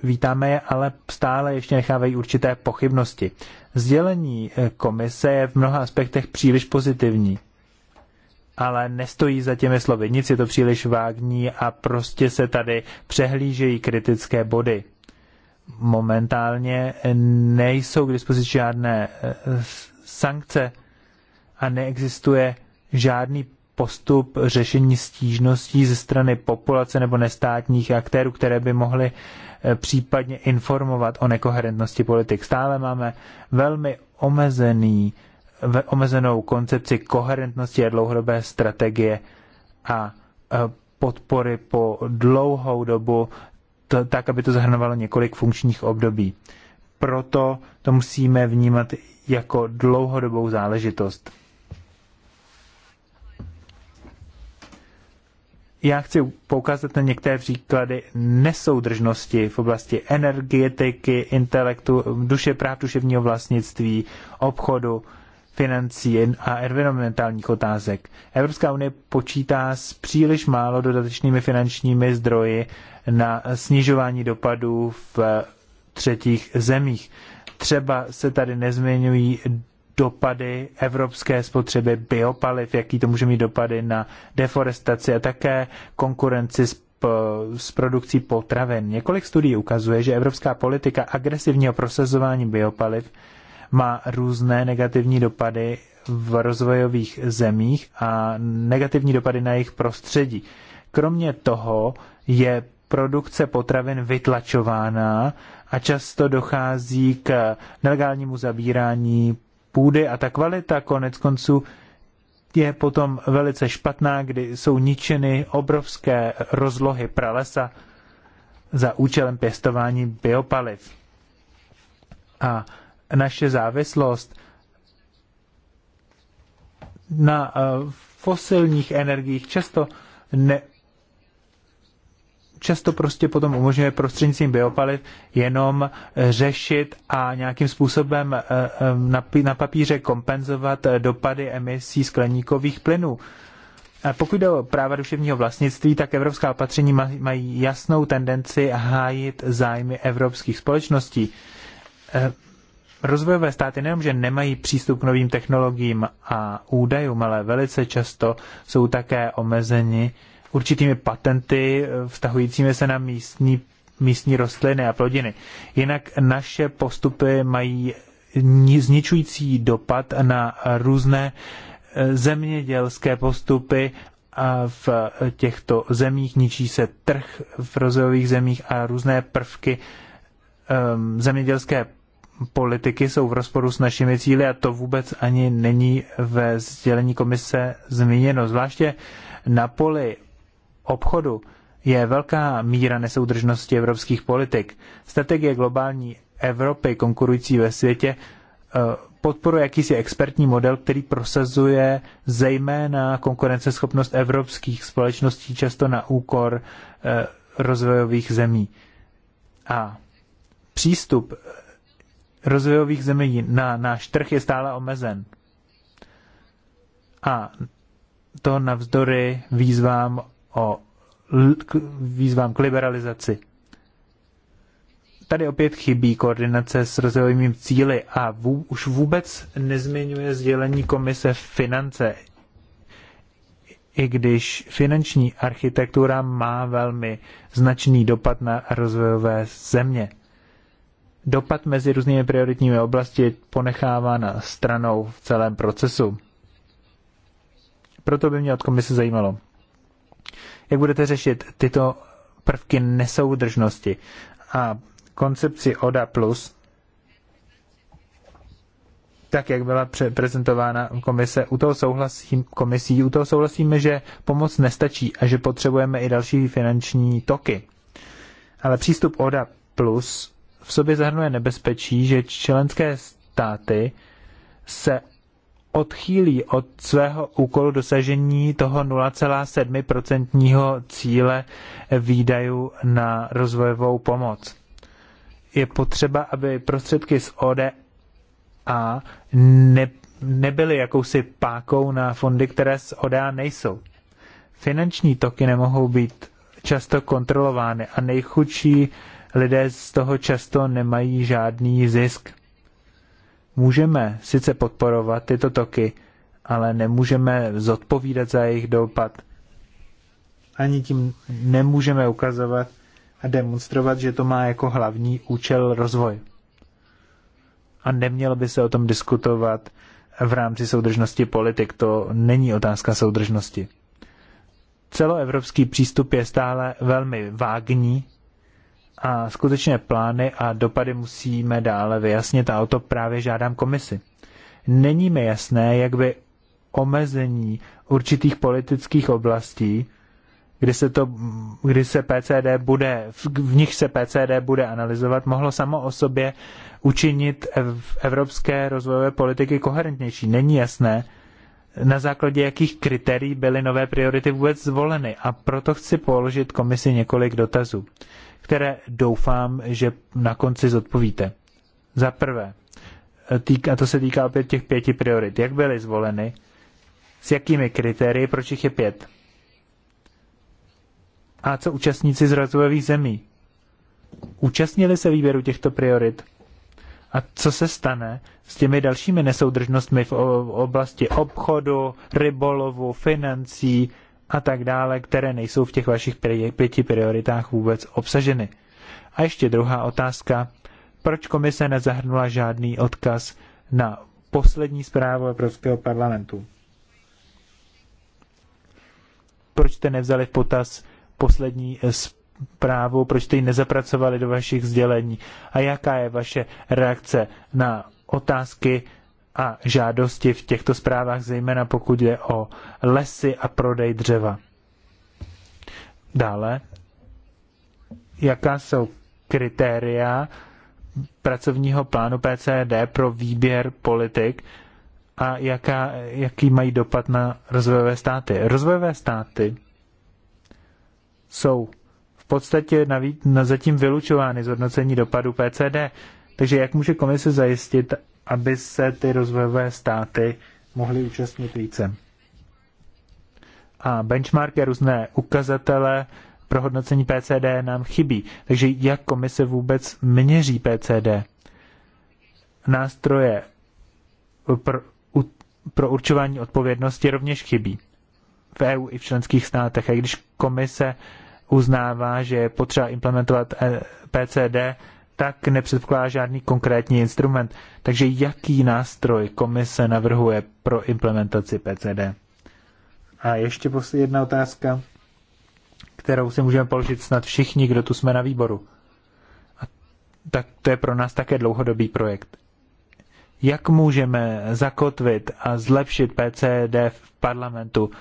vítáme je, ale stále ještě nechávají určité pochybnosti. Sdělení eh, komise je v mnoha aspektech příliš pozitivní, ale nestojí za těmi slovy. Nic je to příliš vágní a prostě se tady přehlížejí kritické body. Momentálně nejsou k dispozici žádné eh, sankce a neexistuje žádný postup řešení stížností ze strany populace nebo nestátních aktérů, které by mohly eh, případně informovat o nekoherentnosti politik. Stále máme velmi omezený, omezenou koncepci koherentnosti a dlouhodobé strategie a eh, podpory po dlouhou dobu, to, tak, aby to zahrnovalo několik funkčních období. Proto to musíme vnímat jako dlouhodobou záležitost. Já chci poukázat na některé příklady nesoudržnosti v oblasti energetiky, intelektu, duše práv duševního vlastnictví, obchodu, financí a environmentálních otázek. Evropská unie počítá s příliš málo dodatečnými finančními zdroji na snižování dopadů v třetích zemích. Třeba se tady nezmiňují dopady evropské spotřeby biopaliv, jaký to může mít dopady na deforestaci a také konkurenci s s produkcí potravin. Několik studií ukazuje, že evropská politika agresivního prosazování biopaliv má různé negativní dopady v rozvojových zemích a negativní dopady na jejich prostředí. Kromě toho je produkce potravin vytlačována a často dochází k nelegálnímu zabírání půdy a ta kvalita konec konců je potom velice špatná, kdy jsou ničeny obrovské rozlohy pralesa za účelem pěstování biopaliv. A naše závislost na eh, fosilních energiích často ne, často prostě potom umožňuje prostřednictvím biopaliv jenom eh, řešit a nějakým způsobem eh, eh, na papíře kompenzovat dopady emisí skleníkových plynů. A pokud jde o práva duševního vlastnictví, tak evropská opatření mají jasnou tendenci hájit zájmy evropských společností. Rozvojové státy nejenom, že nemají přístup k novým technologiím a údajům, ale velice často jsou také omezeni určitými patenty eh, vztahujícími se na místní, místní rostliny a plodiny. Jinak naše postupy mají zničující dopad na různé eh, zemědělské postupy a v eh, těchto zemích, ničí se trh v rozvojových zemích a různé prvky ehm, zemědělské politiky jsou v rozporu s našimi cíly a to vůbec ani není ve sdělení komise zmíněno. Zvláště na poli obchodu je velká míra nesoudržnosti evropských politik. Strategie globální Evropy konkurující ve světě eh, podporuje jakýsi expertní model, který prosazuje zejména konkurenceschopnost evropských společností často na úkor eh, rozvojových zemí. A přístup eh, rozvojových zemí na náš trh je stále omezen. A to navzdory výzvám o k výzvám k liberalizaci. Tady opět chybí koordinace s rozvojovými cíly a vů, už vůbec nezmiňuje sdělení komise finance, i když finanční architektura má velmi značný dopad na rozvojové země. Dopad mezi různými prioritními oblasti je ponechávána stranou v celém procesu. Proto by mě od komise zajímalo, jak budete řešit tyto prvky nesoudržnosti a koncepci ODA+, plus, tak, jak byla prezentována komise, u toho souhlasím, komisí, u toho souhlasíme, že pomoc nestačí a že potřebujeme i další finanční toky. Ale přístup ODA plus v sobě zahrnuje nebezpečí, že členské státy se odchýlí od svého úkolu dosažení toho 0,7% cíle výdajů na rozvojovou pomoc. Je potřeba, aby prostředky z ODA ne, nebyly jakousi pákou na fondy, které z ODA nejsou. Finanční toky nemohou být často kontrolovány a nejchudší lidé z toho často nemají žádný zisk můžeme sice podporovat tyto toky, ale nemůžeme zodpovídat za jejich dopad. Ani tím nemůžeme ukazovat a demonstrovat, že to má jako hlavní účel rozvoj. A nemělo by se o tom diskutovat v rámci soudržnosti politik. To není otázka soudržnosti. Celoevropský přístup je stále velmi vágní a skutečně plány a dopady musíme dále vyjasnit a o to právě žádám komisi. Není mi jasné, jak by omezení určitých politických oblastí, kdy se, to, kdy se PCD bude, v nich se PCD bude analyzovat, mohlo samo o sobě učinit evropské rozvojové politiky koherentnější. Není jasné, na základě jakých kritérií byly nové priority vůbec zvoleny. A proto chci položit komisi několik dotazů, které doufám, že na konci zodpovíte. Za prvé, a to se týká opět těch pěti priorit. Jak byly zvoleny? S jakými kritérii? Proč jich je pět? A co účastníci z rozvojových zemí? Účastnili se výběru těchto priorit? A co se stane s těmi dalšími nesoudržnostmi v oblasti obchodu, rybolovu, financí a tak dále, které nejsou v těch vašich pěti prioritách vůbec obsaženy? A ještě druhá otázka. Proč komise nezahrnula žádný odkaz na poslední zprávu Evropského parlamentu? Proč jste nevzali v potaz poslední zprávu? Eh, právu, proč jste ji nezapracovali do vašich sdělení a jaká je vaše reakce na otázky a žádosti v těchto zprávách, zejména pokud jde o lesy a prodej dřeva. Dále, jaká jsou kritéria pracovního plánu PCD pro výběr politik a jaká, jaký mají dopad na rozvojové státy. Rozvojové státy jsou podstatě navíc, na zatím vylučovány z hodnocení dopadu PCD. Takže jak může komise zajistit, aby se ty rozvojové státy mohly účastnit více? A benchmarky, různé ukazatele pro hodnocení PCD nám chybí. Takže jak komise vůbec měří PCD? Nástroje pro, pro určování odpovědnosti rovněž chybí v EU i v členských státech. A když komise uh, uznává, že je potřeba implementovat eh, PCD, tak nepředpokládá žádný konkrétní instrument. Takže jaký nástroj komise navrhuje pro implementaci PCD? A ještě poslední jedna otázka, kterou si můžeme položit snad všichni, kdo tu jsme na výboru. A tak to je pro nás také dlouhodobý projekt. Jak můžeme zakotvit a zlepšit PCD v parlamentu?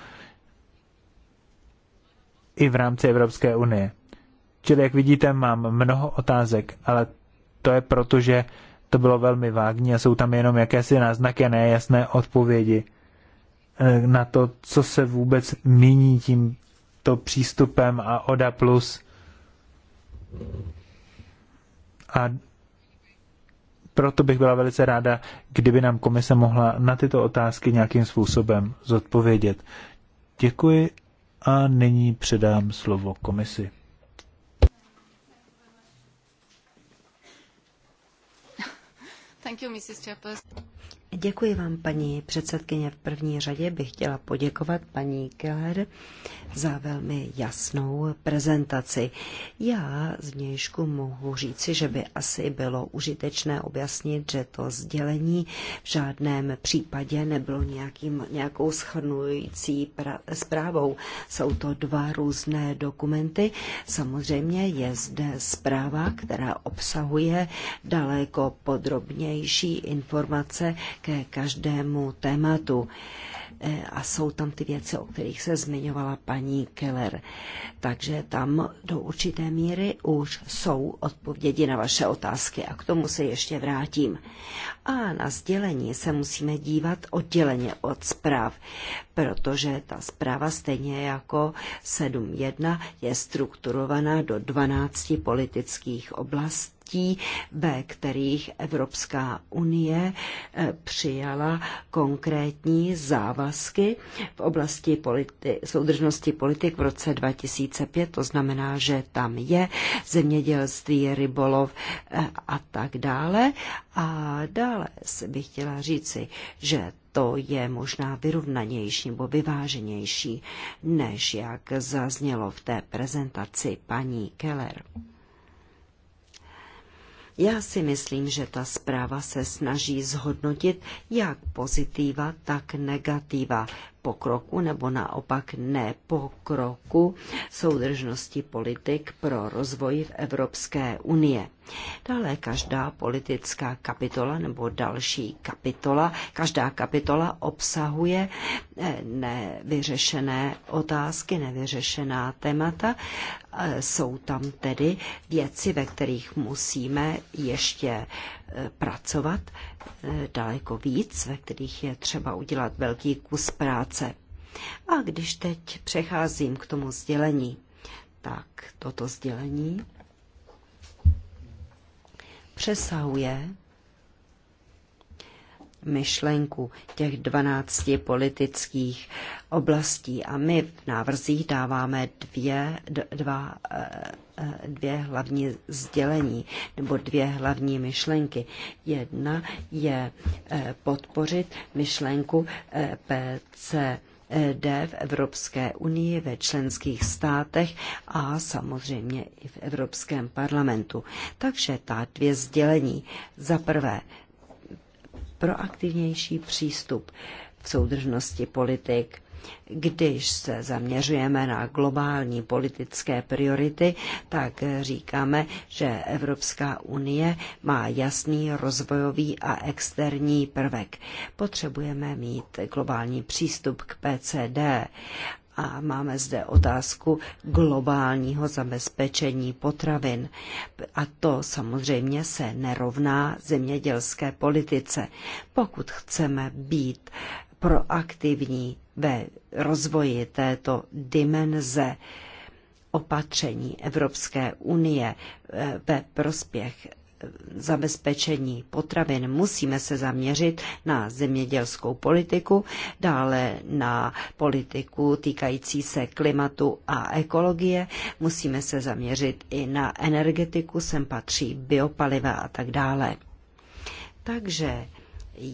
i v rámci Evropské unie. Čili, jak vidíte, mám mnoho otázek, ale to je proto, že to bylo velmi vágní a jsou tam jenom jakési náznaky a nejasné odpovědi eh, na to, co se vůbec míní tímto přístupem a ODA+. Plus. A proto bych byla velice ráda, kdyby nám komise mohla na tyto otázky nějakým způsobem zodpovědět. Děkuji a nyní předám slovo komisi. Děkuji vám, paní předsedkyně. V první řadě bych chtěla poděkovat paní Keller za velmi jasnou prezentaci. Já z vnějšku mohu říci, že by asi bylo užitečné objasnit, že to sdělení v žádném případě nebylo nějakým, nějakou schrnující pra, zprávou. Jsou to dva různé dokumenty. Samozřejmě je zde zpráva, která obsahuje daleko podrobnější informace, ke každému tématu. Eh, a jsou tam ty věci, o kterých se zmiňovala paní Keller. Takže tam do určité míry už jsou odpovědi na vaše otázky a k tomu se ještě vrátím. A na sdělení se musíme dívat odděleně od zpráv, protože ta zpráva stejně jako 7.1 je strukturovaná do 12 politických oblastí ve kterých Evropská unie eh, přijala konkrétní závazky závazky v oblasti politi- soudržnosti politik v roce 2005. To znamená, že tam je zemědělství, rybolov eh, a tak dále. A dále bych chtěla říci, že to je možná vyrovnanější nebo vyváženější, než jak zaznělo v té prezentaci paní Keller. Já si myslím, že ta zpráva se snaží zhodnotit jak pozitiva, tak negativa pokroku nebo naopak nepokroku soudržnosti politik pro rozvoj v Evropské unie. Dále každá politická kapitola nebo další kapitola, každá kapitola obsahuje eh, nevyřešené otázky, nevyřešená témata. Eh, jsou tam tedy věci, ve kterých musíme ještě eh, pracovat, E, daleko víc, ve kterých je třeba udělat velký kus práce. A když teď přecházím k tomu sdělení, tak toto sdělení přesahuje myšlenku těch dvanácti politických oblastí. A my v návrzích dáváme dvě, dva, e, e, dvě hlavní sdělení nebo dvě hlavní myšlenky. Jedna je e, podpořit myšlenku PC jde v Evropské unii, ve členských státech a samozřejmě i v Evropském parlamentu. Takže ta dvě sdělení. Za prvé, proaktivnější přístup v soudržnosti politik. Když se zaměřujeme na globální politické priority, tak říkáme, že Evropská unie má jasný rozvojový a externí prvek. Potřebujeme mít globální přístup k PCD a máme zde otázku globálního zabezpečení potravin. A to samozřejmě se nerovná zemědělské politice. Pokud chceme být proaktivní ve rozvoji této dimenze opatření Evropské unie eh, ve prospěch zabezpečení potravin musíme se zaměřit na zemědělskou politiku, dále na politiku týkající se klimatu a ekologie, musíme se zaměřit i na energetiku, sem patří biopaliva a tak dále. Takže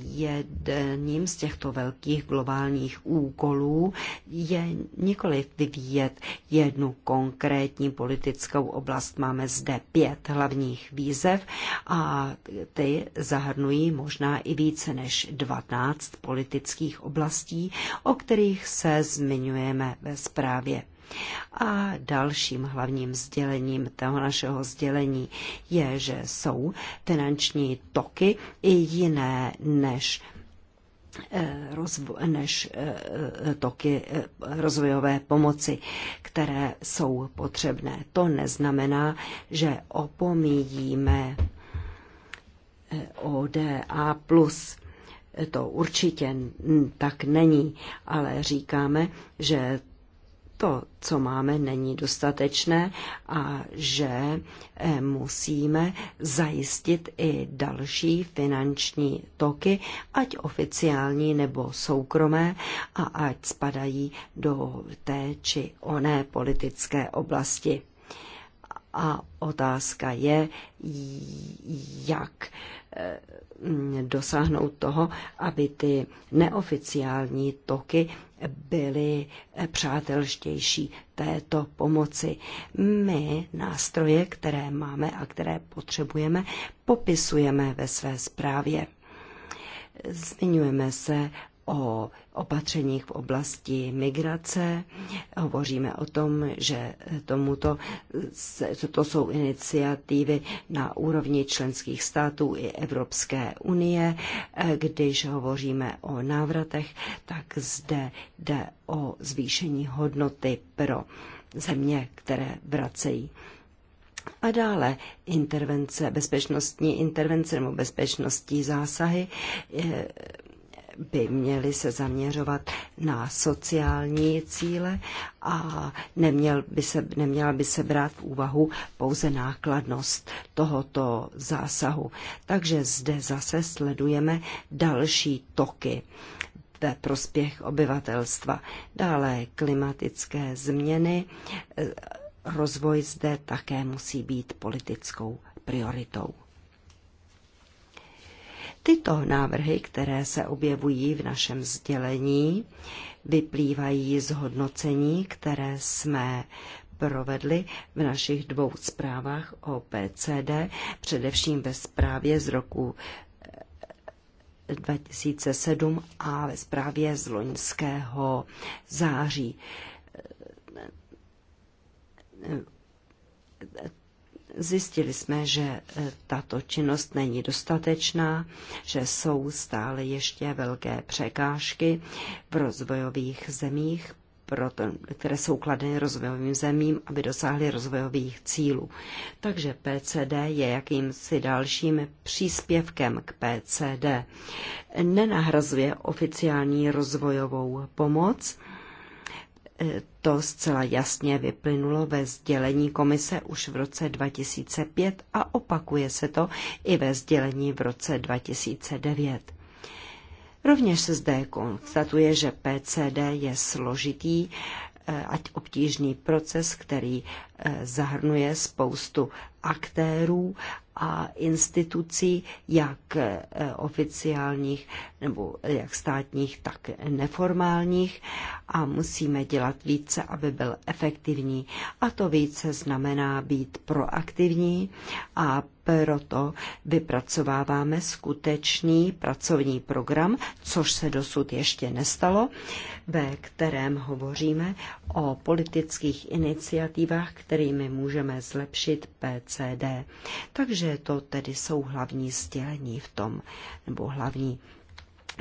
jedním z těchto velkých globálních úkolů je nikoli vyvíjet jednu konkrétní politickou oblast. Máme zde pět hlavních výzev a ty zahrnují možná i více než 12 politických oblastí, o kterých se zmiňujeme ve zprávě. A dalším hlavním sdělením toho našeho sdělení je, že jsou finanční toky i jiné než eh, než eh, toky eh, rozvojové pomoci, které jsou potřebné. To neznamená, že opomíjíme ODA+. To určitě tak není, ale říkáme, že to, co máme, není dostatečné a že eh, musíme zajistit i další finanční toky, ať oficiální nebo soukromé, a ať spadají do té či oné politické oblasti. A otázka je, jak Eh, dosáhnout toho, aby ty neoficiální toky byly eh, přátelštější této pomoci. My nástroje, které máme a které potřebujeme, popisujeme ve své zprávě. Zmiňujeme se o opatřeních v oblasti migrace. Hovoříme o tom, že tomuto, to jsou iniciativy na úrovni členských států i Evropské unie. Když hovoříme o návratech, tak zde jde o zvýšení hodnoty pro země, které vracejí. A dále intervence, bezpečnostní intervence nebo bezpečnostní zásahy by měly se zaměřovat na sociální cíle a neměl by se, neměla by se brát v úvahu pouze nákladnost tohoto zásahu. Takže zde zase sledujeme další toky ve prospěch obyvatelstva. Dále klimatické změny. Rozvoj zde také musí být politickou prioritou. Tyto návrhy, které se objevují v našem sdělení, vyplývají z hodnocení, které jsme provedli v našich dvou zprávách o PCD, především ve zprávě z roku 2007 eh, a ve zprávě z loňského září eh, Zjistili jsme, že e, tato činnost není dostatečná, že jsou stále ještě velké překážky v rozvojových zemích, proto, které jsou kladeny rozvojovým zemím, aby dosáhly rozvojových cílů. Takže PCD je jakýmsi dalším příspěvkem k PCD. Nenahrazuje oficiální rozvojovou pomoc, E, to zcela jasně vyplynulo ve sdělení komise už v roce 2005 a opakuje se to i ve sdělení v roce 2009. Rovněž se zde konstatuje, že PCD je složitý, e, ať obtížný proces, který e, zahrnuje spoustu aktérů a institucí, jak eh, oficiálních nebo jak státních, tak neformálních a musíme dělat více, aby byl efektivní. A to více znamená být proaktivní a proto vypracováváme skutečný pracovní program, což se dosud ještě nestalo, ve kterém hovoříme o politických iniciativách, kterými můžeme zlepšit PCD. Takže to tedy jsou hlavní sdělení v tom, nebo hlavní,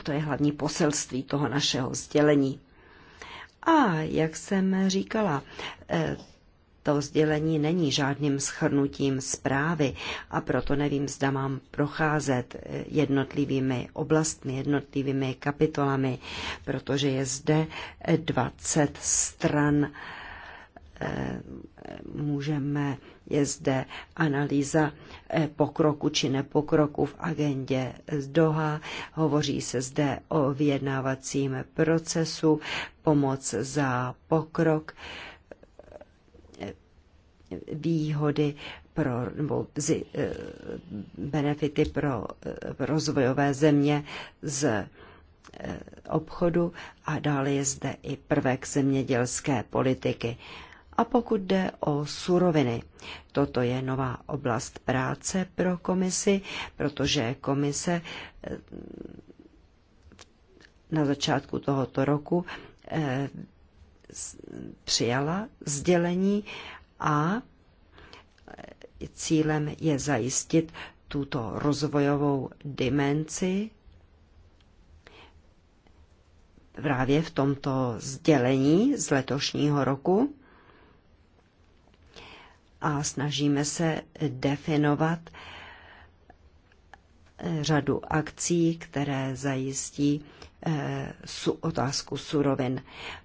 to je hlavní poselství toho našeho sdělení. A jak jsem říkala, eh, to sdělení není žádným schrnutím zprávy a proto nevím, zda mám procházet jednotlivými oblastmi, jednotlivými kapitolami, protože je zde 20 stran. Eh, můžeme, je zde analýza eh, pokroku či nepokroku v agendě z Doha. Hovoří se zde o vyjednávacím procesu, pomoc za pokrok výhody pro, nebo zi, eh, benefity pro eh, rozvojové země z eh, obchodu a dále je zde i prvek zemědělské politiky. A pokud jde o suroviny, toto je nová oblast práce pro komisi, protože komise na začátku tohoto roku přijala sdělení a cílem je zajistit tuto rozvojovou dimenzi právě v tomto sdělení z letošního roku a snažíme se definovat eh, řadu akcí, které zajistí eh, otázku surovin.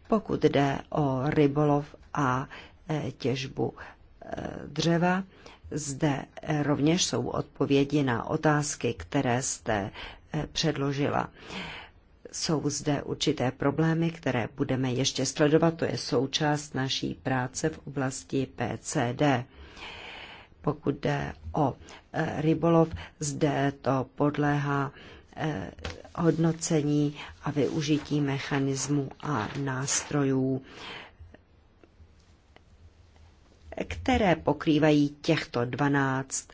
Pokud jde o rybolov a Eh, těžbu eh, dřeva. Zde eh, rovněž jsou odpovědi na otázky, které jste předložila. Jsou zde určité problémy, které budeme ještě sledovat. To je součást naší práce v oblasti PCD. Pokud jde o rybolov, zde to podléhá hodnocení a využití mechanismů a nástrojů které pokrývají těchto 12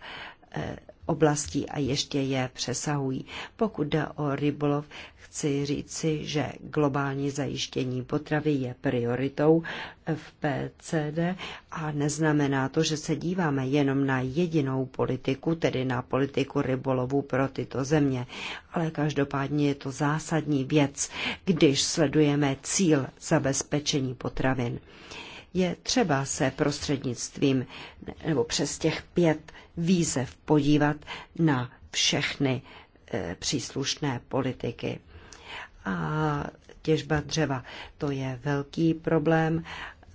eh, oblastí a ještě je přesahují. Pokud jde o rybolov, chci říci, že globální zajištění potravy je prioritou eh, v PCD a neznamená to, že se díváme jenom na jedinou politiku, tedy na politiku rybolovu pro tyto země. Ale každopádně je to zásadní věc, když sledujeme cíl zabezpečení potravin je třeba se prostřednictvím nebo přes těch pět výzev podívat na všechny eh, příslušné politiky. A těžba dřeva, to je velký problém.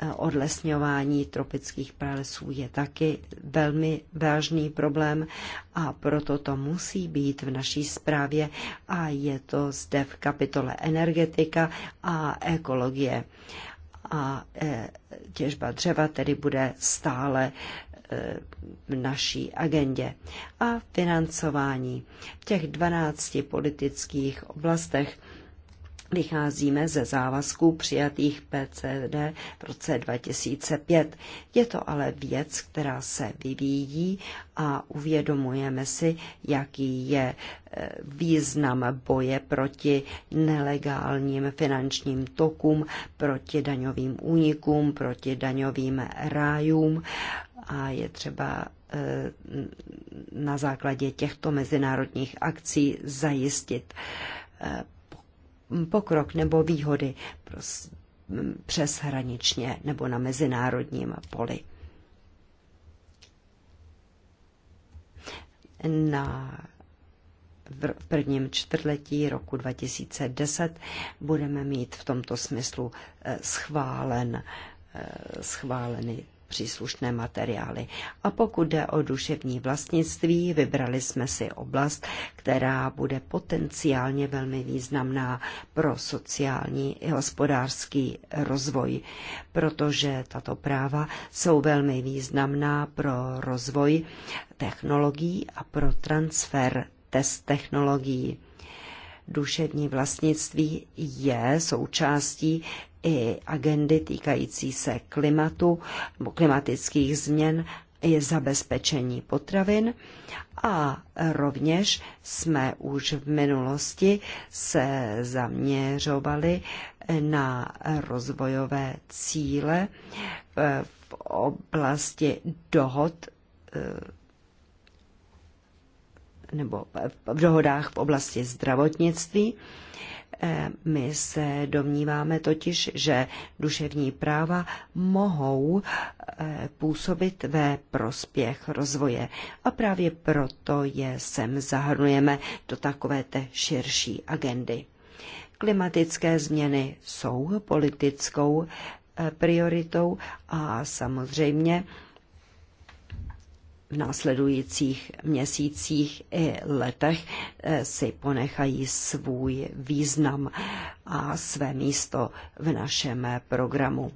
Eh, odlesňování tropických pralesů je taky velmi vážný problém a proto to musí být v naší zprávě a je to zde v kapitole energetika a ekologie a e, těžba dřeva tedy bude stále e, v naší agendě a financování v těch 12 politických oblastech, Vycházíme ze závazků přijatých PCD v roce 2005. Je to ale věc, která se vyvíjí a uvědomujeme si, jaký je eh, význam boje proti nelegálním finančním tokům, proti daňovým únikům, proti daňovým rájům a je třeba eh, na základě těchto mezinárodních akcí zajistit eh, Mm, pokrok nebo výhody mm, přeshraničně nebo na mezinárodním poli. Na v prvním čtvrtletí roku 2010 budeme mít v tomto smyslu eh, schválen, eh, schváleny příslušné materiály. A pokud jde o duševní vlastnictví, vybrali jsme si oblast, která bude potenciálně velmi významná pro sociální i hospodářský rozvoj, protože tato práva jsou velmi významná pro rozvoj technologií a pro transfer test technologií duševní vlastnictví je součástí i agendy týkající se klimatu nebo klimatických změn je zabezpečení potravin a rovněž jsme už v minulosti se zaměřovali na rozvojové cíle eh, v oblasti dohod eh, nebo v dohodách v oblasti zdravotnictví. E, my se domníváme totiž, že duševní práva mohou e, působit ve prospěch rozvoje a právě proto je sem zahrnujeme do takové té širší agendy. Klimatické změny jsou politickou e, prioritou a samozřejmě v následujících měsících i letech eh, si ponechají svůj význam a své místo v našem programu.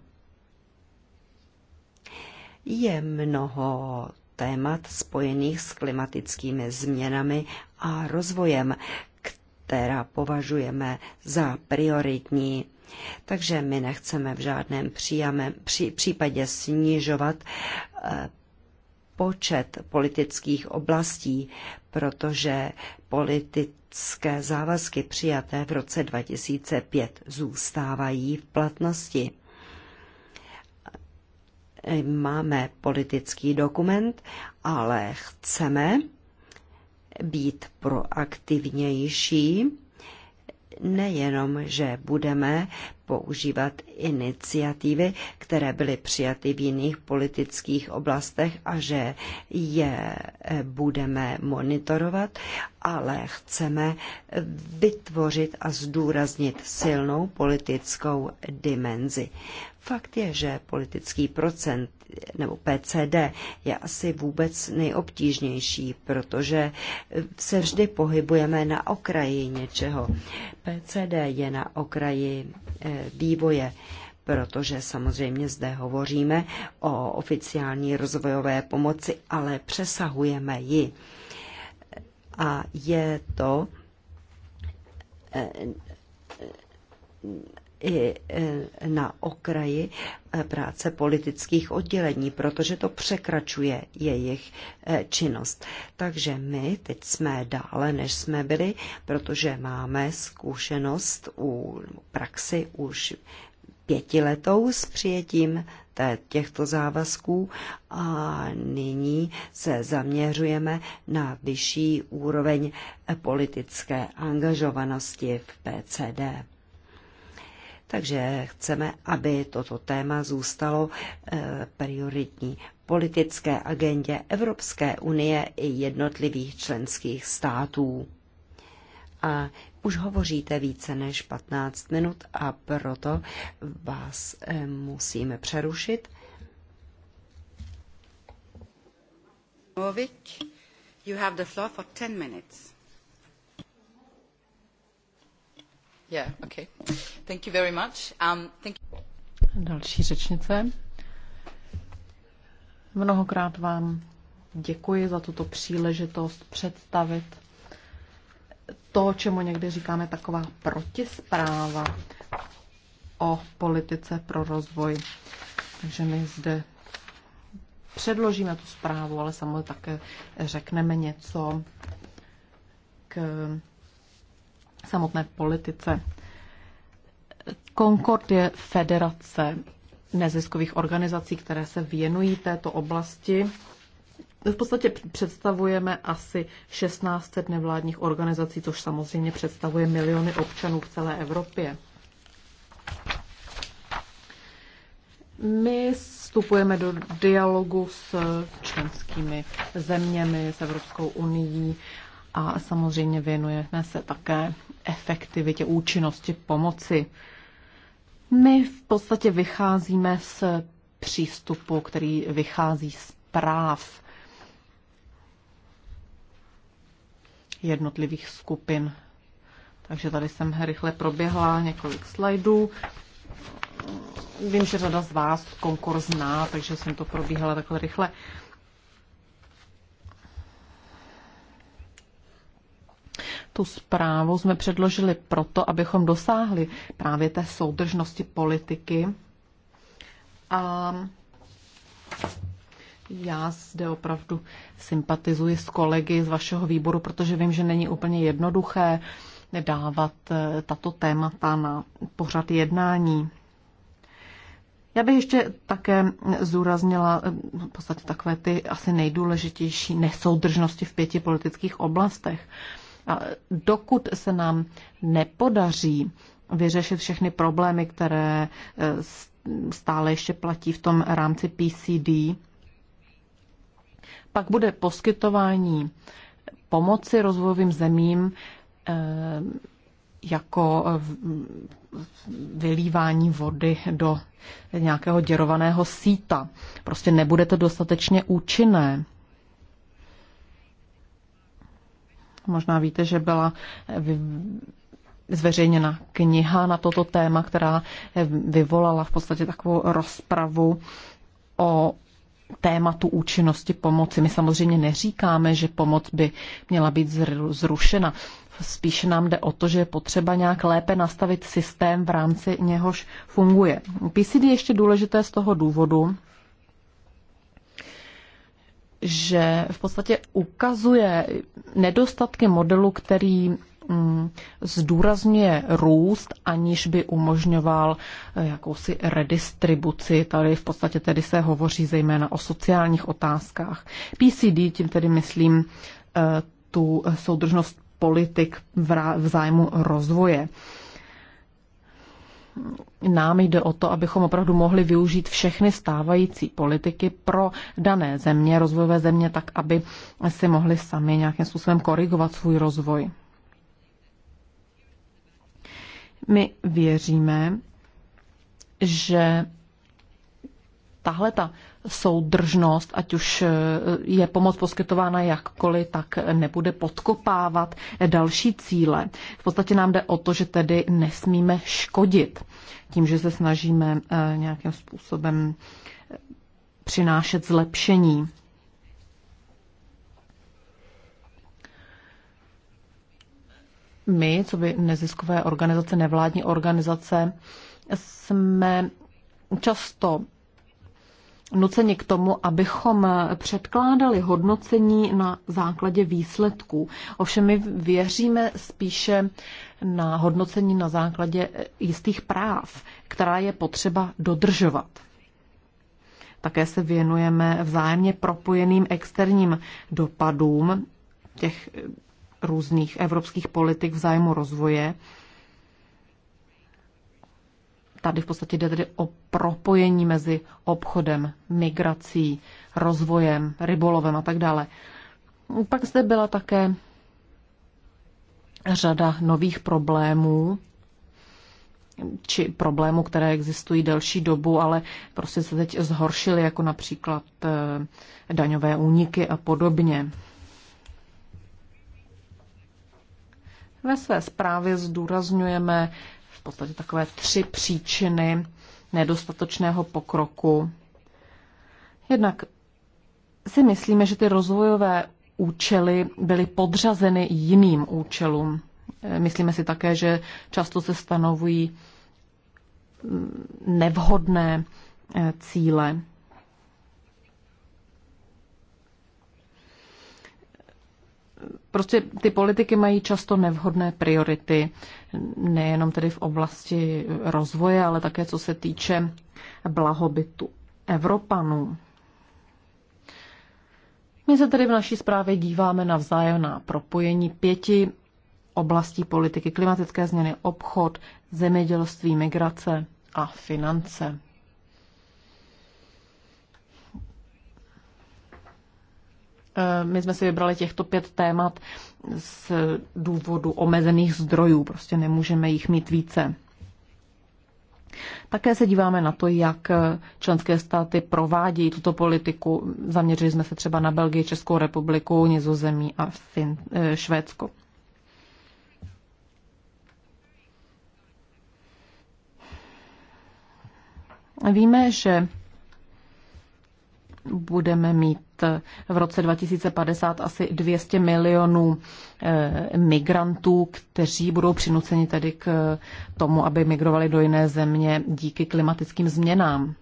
Je mnoho témat spojených s klimatickými změnami a rozvojem, která považujeme za prioritní. Takže my nechceme v žádném příjame, při, případě snižovat eh, počet politických oblastí, protože politické závazky přijaté v roce 2005 zůstávají v platnosti. Máme politický dokument, ale chceme být proaktivnější nejenom, že budeme používat iniciativy, které byly přijaty v jiných politických oblastech a že je eh, budeme monitorovat, ale chceme vytvořit a zdůraznit silnou politickou dimenzi. Fakt je, že politický procent nebo PCD je asi vůbec nejobtížnější, protože se vždy pohybujeme na okraji něčeho. PCD je na okraji eh, vývoje protože samozřejmě zde hovoříme o oficiální rozvojové pomoci, ale přesahujeme ji. A je to eh, i e, na okraji e, práce politických oddělení, protože to překračuje jejich e, činnost. Takže my teď jsme dále, než jsme byli, protože máme zkušenost u praxi už pětiletou s přijetím těchto závazků a nyní se zaměřujeme na vyšší úroveň politické angažovanosti v PCD. Takže chceme, aby toto téma zůstalo eh, prioritní politické agendě Evropské unie i jednotlivých členských států. A už hovoříte více než 15 minut a proto vás eh, musíme přerušit. Mluvit. You have the floor for 10 minutes. Um, Další řečnice. Mnohokrát vám děkuji za tuto příležitost představit to, čemu někdy říkáme taková protispráva o politice pro rozvoj. Takže my zde předložíme tu zprávu, ale samozřejmě také řekneme něco k samotné politice. Concord je federace neziskových organizací, které se věnují této oblasti. V podstatě představujeme asi 1600 nevládních organizací, což samozřejmě představuje miliony občanů v celé Evropě. My vstupujeme do dialogu s členskými zeměmi, s Evropskou unii, a samozřejmě věnujeme se také efektivitě, účinnosti pomoci. My v podstatě vycházíme z přístupu, který vychází z práv jednotlivých skupin. Takže tady jsem rychle proběhla několik slajdů. Vím, že řada z vás konkurs zná, takže jsem to probíhala takhle rychle. tu zprávu jsme předložili proto, abychom dosáhli právě té soudržnosti politiky. A já zde opravdu sympatizuji s kolegy z vašeho výboru, protože vím, že není úplně jednoduché dávat eh, tato témata na pořad jednání. Já bych ještě také zúraznila eh, v podstatě takové ty asi nejdůležitější nesoudržnosti v pěti politických oblastech. A dokud se nám nepodaří vyřešit všechny problémy, které eh, stále ještě platí v tom rámci PCD, pak bude poskytování pomoci rozvojovým zemím eh, jako eh, vylívání vody do nějakého děrovaného síta. Prostě nebude to dostatečně účinné. Možná víte, že byla eh, zveřejněna kniha na toto téma, která eh, vyvolala v podstatě takovou rozpravu o tématu účinnosti pomoci. My samozřejmě neříkáme, že pomoc by měla být zrušena. Spíše nám jde o to, že je potřeba nějak lépe nastavit systém, v rámci něhož funguje. PCD je ještě důležité z toho důvodu, že v podstatě ukazuje nedostatky modelu, který mm, zdůrazňuje růst, aniž by umožňoval eh, jakousi redistribuci. Tady v podstatě tedy se hovoří zejména o sociálních otázkách. PCD, tím tedy myslím eh, tu soudržnost politik v zájmu rozvoje nám jde o to, abychom opravdu mohli využít všechny stávající politiky pro dané země, rozvojové země, tak aby si mohli sami nějakým způsobem korigovat svůj rozvoj. My věříme, že tahle ta soudržnost, ať už eh, je pomoc poskytována jakkoliv, tak nebude podkopávat další cíle. V podstatě nám jde o to, že tedy nesmíme škodit tím, že se snažíme eh, nějakým způsobem eh, přinášet zlepšení. My, co by neziskové organizace, nevládní organizace, jsme často nuceni k tomu, abychom předkládali hodnocení na základě výsledků. Ovšem my věříme spíše na hodnocení na základě jistých práv, která je potřeba dodržovat. Také se věnujeme vzájemně propojeným externím dopadům těch různých evropských politik v zájmu rozvoje tady v podstatě jde tedy o propojení mezi obchodem, migrací, rozvojem, rybolovem a tak dále. Pak zde byla také řada nových problémů, či problémů, které existují delší dobu, ale prostě se teď zhoršily, jako například eh, daňové úniky a podobně. Ve své zprávě zdůrazňujeme podstatě takové tři příčiny nedostatečného pokroku. Jednak si myslíme, že ty rozvojové účely byly podřazeny jiným účelům. Myslíme si také, že často se stanovují nevhodné eh, cíle. prostě ty politiky mají často nevhodné priority, nejenom tedy v oblasti rozvoje, ale také co se týče blahobytu Evropanů. My se tedy v naší zprávě díváme na vzájemná propojení pěti oblastí politiky klimatické změny, obchod, zemědělství, migrace a finance. Eh, my jsme si vybrali těchto pět témat z důvodu omezených zdrojů, prostě nemůžeme jich mít více. Také se díváme na to, jak členské státy provádějí tuto politiku. Zaměřili jsme se třeba na Belgii, Českou republiku, Nizozemí a fin- eh, Švédsko. Víme, že budeme mít eh, v roce 2050 asi 200 milionů eh, migrantů, kteří budou přinuceni tedy k tomu, aby migrovali do jiné země díky klimatickým změnám.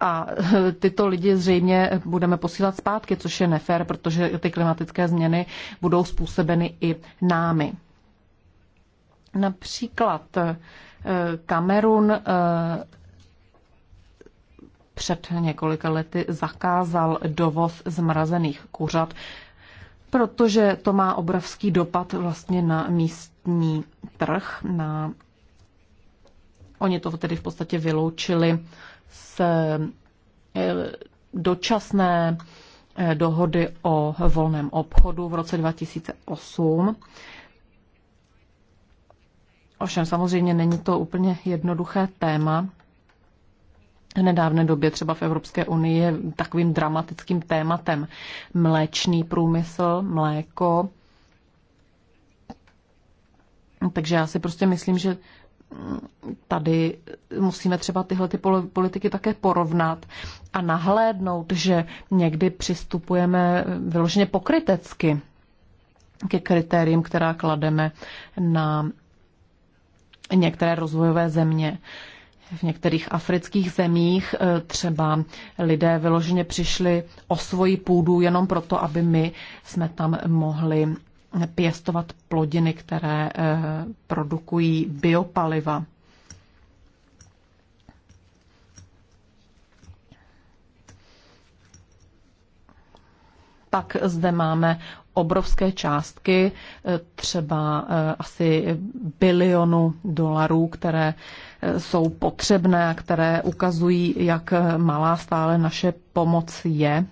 A eh, tyto lidi zřejmě budeme posílat zpátky, což je nefér, protože ty klimatické změny budou způsobeny i námi. Například Kamerun před několika lety zakázal dovoz zmrazených kuřat, protože to má obrovský dopad vlastně na místní trh. Na... Oni to tedy v podstatě vyloučili z eh, dočasné eh, dohody o volném obchodu v roce 2008. Ovšem samozřejmě není to úplně jednoduché téma, nedávné době třeba v Evropské unii je takovým dramatickým tématem mléčný průmysl, mléko. Takže já si prostě myslím, že tady musíme třeba tyhle ty politiky také porovnat a nahlédnout, že někdy přistupujeme vyloženě pokrytecky ke kritériím, která klademe na některé rozvojové země. Uh, v některých afrických zemích eh, třeba lidé vyloženě přišli o svoji půdu jenom proto, aby my jsme tam mohli pěstovat plodiny, které eh, produkují biopaliva. tak zde máme obrovské částky, eh, třeba eh, asi bilionu dolarů, které eh, jsou potřebné a které ukazují, jak malá stále naše pomoc je.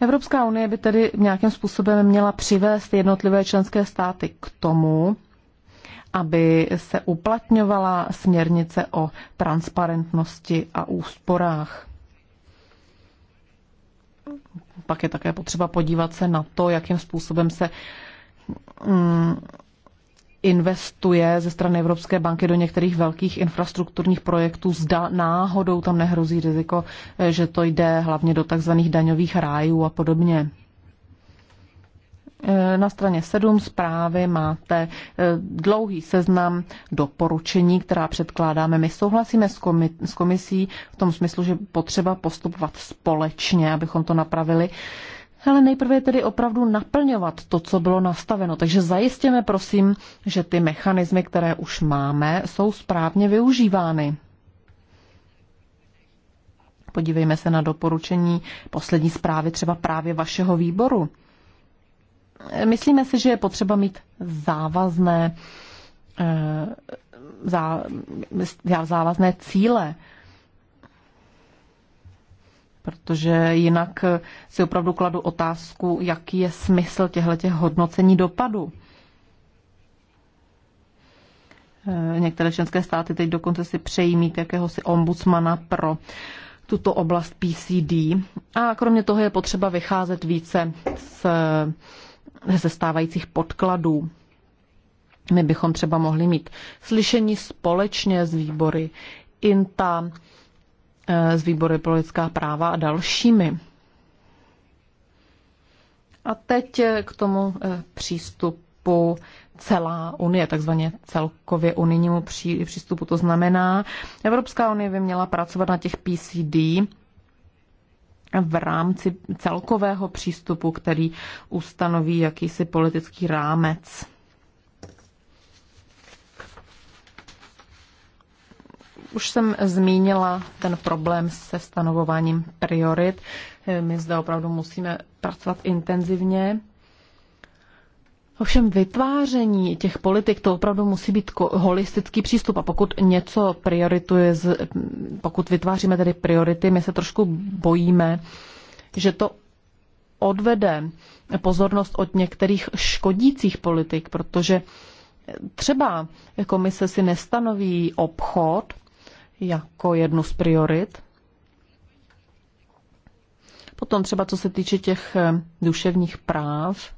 Evropská unie by tedy nějakým způsobem měla přivést jednotlivé členské státy k tomu, aby se uplatňovala směrnice o transparentnosti a úsporách pak je také potřeba podívat se na to, jakým způsobem se mm, investuje ze strany Evropské banky do některých velkých infrastrukturních projektů. Zda náhodou tam nehrozí riziko, eh, že to jde hlavně do takzvaných daňových rájů a podobně. Eh, na straně 7 zprávy máte eh, dlouhý seznam doporučení, která předkládáme. My souhlasíme s, komisí v tom smyslu, že potřeba postupovat společně, abychom to napravili. Ale nejprve je tedy opravdu naplňovat to, co bylo nastaveno. Takže zajistěme, prosím, že ty mechanismy, které už máme, jsou správně využívány. Podívejme se na doporučení poslední zprávy třeba právě vašeho výboru Myslíme si, že je potřeba mít závazné, eh, zá, závazné cíle, protože jinak si opravdu kladu otázku, jaký je smysl těchto hodnocení dopadu. Eh, některé členské státy teď dokonce si přejí mít jakéhosi ombudsmana pro tuto oblast PCD. A kromě toho je potřeba vycházet více z ze stávajících podkladů. My bychom třeba mohli mít slyšení společně z výbory INTA, z eh, výbory pro lidská práva a dalšími. A teď eh, k tomu eh, přístupu celá Unie, takzvaně celkově unijnímu přístupu. To znamená, Evropská unie by měla pracovat na těch PCD, v rámci celkového přístupu, který ustanoví jakýsi politický rámec. Už jsem zmínila ten problém se stanovováním priorit. My zde opravdu musíme pracovat intenzivně. Ovšem vytváření těch politik to opravdu musí být holistický přístup a pokud něco priorituje, pokud vytváříme tedy priority, my se trošku bojíme, že to odvede pozornost od některých škodících politik, protože třeba komise si nestanoví obchod jako jednu z priorit. Potom třeba co se týče těch duševních práv,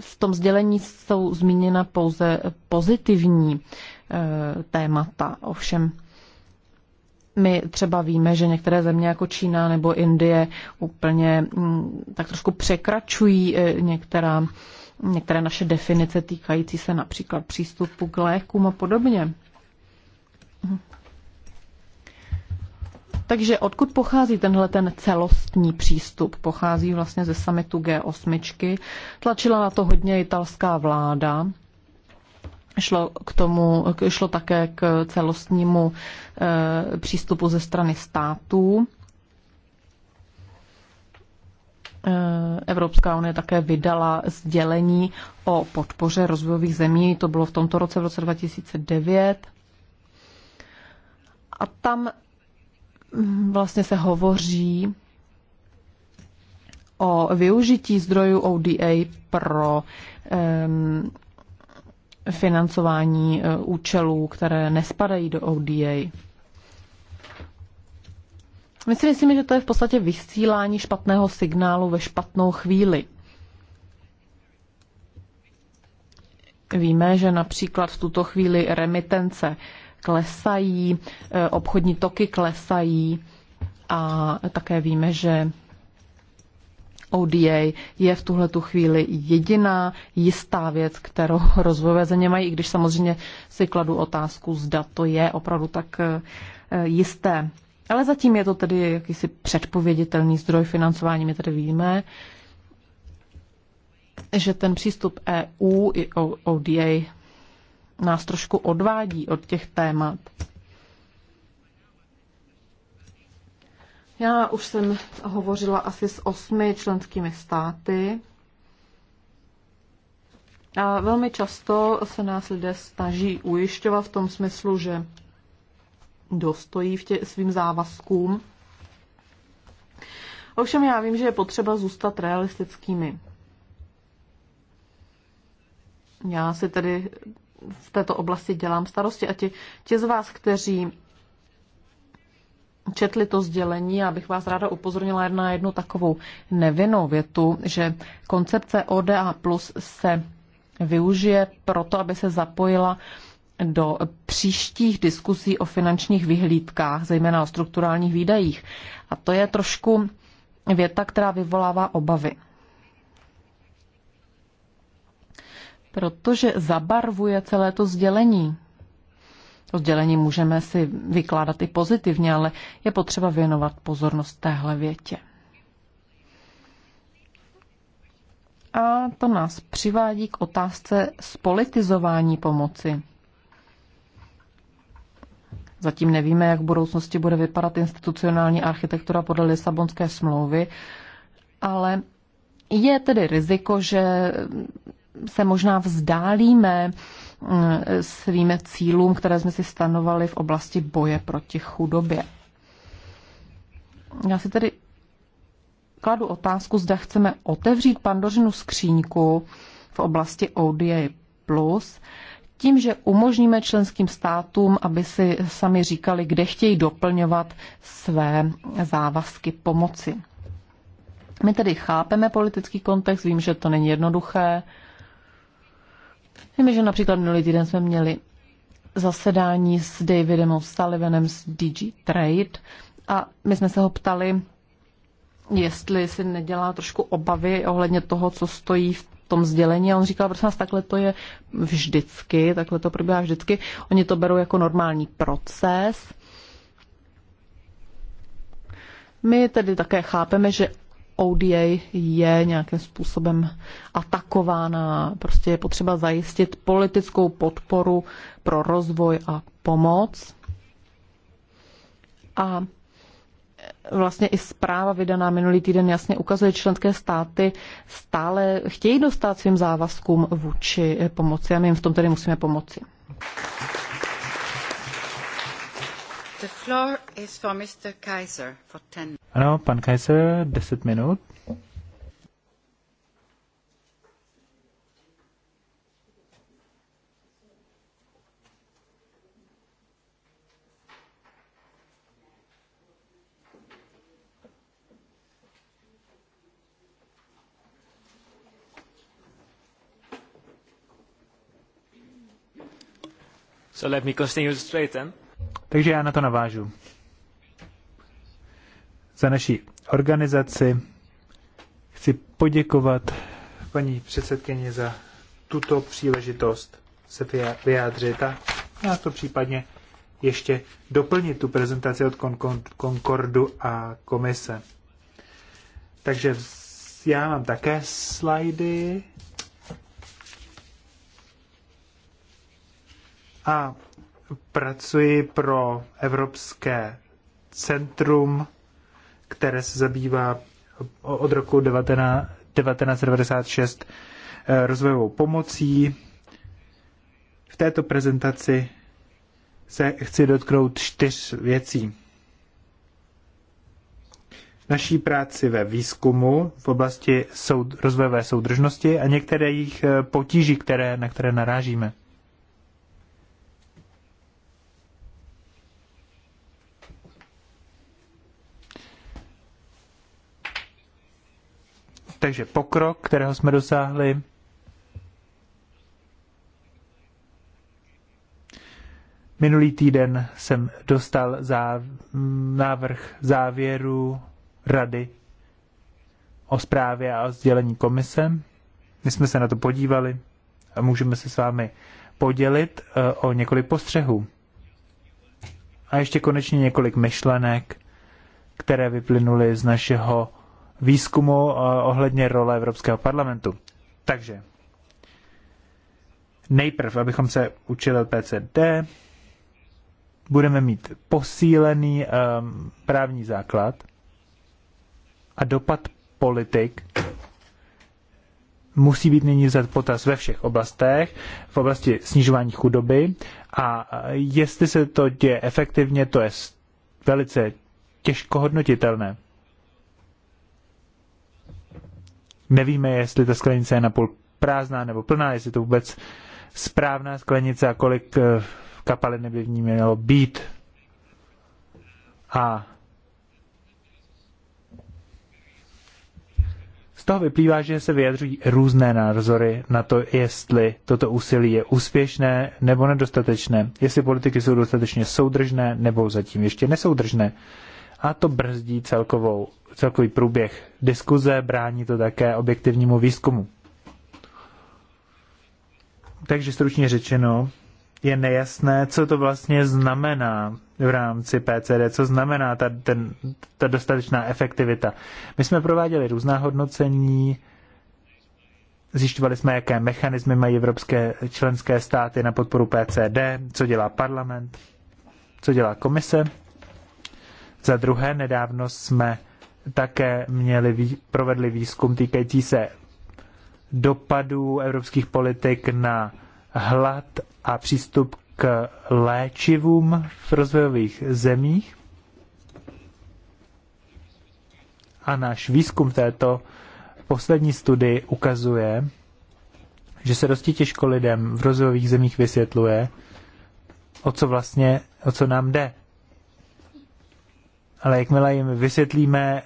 v tom sdělení jsou zmíněna pouze pozitivní eh, témata. Ovšem, my třeba víme, že některé země jako Čína nebo Indie úplně mm, tak trošku překračují eh, některá, některé naše definice týkající se například přístupu k lékům a podobně. Takže odkud pochází tenhle ten celostní přístup? Pochází vlastně ze samitu G8. Tlačila na to hodně italská vláda. Šlo, k tomu, šlo také k celostnímu e, přístupu ze strany států. Eh, Evropská unie také vydala sdělení o podpoře rozvojových zemí, to bylo v tomto roce, v roce 2009. A tam vlastně se hovoří o využití zdrojů ODA pro um, financování e, účelů, které nespadají do ODA. My si, že to je v podstatě vysílání špatného signálu ve špatnou chvíli. Víme, že například v tuto chvíli remitence klesají, eh, obchodní toky klesají a také víme, že ODA je v tuhle tu chvíli jediná jistá věc, kterou rozvojové země mají, i když samozřejmě si kladu otázku, zda to je opravdu tak eh, jisté. Ale zatím je to tedy jakýsi předpověditelný zdroj financování, my tedy víme, že ten přístup EU i ODA nás trošku odvádí od těch témat. Já už jsem hovořila asi s osmi členskými státy. A velmi často se nás lidé snaží ujišťovat v tom smyslu, že dostojí v tě, svým závazkům. Ovšem já vím, že je potřeba zůstat realistickými. Já si tedy v této oblasti dělám starosti. A ti, ti z vás, kteří četli to sdělení, já bych vás ráda upozornila na jednu takovou nevinnou větu, že koncepce ODA Plus se využije proto, aby se zapojila do příštích diskusí o finančních vyhlídkách, zejména o strukturálních výdajích. A to je trošku věta, která vyvolává obavy. protože zabarvuje celé to sdělení. To sdělení můžeme si vykládat i pozitivně, ale je potřeba věnovat pozornost téhle větě. A to nás přivádí k otázce spolitizování pomoci. Zatím nevíme, jak v budoucnosti bude vypadat institucionální architektura podle Lisabonské smlouvy, ale je tedy riziko, že se možná vzdálíme mm, svým cílům, které jsme si stanovali v oblasti boje proti chudobě. Já si tedy kladu otázku, zda chceme otevřít pandořinu skříňku v oblasti ODA+, tím, že umožníme členským státům, aby si sami říkali, kde chtějí doplňovat své závazky pomoci. My tedy chápeme politický kontext, vím, že to není jednoduché, Víme, že například minulý týden jsme měli zasedání s Davidem O'Sullivanem z DG Trade a my jsme se ho ptali, jestli si nedělá trošku obavy ohledně toho, co stojí v tom sdělení a on říkal, prosím vás, takhle to je vždycky, takhle to probíhá vždycky. Oni to berou jako normální proces. My tedy také chápeme, že ODA je nějakým způsobem atakována. Prostě je potřeba zajistit politickou podporu pro rozvoj a pomoc. A vlastně i zpráva vydaná minulý týden jasně ukazuje, že členské státy stále chtějí dostat svým závazkům vůči pomoci a my jim v tom tedy musíme pomoci. The floor is for Mr. Kaiser for 10. Ano, pan Kaiser, 10 minut. So let me continue straight then. Takže já na to navážu. Za naší organizaci chci poděkovat paní předsedkyni za tuto příležitost se vyjádřit a já to případně ještě doplnit tu prezentaci od Concordu a komise. Takže já mám také slajdy. A pracuji pro Evropské centrum, které se zabývá od roku 19, 1996 eh, rozvojovou pomocí. V této prezentaci se chci dotknout čtyř věcí. Naší práci ve výzkumu v oblasti soud, rozvojové soudržnosti a některé jejich eh, potíží, které, na které narážíme. Takže pokrok, kterého jsme dosáhli, Minulý týden jsem dostal zá, návrh závěru rady o zprávě a o sdělení komise. My jsme se na to podívali a můžeme se s vámi podělit eh, o několik postřehů. A ještě konečně několik myšlenek, které vyplynuly z našeho výzkumu eh, ohledně role Evropského parlamentu. Takže nejprv, abychom se učili PCD, budeme mít posílený um, právní základ a dopad politik musí být nyní vzat potaz ve všech oblastech, v oblasti snižování chudoby a eh, jestli se to děje efektivně, to je velice těžko hodnotitelné. Nevíme, jestli ta sklenice je napůl prázdná nebo plná, jestli to vůbec správná sklenice a kolik eh, kapaliny by v ní mělo být. A z toho vyplývá, že se vyjadřují různé názory na to, jestli toto úsilí je úspěšné nebo nedostatečné, jestli politiky jsou dostatečně soudržné nebo zatím ještě nesoudržné a to brzdí celkovou, celkový průběh diskuze, brání to také objektivnímu výzkumu. Takže stručně řečeno, je nejasné, co to vlastně znamená v rámci PCD, co znamená ta, ten, ta dostatečná efektivita. My jsme prováděli různá hodnocení, zjišťovali jsme, jaké mechanismy mají evropské členské státy na podporu PCD, co dělá parlament, co dělá komise za druhé, nedávno jsme také měli, provedli výzkum týkající se dopadů evropských politik na hlad a přístup k léčivům v rozvojových zemích. A náš výzkum této poslední studii ukazuje, že se dosti těžko lidem v rozvojových zemích vysvětluje, o co vlastně, o co nám jde ale jakmile jim vysvětlíme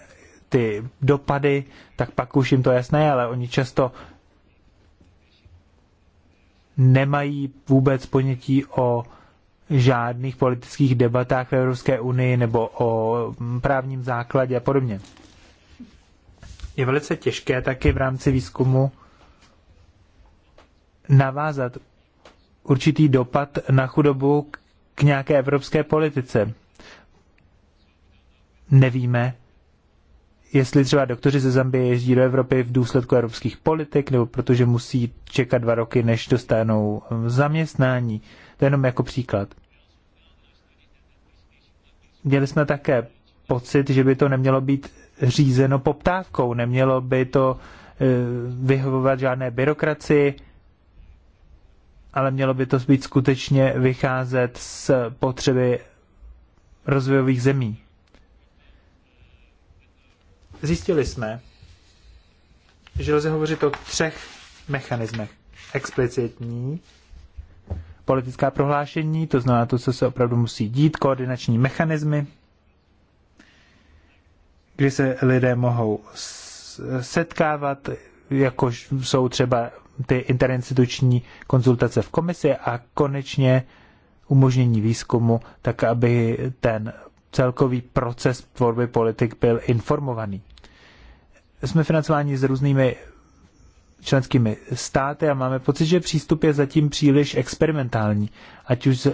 ty dopady, tak pak už jim to jasné, ale oni často nemají vůbec ponětí o žádných politických debatách v Evropské unii nebo o právním základě a podobně. Je velice těžké taky v rámci výzkumu navázat určitý dopad na chudobu k nějaké evropské politice nevíme, jestli třeba doktoři ze Zambie jezdí do Evropy v důsledku evropských politik, nebo protože musí čekat dva roky, než dostanou um, zaměstnání. To je jenom jako příklad. Měli jsme také pocit, že by to nemělo být řízeno poptávkou, nemělo by to eh, vyhovovat žádné byrokracii, ale mělo by to být skutečně vycházet z potřeby rozvojových zemí. Zjistili jsme, že lze hovořit o třech mechanismech. Explicitní, politická prohlášení, to znamená to, co se opravdu musí dít, koordinační mechanismy, kdy se lidé mohou setkávat, jakož jsou třeba ty interinstituční konzultace v komisi a konečně umožnění výzkumu, tak aby ten celkový proces tvorby politik byl informovaný jsme financováni s různými členskými státy a máme pocit, že přístup je zatím příliš experimentální, ať už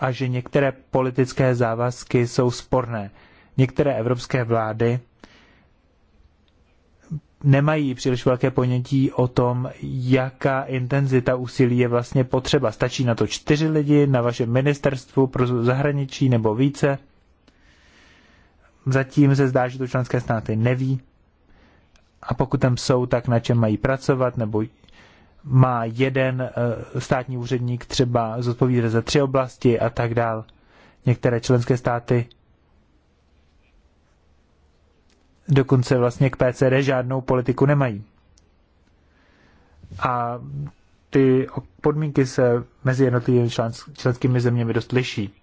a že některé politické závazky jsou sporné. Některé evropské vlády nemají příliš velké ponětí o tom, jaká intenzita úsilí je vlastně potřeba. Stačí na to čtyři lidi na vašem ministerstvu pro zahraničí nebo více zatím se zdá, že to členské státy neví. A pokud tam jsou, tak na čem mají pracovat, nebo má jeden eh, státní úředník třeba zodpovídat za tři oblasti a tak dál. Některé členské státy dokonce vlastně k PCD žádnou politiku nemají. A ty podmínky se mezi jednotlivými členskými zeměmi dost liší.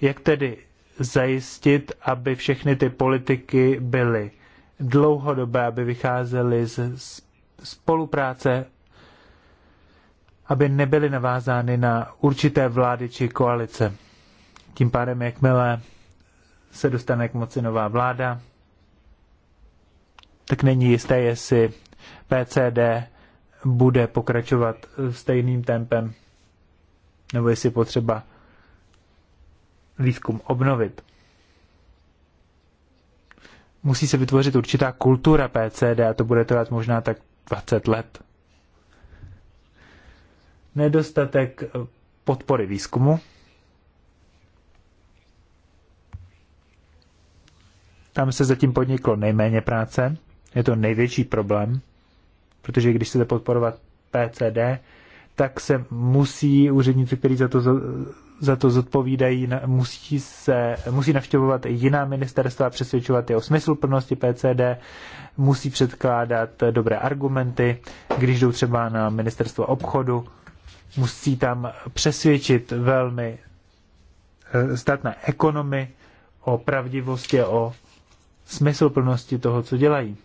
Jak tedy zajistit, aby všechny ty politiky byly dlouhodobé, aby vycházely z spolupráce, aby nebyly navázány na určité vlády či koalice. Tím pádem, jakmile se dostane k moci nová vláda, tak není jisté, jestli PCD bude pokračovat stejným tempem, nebo jestli potřeba výzkum obnovit. Musí se vytvořit určitá kultura PCD a to bude trvat možná tak 20 let. Nedostatek eh, podpory výzkumu. Tam se zatím podniklo nejméně práce. Je to největší problém, protože když chcete podporovat PCD, tak se musí úředníci, kteří za to za to zodpovídají, musí, se, musí navštěvovat jiná ministerstva, přesvědčovat je o smysluplnosti PCD, musí předkládat dobré argumenty, když jdou třeba na ministerstvo obchodu, musí tam přesvědčit velmi eh, statné ekonomy o pravdivosti, o smysluplnosti toho, co dělají.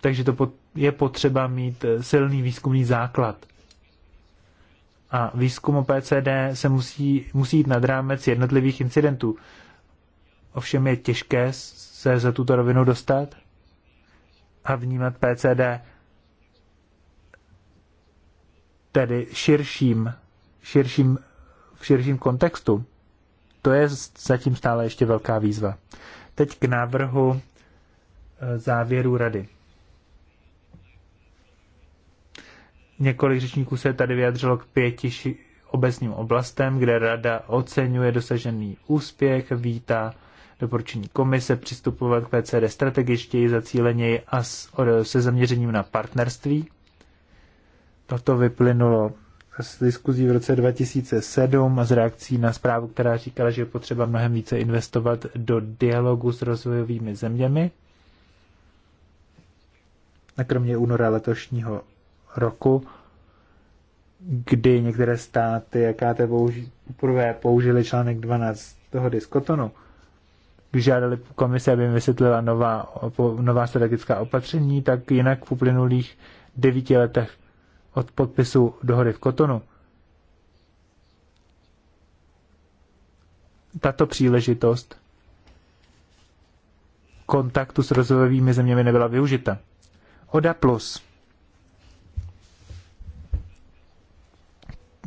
Takže to je potřeba mít eh, silný výzkumný základ – a výzkumu PCD se musí, musí jít nad rámec jednotlivých incidentů. Ovšem je těžké se za tuto rovinu dostat a vnímat PCD tedy širším, širším, v širším kontextu. To je zatím stále ještě velká výzva. Teď k návrhu e, závěru rady. Několik řečníků se tady vyjadřilo k pěti obecním oblastem, kde rada oceňuje dosažený úspěch, vítá doporučení komise přistupovat k PCD strategičtěji, zacíleněji a s, se zaměřením na partnerství. Toto vyplynulo z diskuzí v roce 2007 a z reakcí na zprávu, která říkala, že je potřeba mnohem více investovat do dialogu s rozvojovými zeměmi. A kromě února letošního roku, kdy některé státy, jaká te použi- poprvé použili článek 12 toho diskotonu, když žádali komise, aby vysvětlila nová, nová strategická opatření, tak jinak v uplynulých devíti letech od podpisu dohody v Kotonu. Tato příležitost kontaktu s rozvojovými zeměmi nebyla využita. ODA plus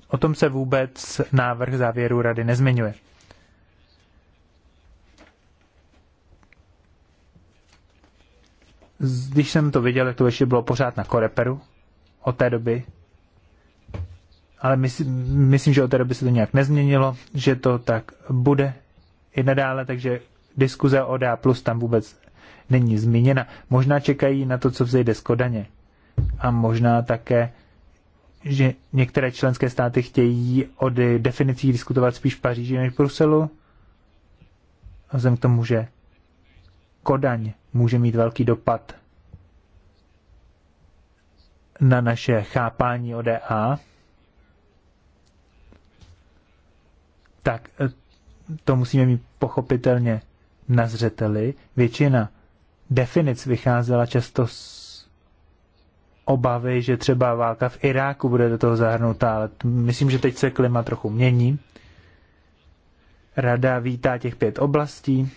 O tom se vůbec návrh závěru rady nezmiňuje. Když jsem to viděl, jak to ještě bylo pořád na Koreperu od té doby, ale myslím, myslím, že od té doby se to nějak nezměnilo, že to tak bude i nadále, takže diskuze o DA plus tam vůbec není zmíněna. Možná čekají na to, co vzejde z Kodaně. A možná také že některé členské státy chtějí od definicí diskutovat spíš v Paříži než v Bruselu? A vzhledem k tomu, že Kodaň může mít velký dopad na naše chápání ODA, tak eh, to musíme mít pochopitelně na zřeteli. Většina definic vycházela často z obavy, že třeba válka v Iráku bude do toho zahrnutá, ale myslím, že teď se klima trochu mění. Rada vítá těch pět oblastí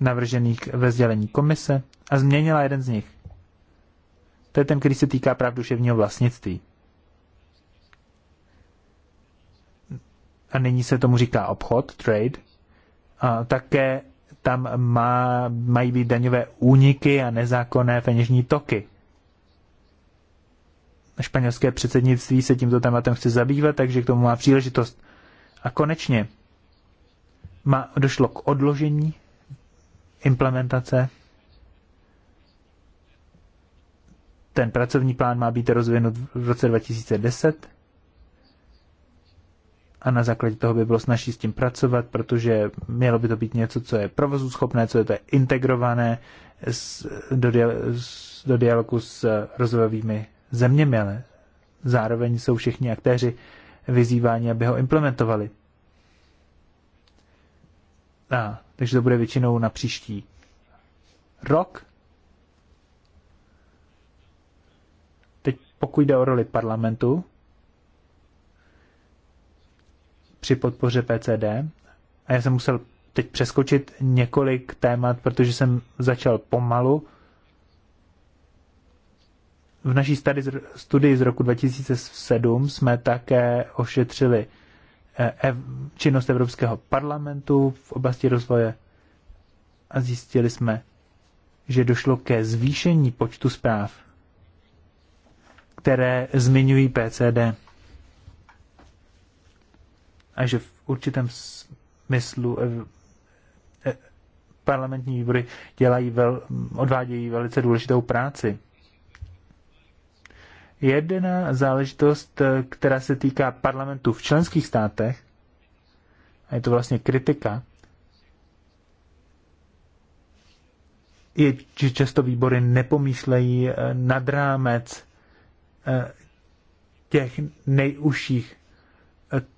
navržených ve sdělení komise a změnila jeden z nich. To je ten, který se týká práv duševního vlastnictví. A nyní se tomu říká obchod, trade. A také tam má, mají být daňové úniky a nezákonné peněžní toky španělské předsednictví se tímto tématem chce zabývat, takže k tomu má příležitost. A konečně má, došlo k odložení implementace. Ten pracovní plán má být rozvinut v roce 2010 a na základě toho by bylo snažší s tím pracovat, protože mělo by to být něco, co je provozu schopné, co je to integrované s, do, dia, s, do dialogu s rozvojovými Země ale zároveň jsou všichni aktéři vyzýváni, aby ho implementovali. A, takže to bude většinou na příští rok. Teď pokud jde o roli parlamentu při podpoře PCD, a já jsem musel teď přeskočit několik témat, protože jsem začal pomalu, v naší studii z roku 2007 jsme také ošetřili eh, činnost Evropského parlamentu v oblasti rozvoje a zjistili jsme, že došlo ke zvýšení počtu zpráv, které zmiňují PCD. A že v určitém smyslu eh, eh, parlamentní výbory dělají vel, odvádějí velice důležitou práci. Jedna záležitost, eh, která se týká parlamentu v členských státech, a je to vlastně kritika, je, že často výbory nepomýšlejí eh, nad rámec eh, těch nejužších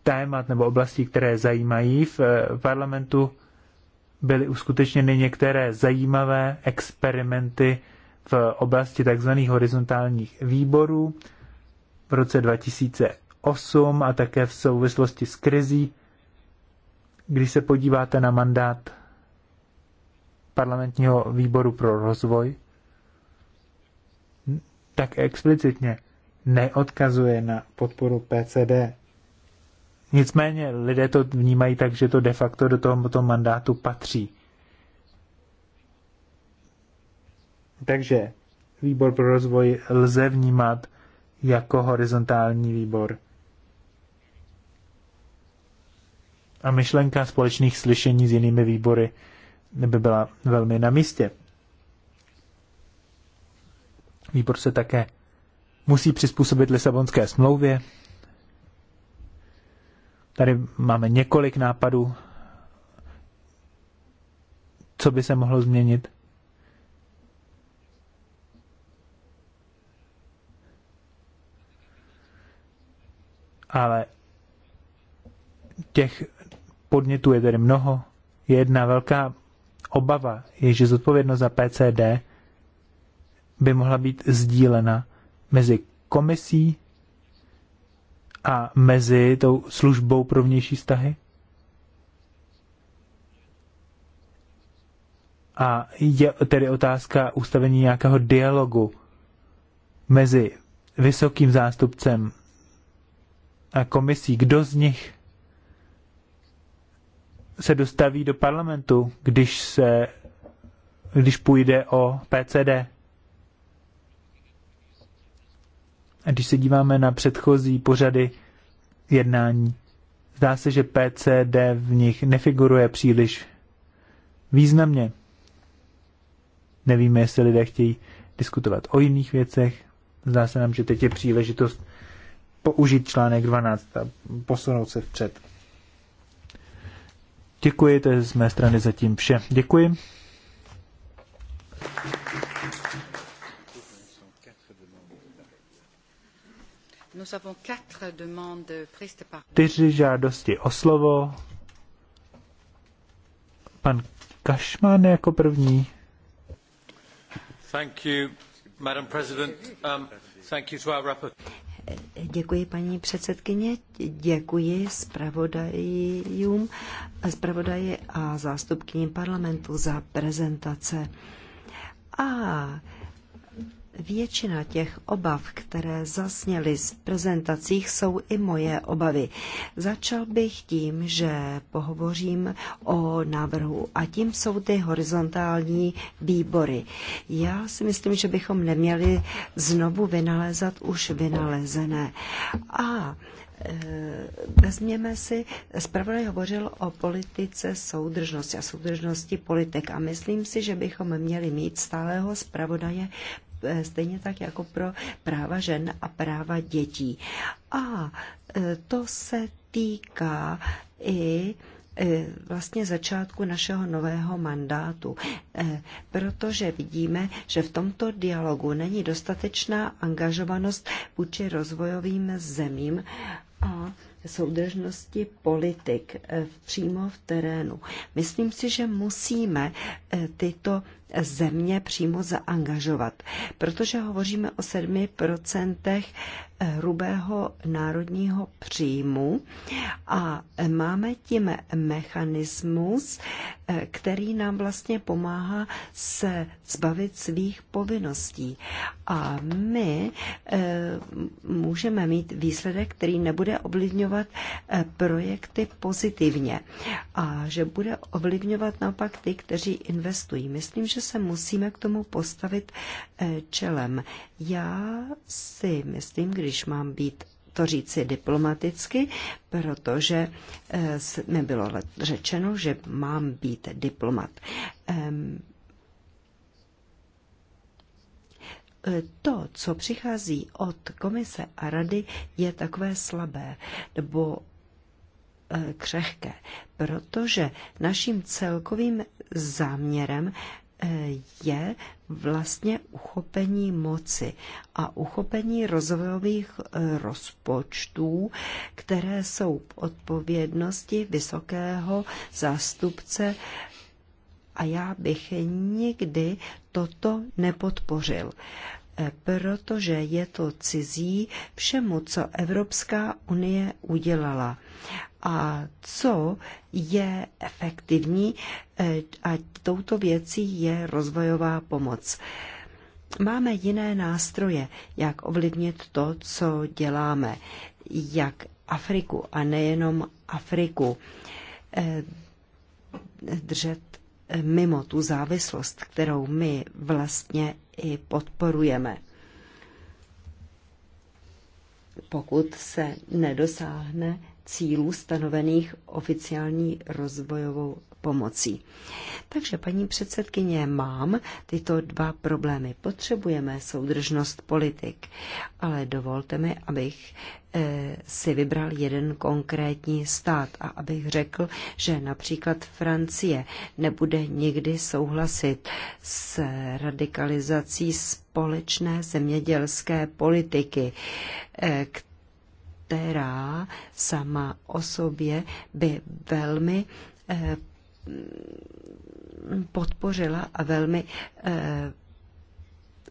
témat nebo oblastí, které zajímají v parlamentu, byly uskutečněny některé zajímavé experimenty v oblasti tzv. horizontálních výborů v roce 2008 a také v souvislosti s krizí. Když se podíváte na mandát parlamentního výboru pro rozvoj, tak explicitně neodkazuje na podporu PCD. Nicméně lidé to vnímají tak, že to de facto do tohoto mandátu patří. Takže výbor pro rozvoj lze vnímat jako horizontální výbor. A myšlenka společných slyšení s jinými výbory by byla velmi na místě. Výbor se také musí přizpůsobit Lisabonské smlouvě. Tady máme několik nápadů, co by se mohlo změnit. ale těch podnětů je tedy mnoho. Je jedna velká obava, je, že zodpovědnost za PCD by mohla být sdílena mezi komisí a mezi tou službou pro vnější vztahy? A je tedy otázka ustavení nějakého dialogu mezi vysokým zástupcem a komisí, kdo z nich se dostaví do parlamentu, když se když půjde o PCD. A když se díváme na předchozí pořady jednání, zdá se, že PCD v nich nefiguruje příliš významně. Nevíme, jestli lidé chtějí diskutovat o jiných věcech. Zdá se nám, že teď je příležitost použít článek 12 a posunout se vpřed. Děkuji, to je z mé strany zatím vše. Děkuji. Čtyři žádosti o slovo. Pan Kašman jako první. Thank you, Madam President. Um, thank you to our Děkuji paní předsedkyně, děkuji zpravodajům, zpravodaji a zástupkyním parlamentu za prezentace. A Většina těch obav, které zasněly z prezentacích, jsou i moje obavy. Začal bych tím, že pohovořím o návrhu a tím jsou ty horizontální výbory. Já si myslím, že bychom neměli znovu vynalézat už vynalezené. A e, Vezměme si, zpravodaj hovořil o politice soudržnosti a soudržnosti politik a myslím si, že bychom měli mít stálého zpravodaje stejně tak jako pro práva žen a práva dětí. A e, to se týká i e, vlastně začátku našeho nového mandátu, e, protože vidíme, že v tomto dialogu není dostatečná angažovanost vůči rozvojovým zemím a soudržnosti politik přímo v terénu. Myslím si, že musíme tyto země přímo zaangažovat, protože hovoříme o 7% hrubého národního příjmu a máme tím mechanismus, eh, který nám vlastně pomáhá se zbavit svých povinností. A my eh, můžeme mít výsledek, který nebude ovlivňovat eh, projekty pozitivně a že bude ovlivňovat naopak ty, kteří investují. Myslím, že se musíme k tomu postavit čelem. Já si myslím, když když mám být to říci diplomaticky, protože eh, mi bylo řečeno, že mám být diplomat. Ehm, to, co přichází od komise a rady, je takové slabé nebo eh, křehké, protože naším celkovým záměrem eh, je vlastně uchopení moci a uchopení rozvojových eh, rozpočtů, které jsou v odpovědnosti vysokého zástupce a já bych nikdy toto nepodpořil eh, protože je to cizí všemu, co Evropská unie udělala a co je efektivní e, a touto věcí je rozvojová pomoc. Máme jiné nástroje, jak ovlivnit to, co děláme, jak Afriku a nejenom Afriku e, držet mimo tu závislost, kterou my vlastně i podporujeme. Pokud se nedosáhne cílů stanovených oficiální rozvojovou pomocí. Takže, paní předsedkyně, mám tyto dva problémy. Potřebujeme soudržnost politik, ale dovolte mi, abych eh, si vybral jeden konkrétní stát a abych řekl, že například Francie nebude nikdy souhlasit s radikalizací společné zemědělské politiky, e, která sama o sobě by velmi eh, podpořila a velmi eh,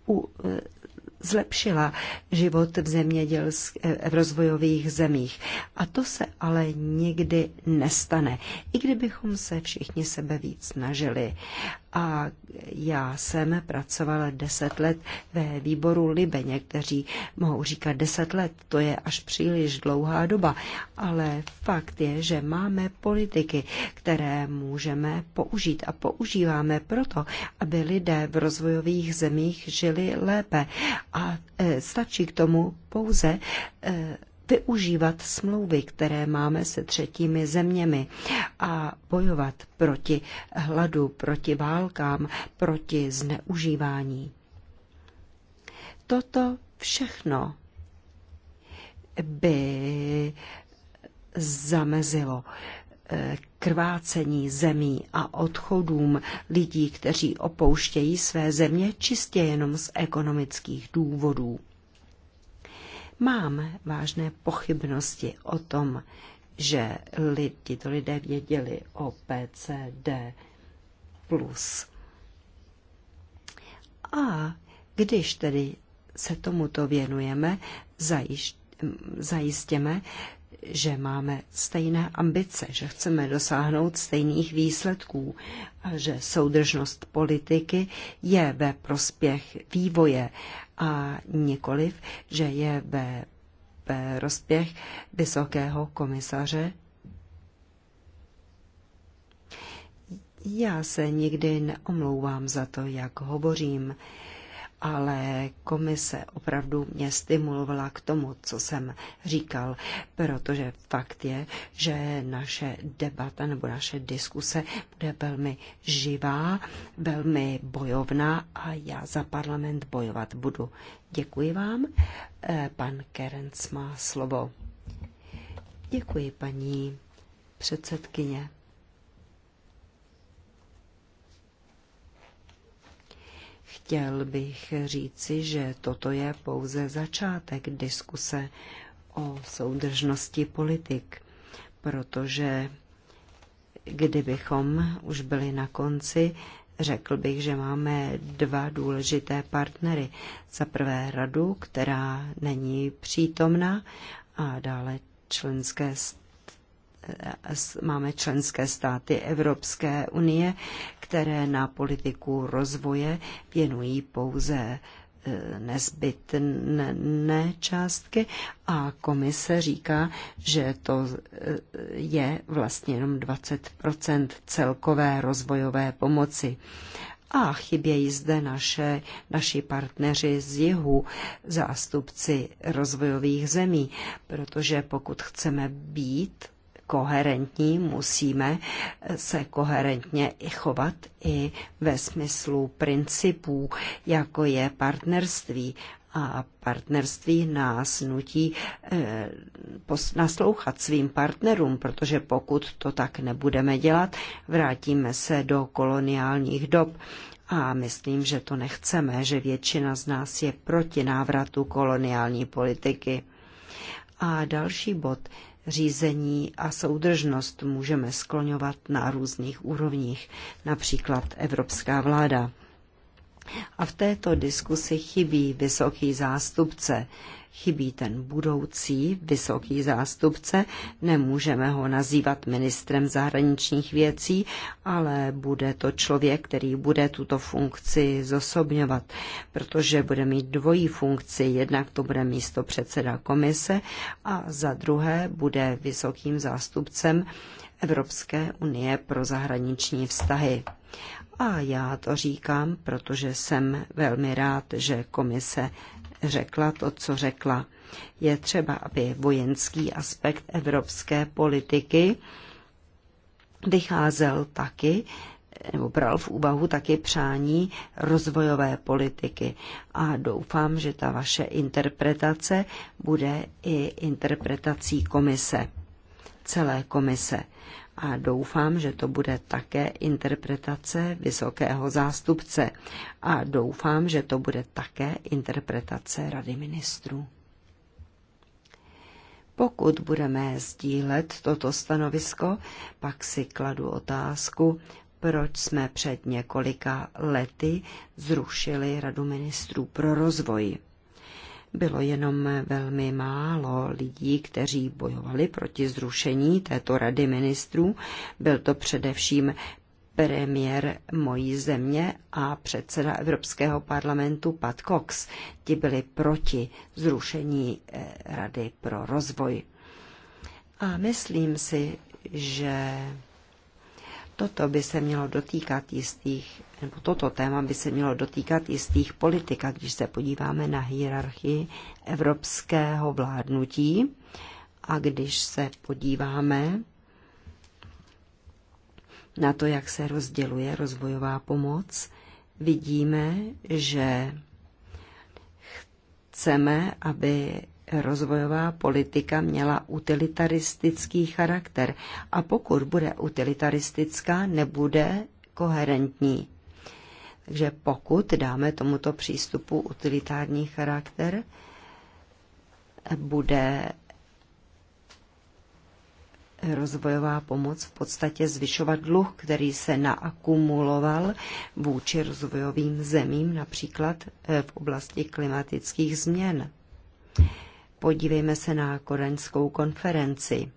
eh, zlepšila život v, zemědělsk, v rozvojových zemích. A to se ale nikdy nestane, i kdybychom se všichni sebe víc snažili a já jsem pracovala deset let ve výboru Libe. Někteří mohou říkat deset let, to je až příliš dlouhá doba, ale fakt je, že máme politiky, které můžeme použít a používáme proto, aby lidé v rozvojových zemích žili lépe. A e, stačí k tomu pouze e, využívat smlouvy, které máme se třetími zeměmi a bojovat proti hladu, proti válkám, proti zneužívání. Toto všechno by zamezilo eh, krvácení zemí a odchodům lidí, kteří opouštějí své země čistě jenom z ekonomických důvodů. Mám vážné pochybnosti o tom, že lidi, to lidé věděli o PCD plus. A když tedy se tomuto věnujeme, zajistěme, že máme stejné ambice, že chceme dosáhnout stejných výsledků a že soudržnost politiky je ve prospěch vývoje a nikoliv, že je ve, ve rozpěch vysokého komisaře. Já se nikdy neomlouvám za to, jak hovořím ale komise opravdu mě stimulovala k tomu, co jsem říkal, protože fakt je, že naše debata nebo naše diskuse bude velmi živá, velmi bojovná a já za parlament bojovat budu. Děkuji vám. Eh, pan Kerenc má slovo. Děkuji, paní předsedkyně. Chtěl bych říci, že toto je pouze začátek diskuse o soudržnosti politik, protože kdybychom už byli na konci, řekl bych, že máme dva důležité partnery. Za prvé radu, která není přítomna, a dále členské státy máme členské státy Evropské unie, které na politiku rozvoje věnují pouze e, nezbytné částky a komise říká, že to e, je vlastně jenom 20 celkové rozvojové pomoci. A chybějí zde naše, naši partneři z jihu, zástupci rozvojových zemí, protože pokud chceme být koherentní, musíme se koherentně i chovat i ve smyslu principů, jako je partnerství. A partnerství nás nutí eh, naslouchat svým partnerům, protože pokud to tak nebudeme dělat, vrátíme se do koloniálních dob. A myslím, že to nechceme, že většina z nás je proti návratu koloniální politiky. A další bod řízení a soudržnost můžeme skloňovat na různých úrovních, například Evropská vláda. A v této diskusi chybí vysoký zástupce, chybí ten budoucí vysoký zástupce, nemůžeme ho nazývat ministrem zahraničních věcí, ale bude to člověk, který bude tuto funkci zosobňovat, protože bude mít dvojí funkci, jednak to bude místo předseda komise a za druhé bude vysokým zástupcem Evropské unie pro zahraniční vztahy. A já to říkám, protože jsem velmi rád, že komise řekla to, co řekla. Je třeba, aby vojenský aspekt evropské politiky vycházel taky nebo bral v úvahu taky přání rozvojové politiky. A doufám, že ta vaše interpretace bude i interpretací komise, celé komise a doufám, že to bude také interpretace vysokého zástupce a doufám, že to bude také interpretace Rady ministrů. Pokud budeme sdílet toto stanovisko, pak si kladu otázku, proč jsme před několika lety zrušili Radu ministrů pro rozvoj bylo jenom velmi málo lidí, kteří bojovali proti zrušení této rady ministrů. Byl to především premiér mojí země a předseda Evropského parlamentu Pat Cox. Ti byli proti zrušení eh, Rady pro rozvoj. A myslím si, že toto by se mělo dotýkat jistých nebo toto téma by se mělo dotýkat jistých politik. A když se podíváme na hierarchii evropského vládnutí a když se podíváme na to, jak se rozděluje rozvojová pomoc, vidíme, že chceme, aby rozvojová politika měla utilitaristický charakter a pokud bude utilitaristická, nebude koherentní. Takže pokud dáme tomuto přístupu utilitární charakter, bude rozvojová pomoc v podstatě zvyšovat dluh, který se naakumuloval vůči rozvojovým zemím, například eh, v oblasti klimatických změn. Podívejme se na koreňskou konferenci.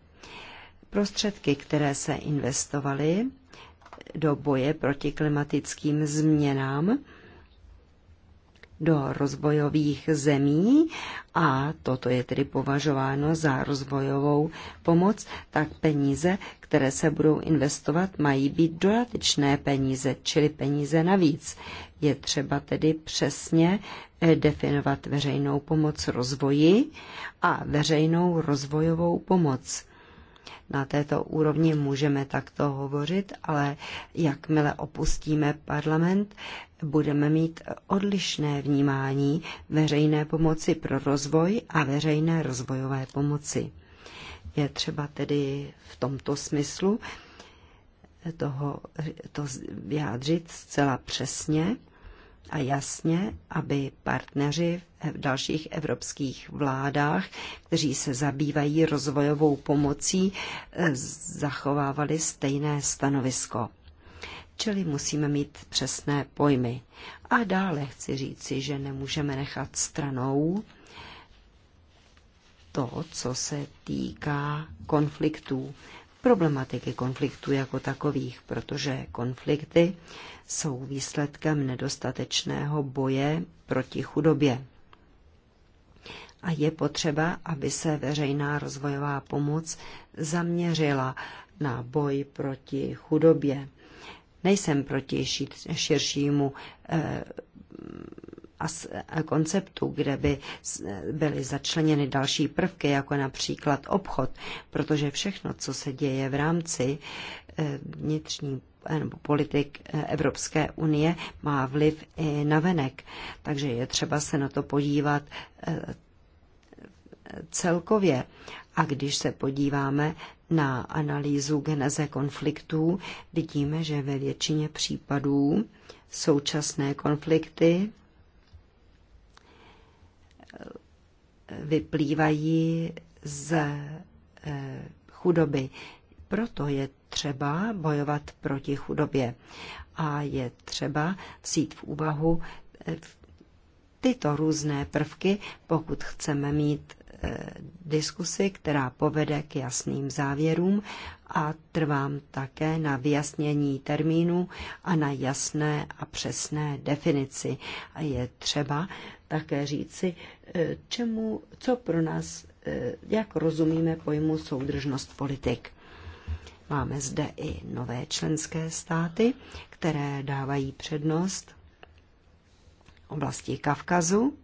Prostředky, které se investovaly, do boje proti klimatickým změnám do rozvojových zemí a toto je tedy považováno za rozvojovou pomoc, tak peníze, které se budou investovat, mají být dodatečné peníze, čili peníze navíc. Je třeba tedy přesně eh, definovat veřejnou pomoc rozvoji a veřejnou rozvojovou pomoc na této úrovni můžeme takto hovořit, ale jakmile opustíme parlament, budeme mít odlišné vnímání veřejné pomoci pro rozvoj a veřejné rozvojové pomoci. Je třeba tedy v tomto smyslu toho, to vyjádřit zcela přesně a jasně, aby partneři v dalších evropských vládách, kteří se zabývají rozvojovou pomocí, e, zachovávali stejné stanovisko. Čili musíme mít přesné pojmy. A dále chci říci, že nemůžeme nechat stranou to, co se týká konfliktů problematiky konfliktu jako takových, protože konflikty jsou výsledkem nedostatečného boje proti chudobě. A je potřeba, aby se veřejná rozvojová pomoc zaměřila na boj proti chudobě. Nejsem proti širšímu eh, a konceptů, kde by byly začleněny další prvky, jako například obchod, protože všechno, co se děje v rámci eh, vnitřní eh, nebo politik eh, Evropské unie má vliv i na venek. Takže je třeba se na to podívat celkově. A když se podíváme na analýzu geneze konfliktů, vidíme, že ve většině případů současné konflikty vyplývají z eh, chudoby. Proto je třeba bojovat proti chudobě a je třeba vzít v úvahu eh, tyto různé prvky, pokud chceme mít Eh, diskusi, která povede k jasným závěrům a trvám také na vyjasnění termínu a na jasné a přesné definici. A je třeba také říci, eh, čemu, co pro nás, eh, jak rozumíme pojmu soudržnost politik. Máme zde i nové členské státy, které dávají přednost oblasti Kavkazu,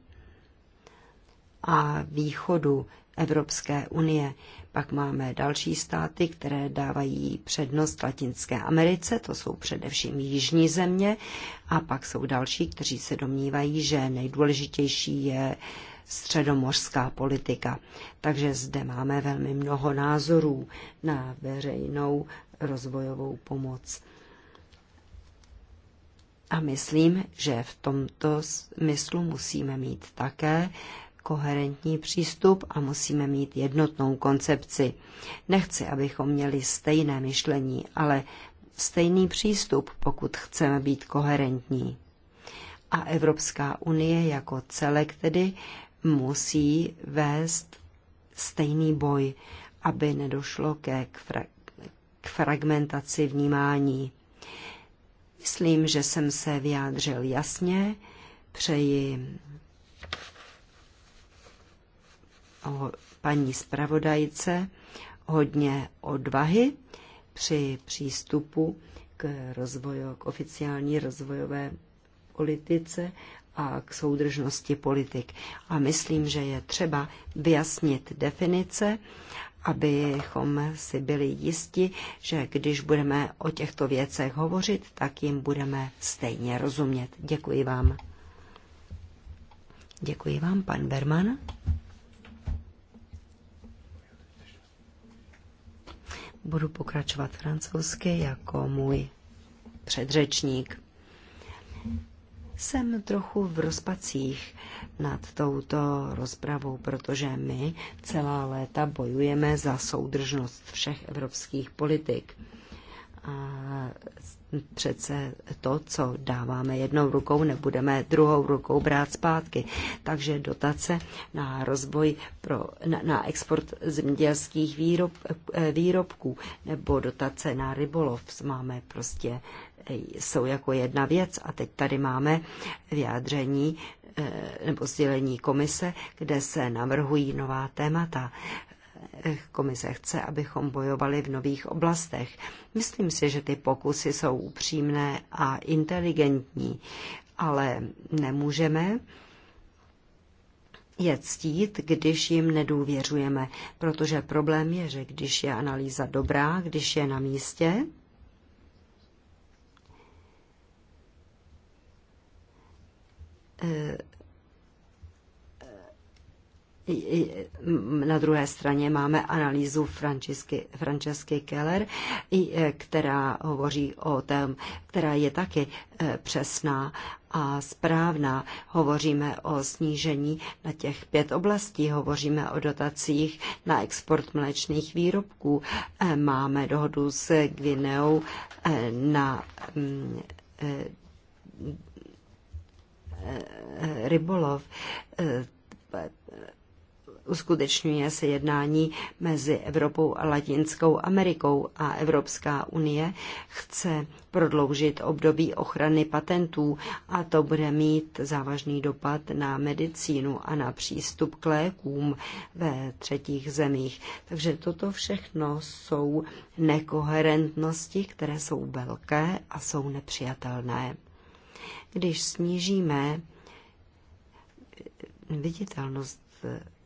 a východu Evropské unie. Pak máme další státy, které dávají přednost Latinské Americe, to jsou především jižní země, a pak jsou další, kteří se domnívají, že nejdůležitější je středomořská politika. Takže zde máme velmi mnoho názorů na veřejnou rozvojovou pomoc. A myslím, že v tomto smyslu musíme mít také koherentní přístup a musíme mít jednotnou koncepci. Nechci, abychom měli stejné myšlení, ale stejný přístup, pokud chceme být koherentní. A Evropská unie jako celek tedy musí vést stejný boj, aby nedošlo ke k, k fragmentaci vnímání. Myslím, že jsem se vyjádřil jasně. Přeji paní zpravodajce hodně odvahy při přístupu k, rozvoju, k oficiální rozvojové politice a k soudržnosti politik. A myslím, že je třeba vyjasnit definice, abychom si byli jisti, že když budeme o těchto věcech hovořit, tak jim budeme stejně rozumět. Děkuji vám. Děkuji vám, pan Berman. Budu pokračovat francouzsky jako můj předřečník. Jsem trochu v rozpacích nad touto rozpravou, protože my celá léta bojujeme za soudržnost všech evropských politik. A přece to, co dáváme jednou rukou, nebudeme druhou rukou brát zpátky. Takže dotace na rozvoj pro, na, na export zemědělských výrob, eh, výrobků nebo dotace na rybolov máme prostě eh, jsou jako jedna věc a teď tady máme vyjádření eh, nebo sdělení komise, kde se navrhují nová témata. Eh, komise chce, abychom bojovali v nových oblastech. Myslím si, že ty pokusy jsou upřímné a inteligentní, ale nemůžeme je ctít, když jim nedůvěřujeme, protože problém je, že když je analýza dobrá, když je na místě, eh, na druhé straně máme analýzu Francisky, Francesky Keller, e, která hovoří o tom, která je taky e, přesná a správná. Hovoříme o snížení na těch pět oblastí, hovoříme o dotacích na export mléčných výrobků, e, máme dohodu s Gvineou na rybolov uskutečňuje se jednání mezi Evropou a Latinskou Amerikou a Evropská unie chce prodloužit období ochrany patentů a to bude mít závažný dopad na medicínu a na přístup k lékům ve třetích zemích. Takže toto všechno jsou nekoherentnosti, které jsou velké a jsou nepřijatelné. Když snížíme viditelnost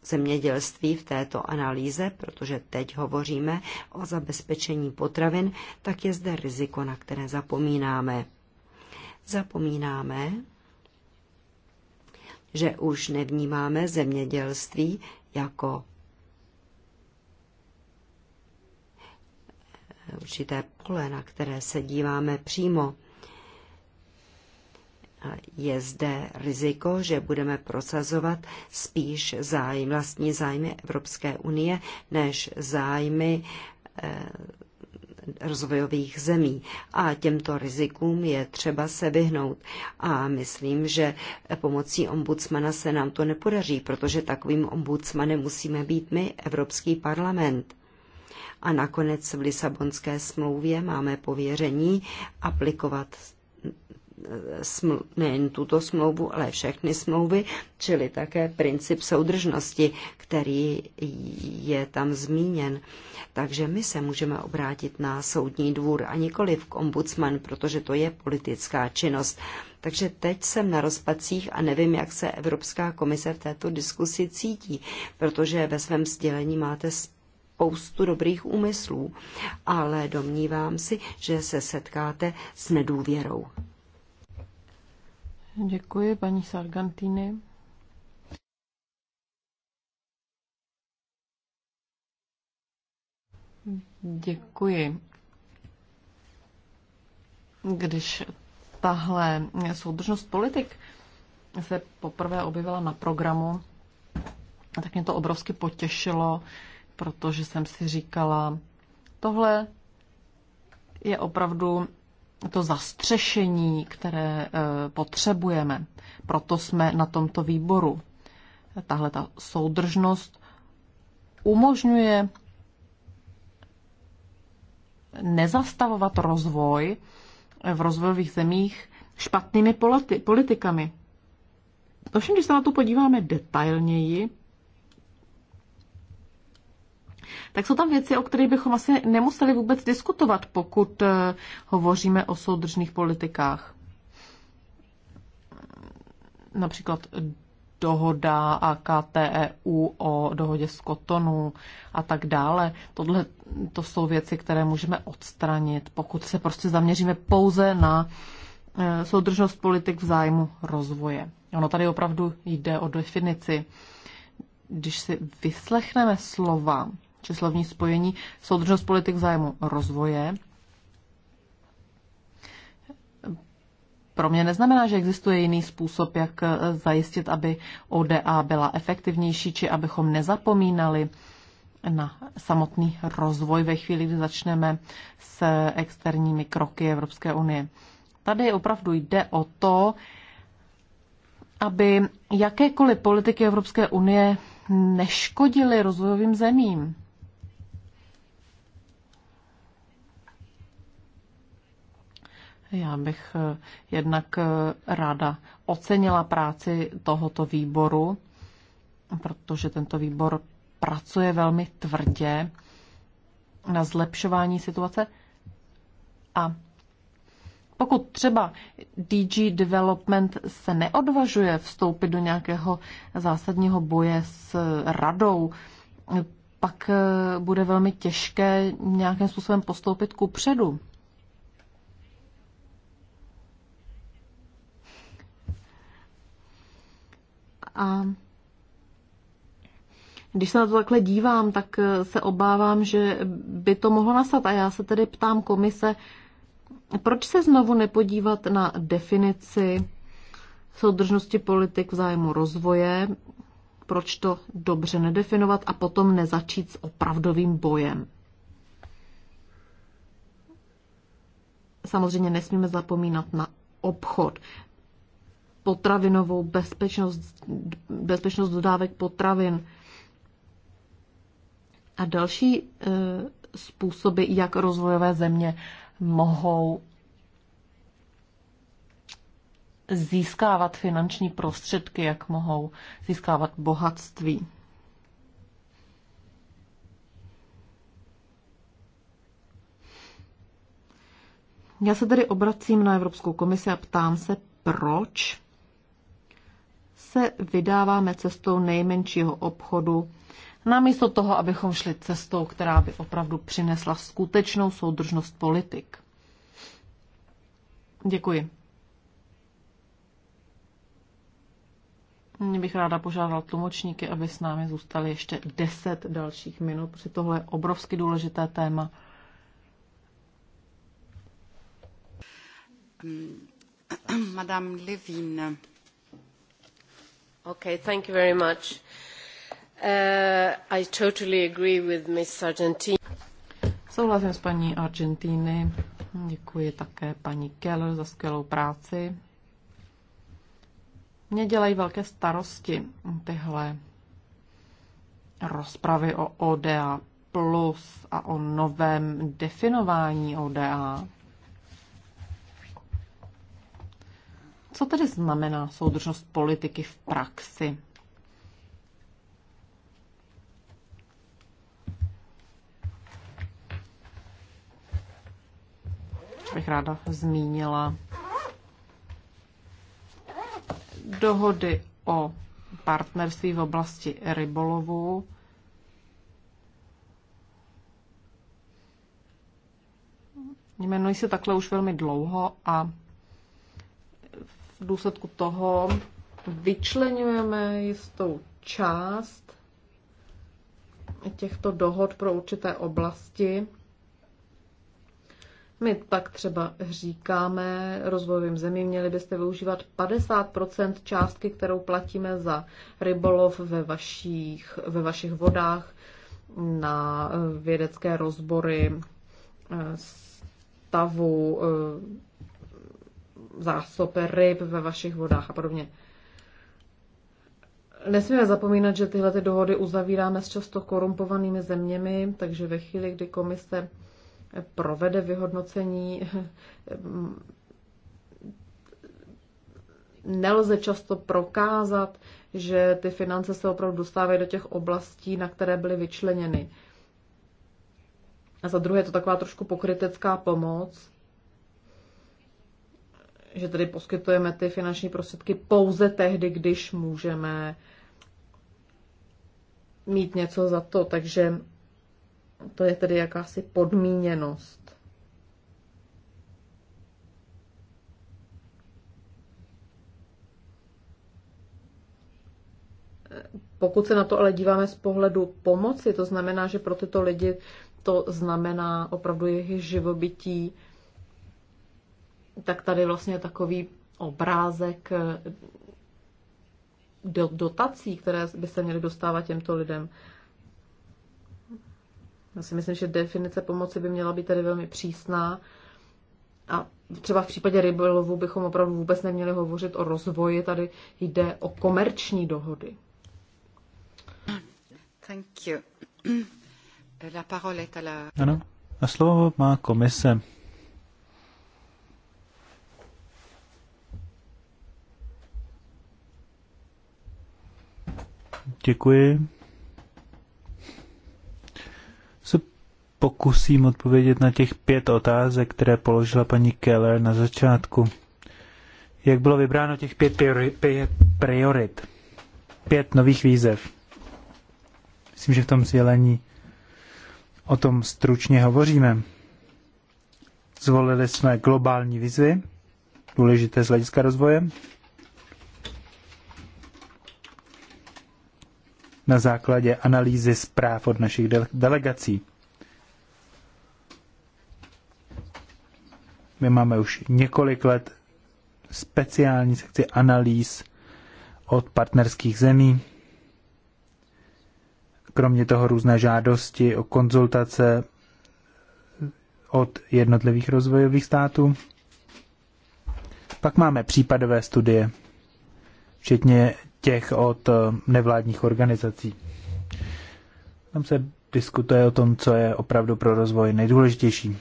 zemědělství v této analýze, protože teď hovoříme o zabezpečení potravin, tak je zde riziko, na které zapomínáme. Zapomínáme, že už nevnímáme zemědělství jako eh, určité pole, na které se díváme přímo je zde riziko, že budeme prosazovat spíš zájem, vlastní zájmy Evropské unie než zájmy eh, rozvojových zemí. A těmto rizikům je třeba se vyhnout. A myslím, že pomocí ombudsmana se nám to nepodaří, protože takovým ombudsmanem musíme být my, Evropský parlament. A nakonec v Lisabonské smlouvě máme pověření aplikovat sml- nejen tuto smlouvu, ale všechny smlouvy, čili také princip soudržnosti, který je tam zmíněn. Takže my se můžeme obrátit na soudní dvůr a nikoli v ombudsman, protože to je politická činnost. Takže teď jsem na rozpadcích a nevím, jak se Evropská komise v této diskusi cítí, protože ve svém sdělení máte spoustu dobrých úmyslů, ale domnívám si, že se setkáte s nedůvěrou. Děkuji, paní Sargantini. Děkuji. Když tahle soudržnost politik se poprvé objevila na programu, tak mě to obrovsky potěšilo, protože jsem si říkala, tohle je opravdu to zastřešení, které e, potřebujeme. Proto jsme na tomto výboru. Tahle ta soudržnost umožňuje nezastavovat rozvoj v rozvojových zemích špatnými politikami. Ovšem, když se na to podíváme detailněji, tak jsou tam věci, o kterých bychom asi nemuseli vůbec diskutovat, pokud eh, hovoříme o soudržných politikách. Například dohoda a KTEU o dohodě z Kotonu a tak dále. Tohle to jsou věci, které můžeme odstranit, pokud se prostě zaměříme pouze na eh, soudržnost politik v zájmu rozvoje. Ono tady opravdu jde o definici. Když si vyslechneme slova či slovní spojení soudržnost politik zájmu rozvoje. Pro mě neznamená, že existuje jiný způsob, jak eh, zajistit, aby ODA byla efektivnější, či abychom nezapomínali na samotný rozvoj ve chvíli, kdy začneme s externími kroky Evropské unie. Tady opravdu jde o to, aby jakékoliv politiky Evropské unie neškodily rozvojovým zemím. Já bych eh, jednak eh, ráda ocenila práci tohoto výboru, protože tento výbor pracuje velmi tvrdě na zlepšování situace. A pokud třeba DG Development se neodvažuje vstoupit do nějakého zásadního boje s radou, pak eh, bude velmi těžké nějakým způsobem postoupit ku předu. A když se na to takhle dívám, tak eh, se obávám, že by to mohlo nastat. A já se tedy ptám komise, proč se znovu nepodívat na definici soudržnosti politik v zájmu rozvoje, proč to dobře nedefinovat a potom nezačít s opravdovým bojem. Samozřejmě nesmíme zapomínat na obchod potravinovou bezpečnost, bezpečnost dodávek potravin a další e, způsoby, jak rozvojové země mohou získávat finanční prostředky, jak mohou získávat bohatství. Já se tedy obracím na Evropskou komisi a ptám se, proč se vydáváme cestou nejmenšího obchodu, namísto toho, abychom šli cestou, která by opravdu přinesla skutečnou soudržnost politik. Děkuji. Mě bych ráda požádal tlumočníky, aby s námi zůstali ještě 10 dalších minut, protože tohle je obrovsky důležité téma. Madame Levin. Okay, thank you very much. Uh, I totally agree with Miss Souhlasím s paní Argentíny. Děkuji také paní Keller za skvělou práci. Mě dělají velké starosti tyhle rozpravy o ODA plus a o novém definování ODA. Co tedy znamená soudržnost politiky v praxi? Bych ráda zmínila dohody o partnerství v oblasti rybolovu, Jmenují se takhle už velmi dlouho a v důsledku toho vyčlenujeme jistou část těchto dohod pro určité oblasti. My tak třeba říkáme rozvojovým zemím, měli byste využívat 50 částky, kterou platíme za rybolov ve vašich, ve vašich vodách, na eh, vědecké rozbory eh, stavu eh, zásob ryb ve vašich vodách a podobně. Nesmíme zapomínat, že tyhle ty dohody uzavíráme s často korumpovanými zeměmi, takže ve chvíli, kdy komise provede vyhodnocení, nelze často prokázat, že ty finance se opravdu dostávají do těch oblastí, na které byly vyčleněny. A za druhé je to taková trošku pokrytecká pomoc, že tedy poskytujeme ty finanční prostředky pouze tehdy, když můžeme mít něco za to. Takže to je tedy jakási podmíněnost. Pokud se na to ale díváme z pohledu pomoci, to znamená, že pro tyto lidi to znamená opravdu jejich živobytí, tak tady vlastně takový obrázek eh, do dotací, které by se měly dostávat těmto lidem. Já si myslím, že definice pomoci by měla být tady velmi přísná a třeba v případě rybolovu bychom opravdu vůbec neměli hovořit o rozvoji, tady jde o komerční dohody. Thank you. La parole est à la... Ano, a slovo má komise. Děkuji. Se pokusím odpovědět na těch pět otázek, které položila paní Keller na začátku. Jak bylo vybráno těch pět priorit? Pět nových výzev. Myslím, že v tom sdělení o tom stručně hovoříme. Zvolili jsme globální výzvy, důležité z hlediska rozvoje, na základě analýzy zpráv od našich delegací. My máme už několik let speciální sekci analýz od partnerských zemí. Kromě toho různé žádosti o konzultace od jednotlivých rozvojových států. Pak máme případové studie, včetně těch od eh, nevládních organizací. Tam se diskutuje o tom, co je opravdu pro rozvoj nejdůležitější.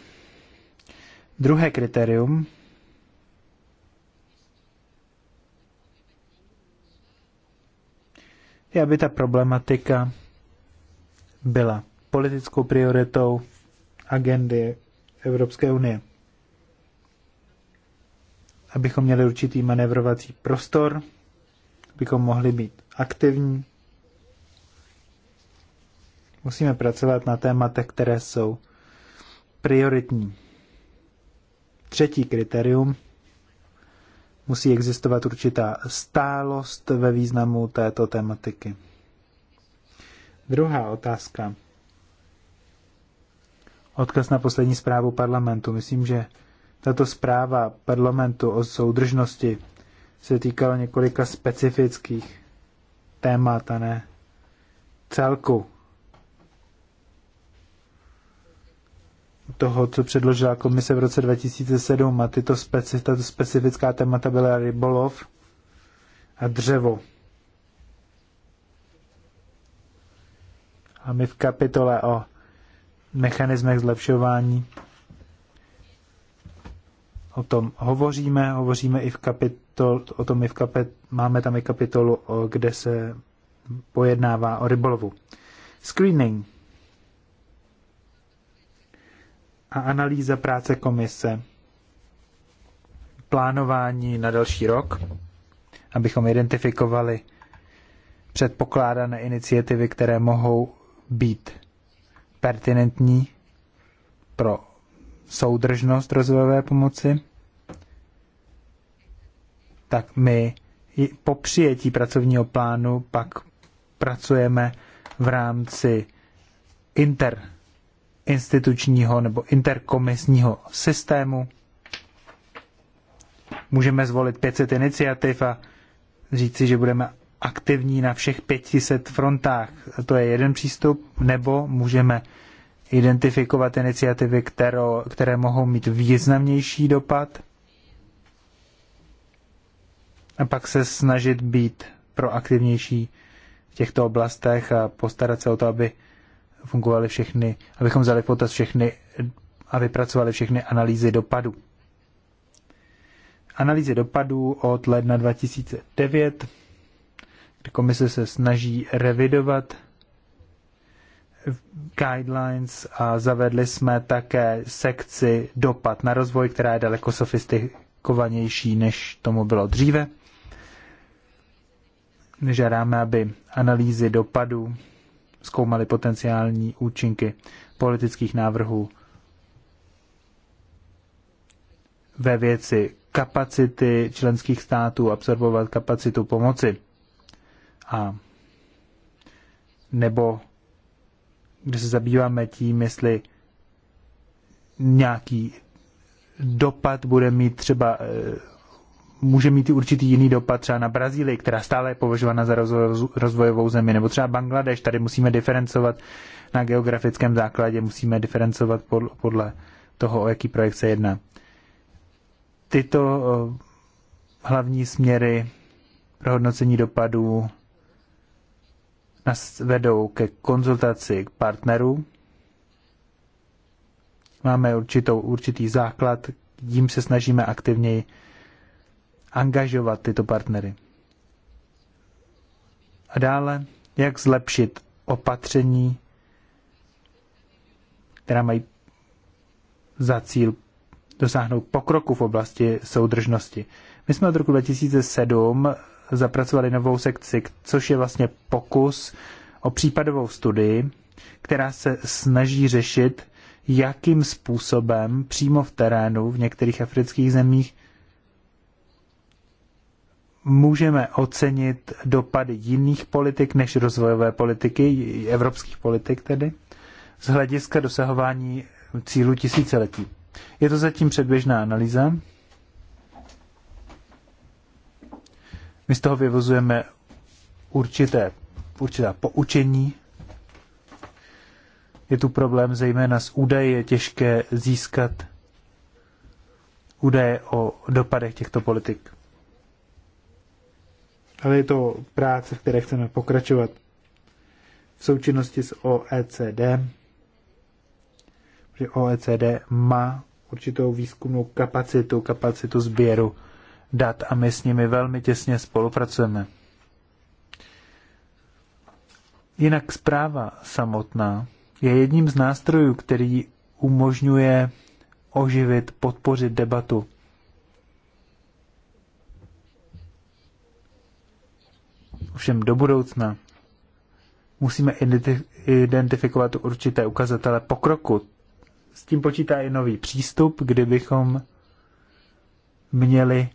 Druhé kritérium je, aby ta problematika byla politickou prioritou agendy Evropské unie. Abychom měli určitý manevrovací prostor bychom mohli být aktivní. Musíme pracovat na tématech, které jsou prioritní. Třetí kritérium. Musí existovat určitá stálost ve významu této tematiky. Druhá otázka. Odkaz na poslední zprávu parlamentu. Myslím, že tato zpráva parlamentu o soudržnosti se týkalo několika specifických témat a ne celku toho, co předložila komise v roce 2007 a tyto speci, tato specifická témata byla rybolov a dřevo. A my v kapitole o mechanismech zlepšování o tom hovoříme, hovoříme i v kapitole kapitol, o tom je v kapet, máme tam i kapitolu, kde se pojednává o rybolovu. Screening a analýza práce komise, plánování na další rok, abychom identifikovali předpokládané iniciativy, které mohou být pertinentní pro soudržnost rozvojové pomoci tak my po přijetí pracovního plánu pak pracujeme v rámci interinstitučního nebo interkomisního systému. Můžeme zvolit 500 iniciativ a říci, že budeme aktivní na všech 500 frontách. To je jeden přístup, nebo můžeme identifikovat iniciativy, které, které mohou mít významnější dopad a pak se snažit být proaktivnější v těchto oblastech a postarat se o to, aby fungovaly všechny, abychom vzali potaz všechny a vypracovali všechny analýzy dopadu. Analýzy dopadů od ledna 2009, kdy komise se snaží revidovat guidelines a zavedli jsme také sekci dopad na rozvoj, která je daleko sofistikovanější, než tomu bylo dříve žádáme, aby analýzy dopadů zkoumaly potenciální účinky politických návrhů ve věci kapacity členských států absorbovat kapacitu pomoci a nebo kde se zabýváme tím, jestli nějaký dopad bude mít třeba eh, může mít i určitý jiný dopad třeba na Brazílii, která stále je považována za rozvojovou zemi, nebo třeba Bangladeš, tady musíme diferencovat na geografickém základě, musíme diferencovat podle toho, o jaký projekt se jedná. Tyto hlavní směry pro hodnocení dopadů nás vedou ke konzultaci k partnerů. Máme určitou, určitý základ, tím se snažíme aktivněji angažovat tyto partnery. A dále, jak zlepšit opatření, která mají za cíl dosáhnout pokroku v oblasti soudržnosti. My jsme od roku 2007 zapracovali novou sekci, což je vlastně pokus o případovou studii, která se snaží řešit, jakým způsobem přímo v terénu v některých afrických zemích můžeme ocenit dopady jiných politik než rozvojové politiky, evropských politik tedy, z hlediska dosahování cílu tisíciletí. Je to zatím předběžná analýza. My z toho vyvozujeme určité, určitá poučení. Je tu problém zejména s údaje, je těžké získat údaje o dopadech těchto politik ale je to práce, v které chceme pokračovat v součinnosti s OECD, že OECD má určitou výzkumnou kapacitu, kapacitu sběru dat a my s nimi velmi těsně spolupracujeme. Jinak zpráva samotná je jedním z nástrojů, který umožňuje oživit, podpořit debatu Ovšem do budoucna musíme identifikovat určité ukazatele pokroku. S tím počítá i nový přístup, kdybychom měli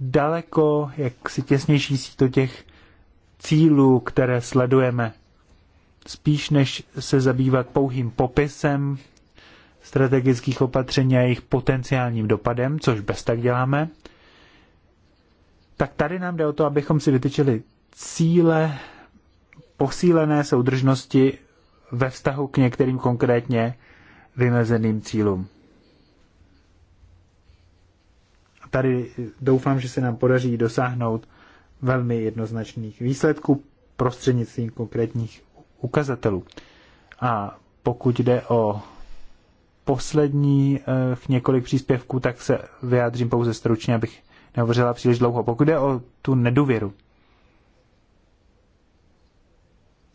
daleko jak si těsnější síto těch cílů, které sledujeme. Spíš než se zabývat pouhým popisem strategických opatření a jejich potenciálním dopadem, což bez tak děláme, tak tady nám jde o to, abychom si vytyčili cíle posílené soudržnosti ve vztahu k některým konkrétně vymezeným cílům. A tady doufám, že se nám podaří dosáhnout velmi jednoznačných výsledků prostřednictvím konkrétních ukazatelů. A pokud jde o poslední eh, několik příspěvků, tak se vyjádřím pouze stručně, abych nehovořila příliš dlouho. Pokud jde o tu nedůvěru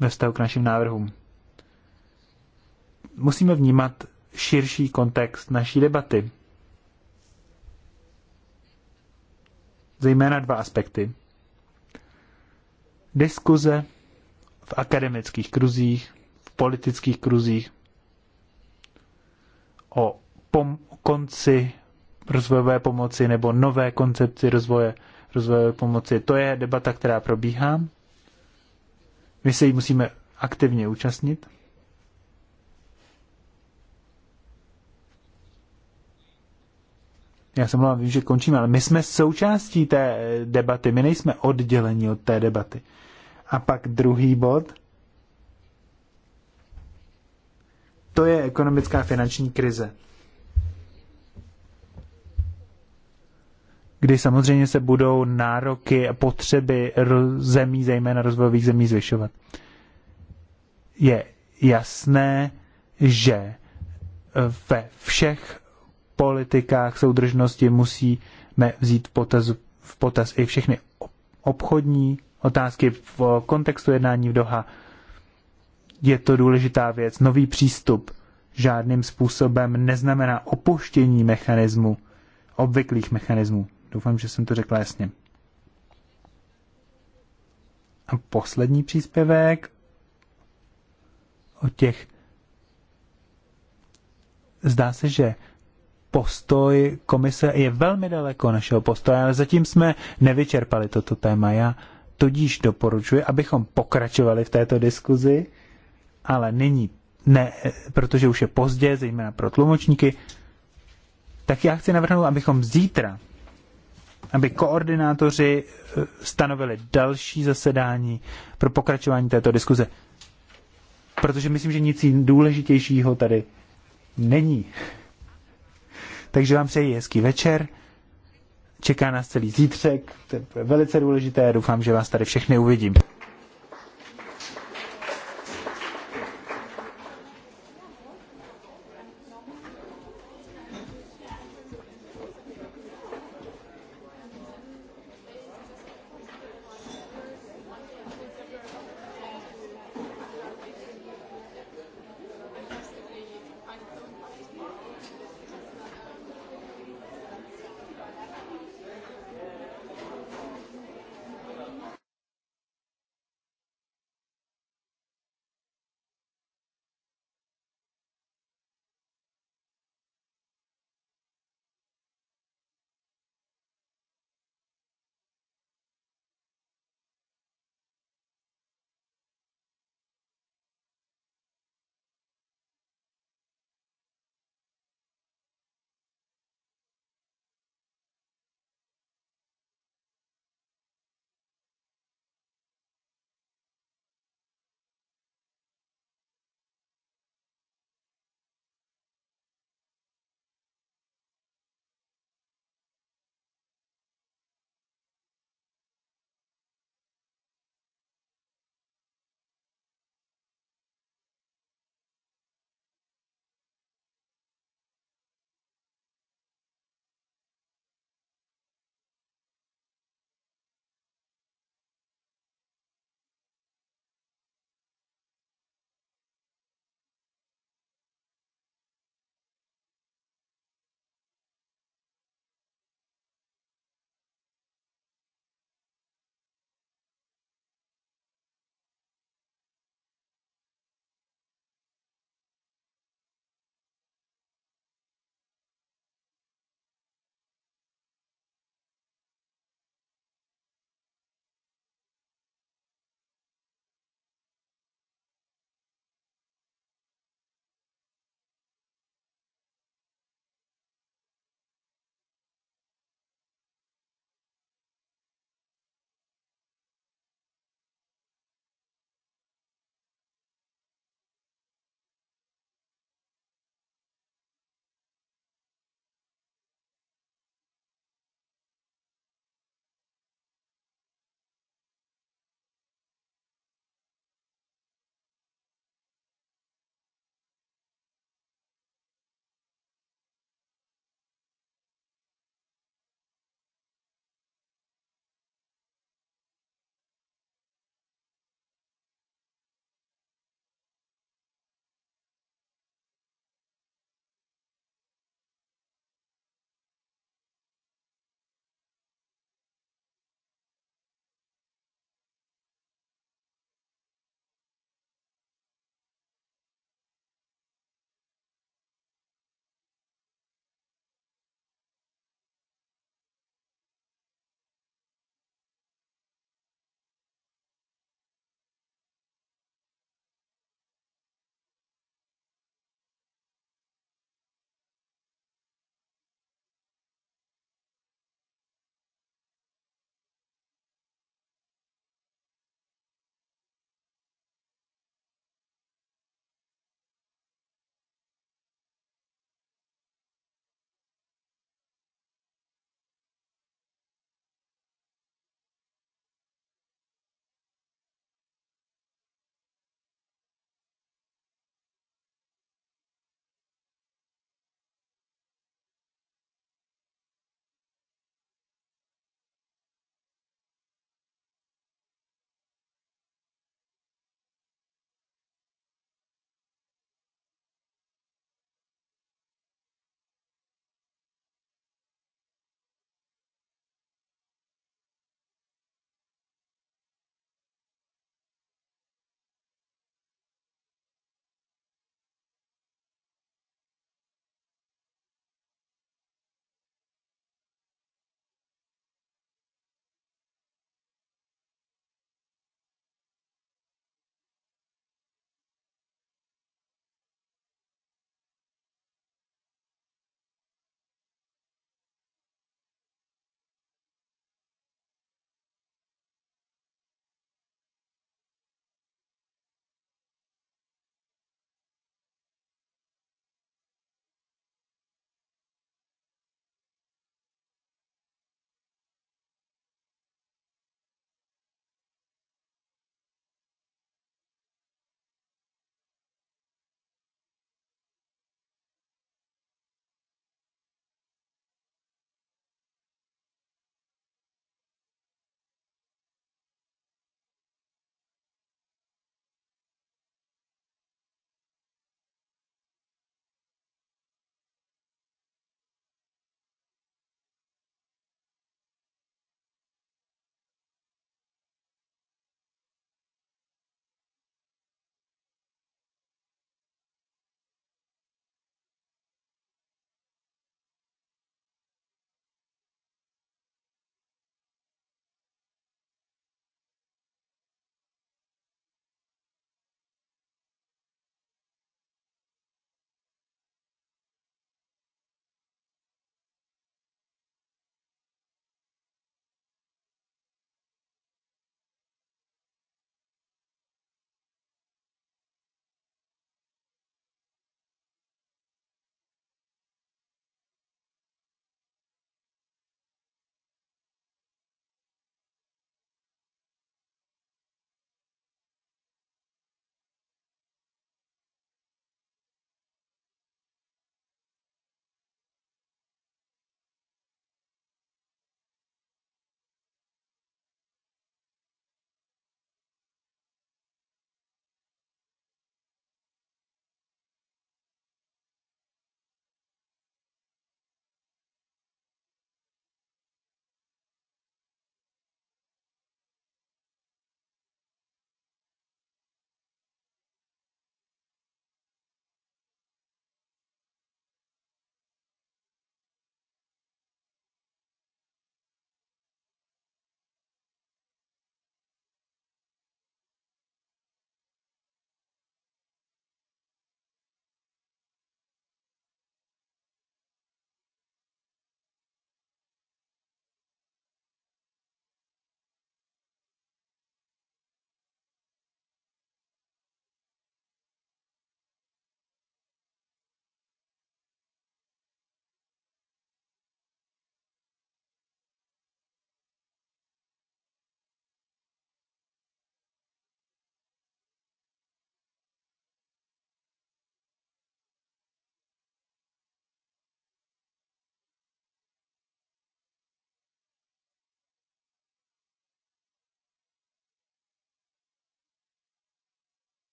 ve vztahu k našim návrhům, musíme vnímat širší kontext naší debaty. Zejména dva aspekty. Diskuze v akademických kruzích, v politických kruzích, o pom- konci rozvojové pomoci nebo nové koncepci rozvoje, rozvojové pomoci. To je debata, která probíhá. My se jí musíme aktivně účastnit. Já jsem mluvím, že končím, ale my jsme součástí té debaty, my nejsme odděleni od té debaty. A pak druhý bod, to je ekonomická finanční krize. kdy samozřejmě se budou nároky a potřeby zemí, zejména rozvojových zemí, zvyšovat. Je jasné, že eh, ve všech politikách soudržnosti musíme vzít potaz, v potaz i všechny obchodní otázky v kontextu jednání v Doha. Je to důležitá věc. Nový přístup žádným způsobem neznamená opuštění mechanismu, obvyklých mechanismů. Doufám, že jsem to řekla jasně. A poslední příspěvek o těch. Zdá se, že postoj komise je velmi daleko našeho postoje, ale zatím jsme nevyčerpali toto téma. Já tudíž doporučuji, abychom pokračovali v této diskuzi, ale nyní ne, protože už je pozdě, zejména pro tlumočníky, tak já chci navrhnout, abychom zítra aby koordinátoři eh, stanovili další zasedání pro pokračování této diskuze. Protože myslím, že nic důležitějšího tady není. Takže vám přeji hezký večer. Čeká nás celý zítřek, to je velice důležité. Doufám, že vás tady všechny uvidím.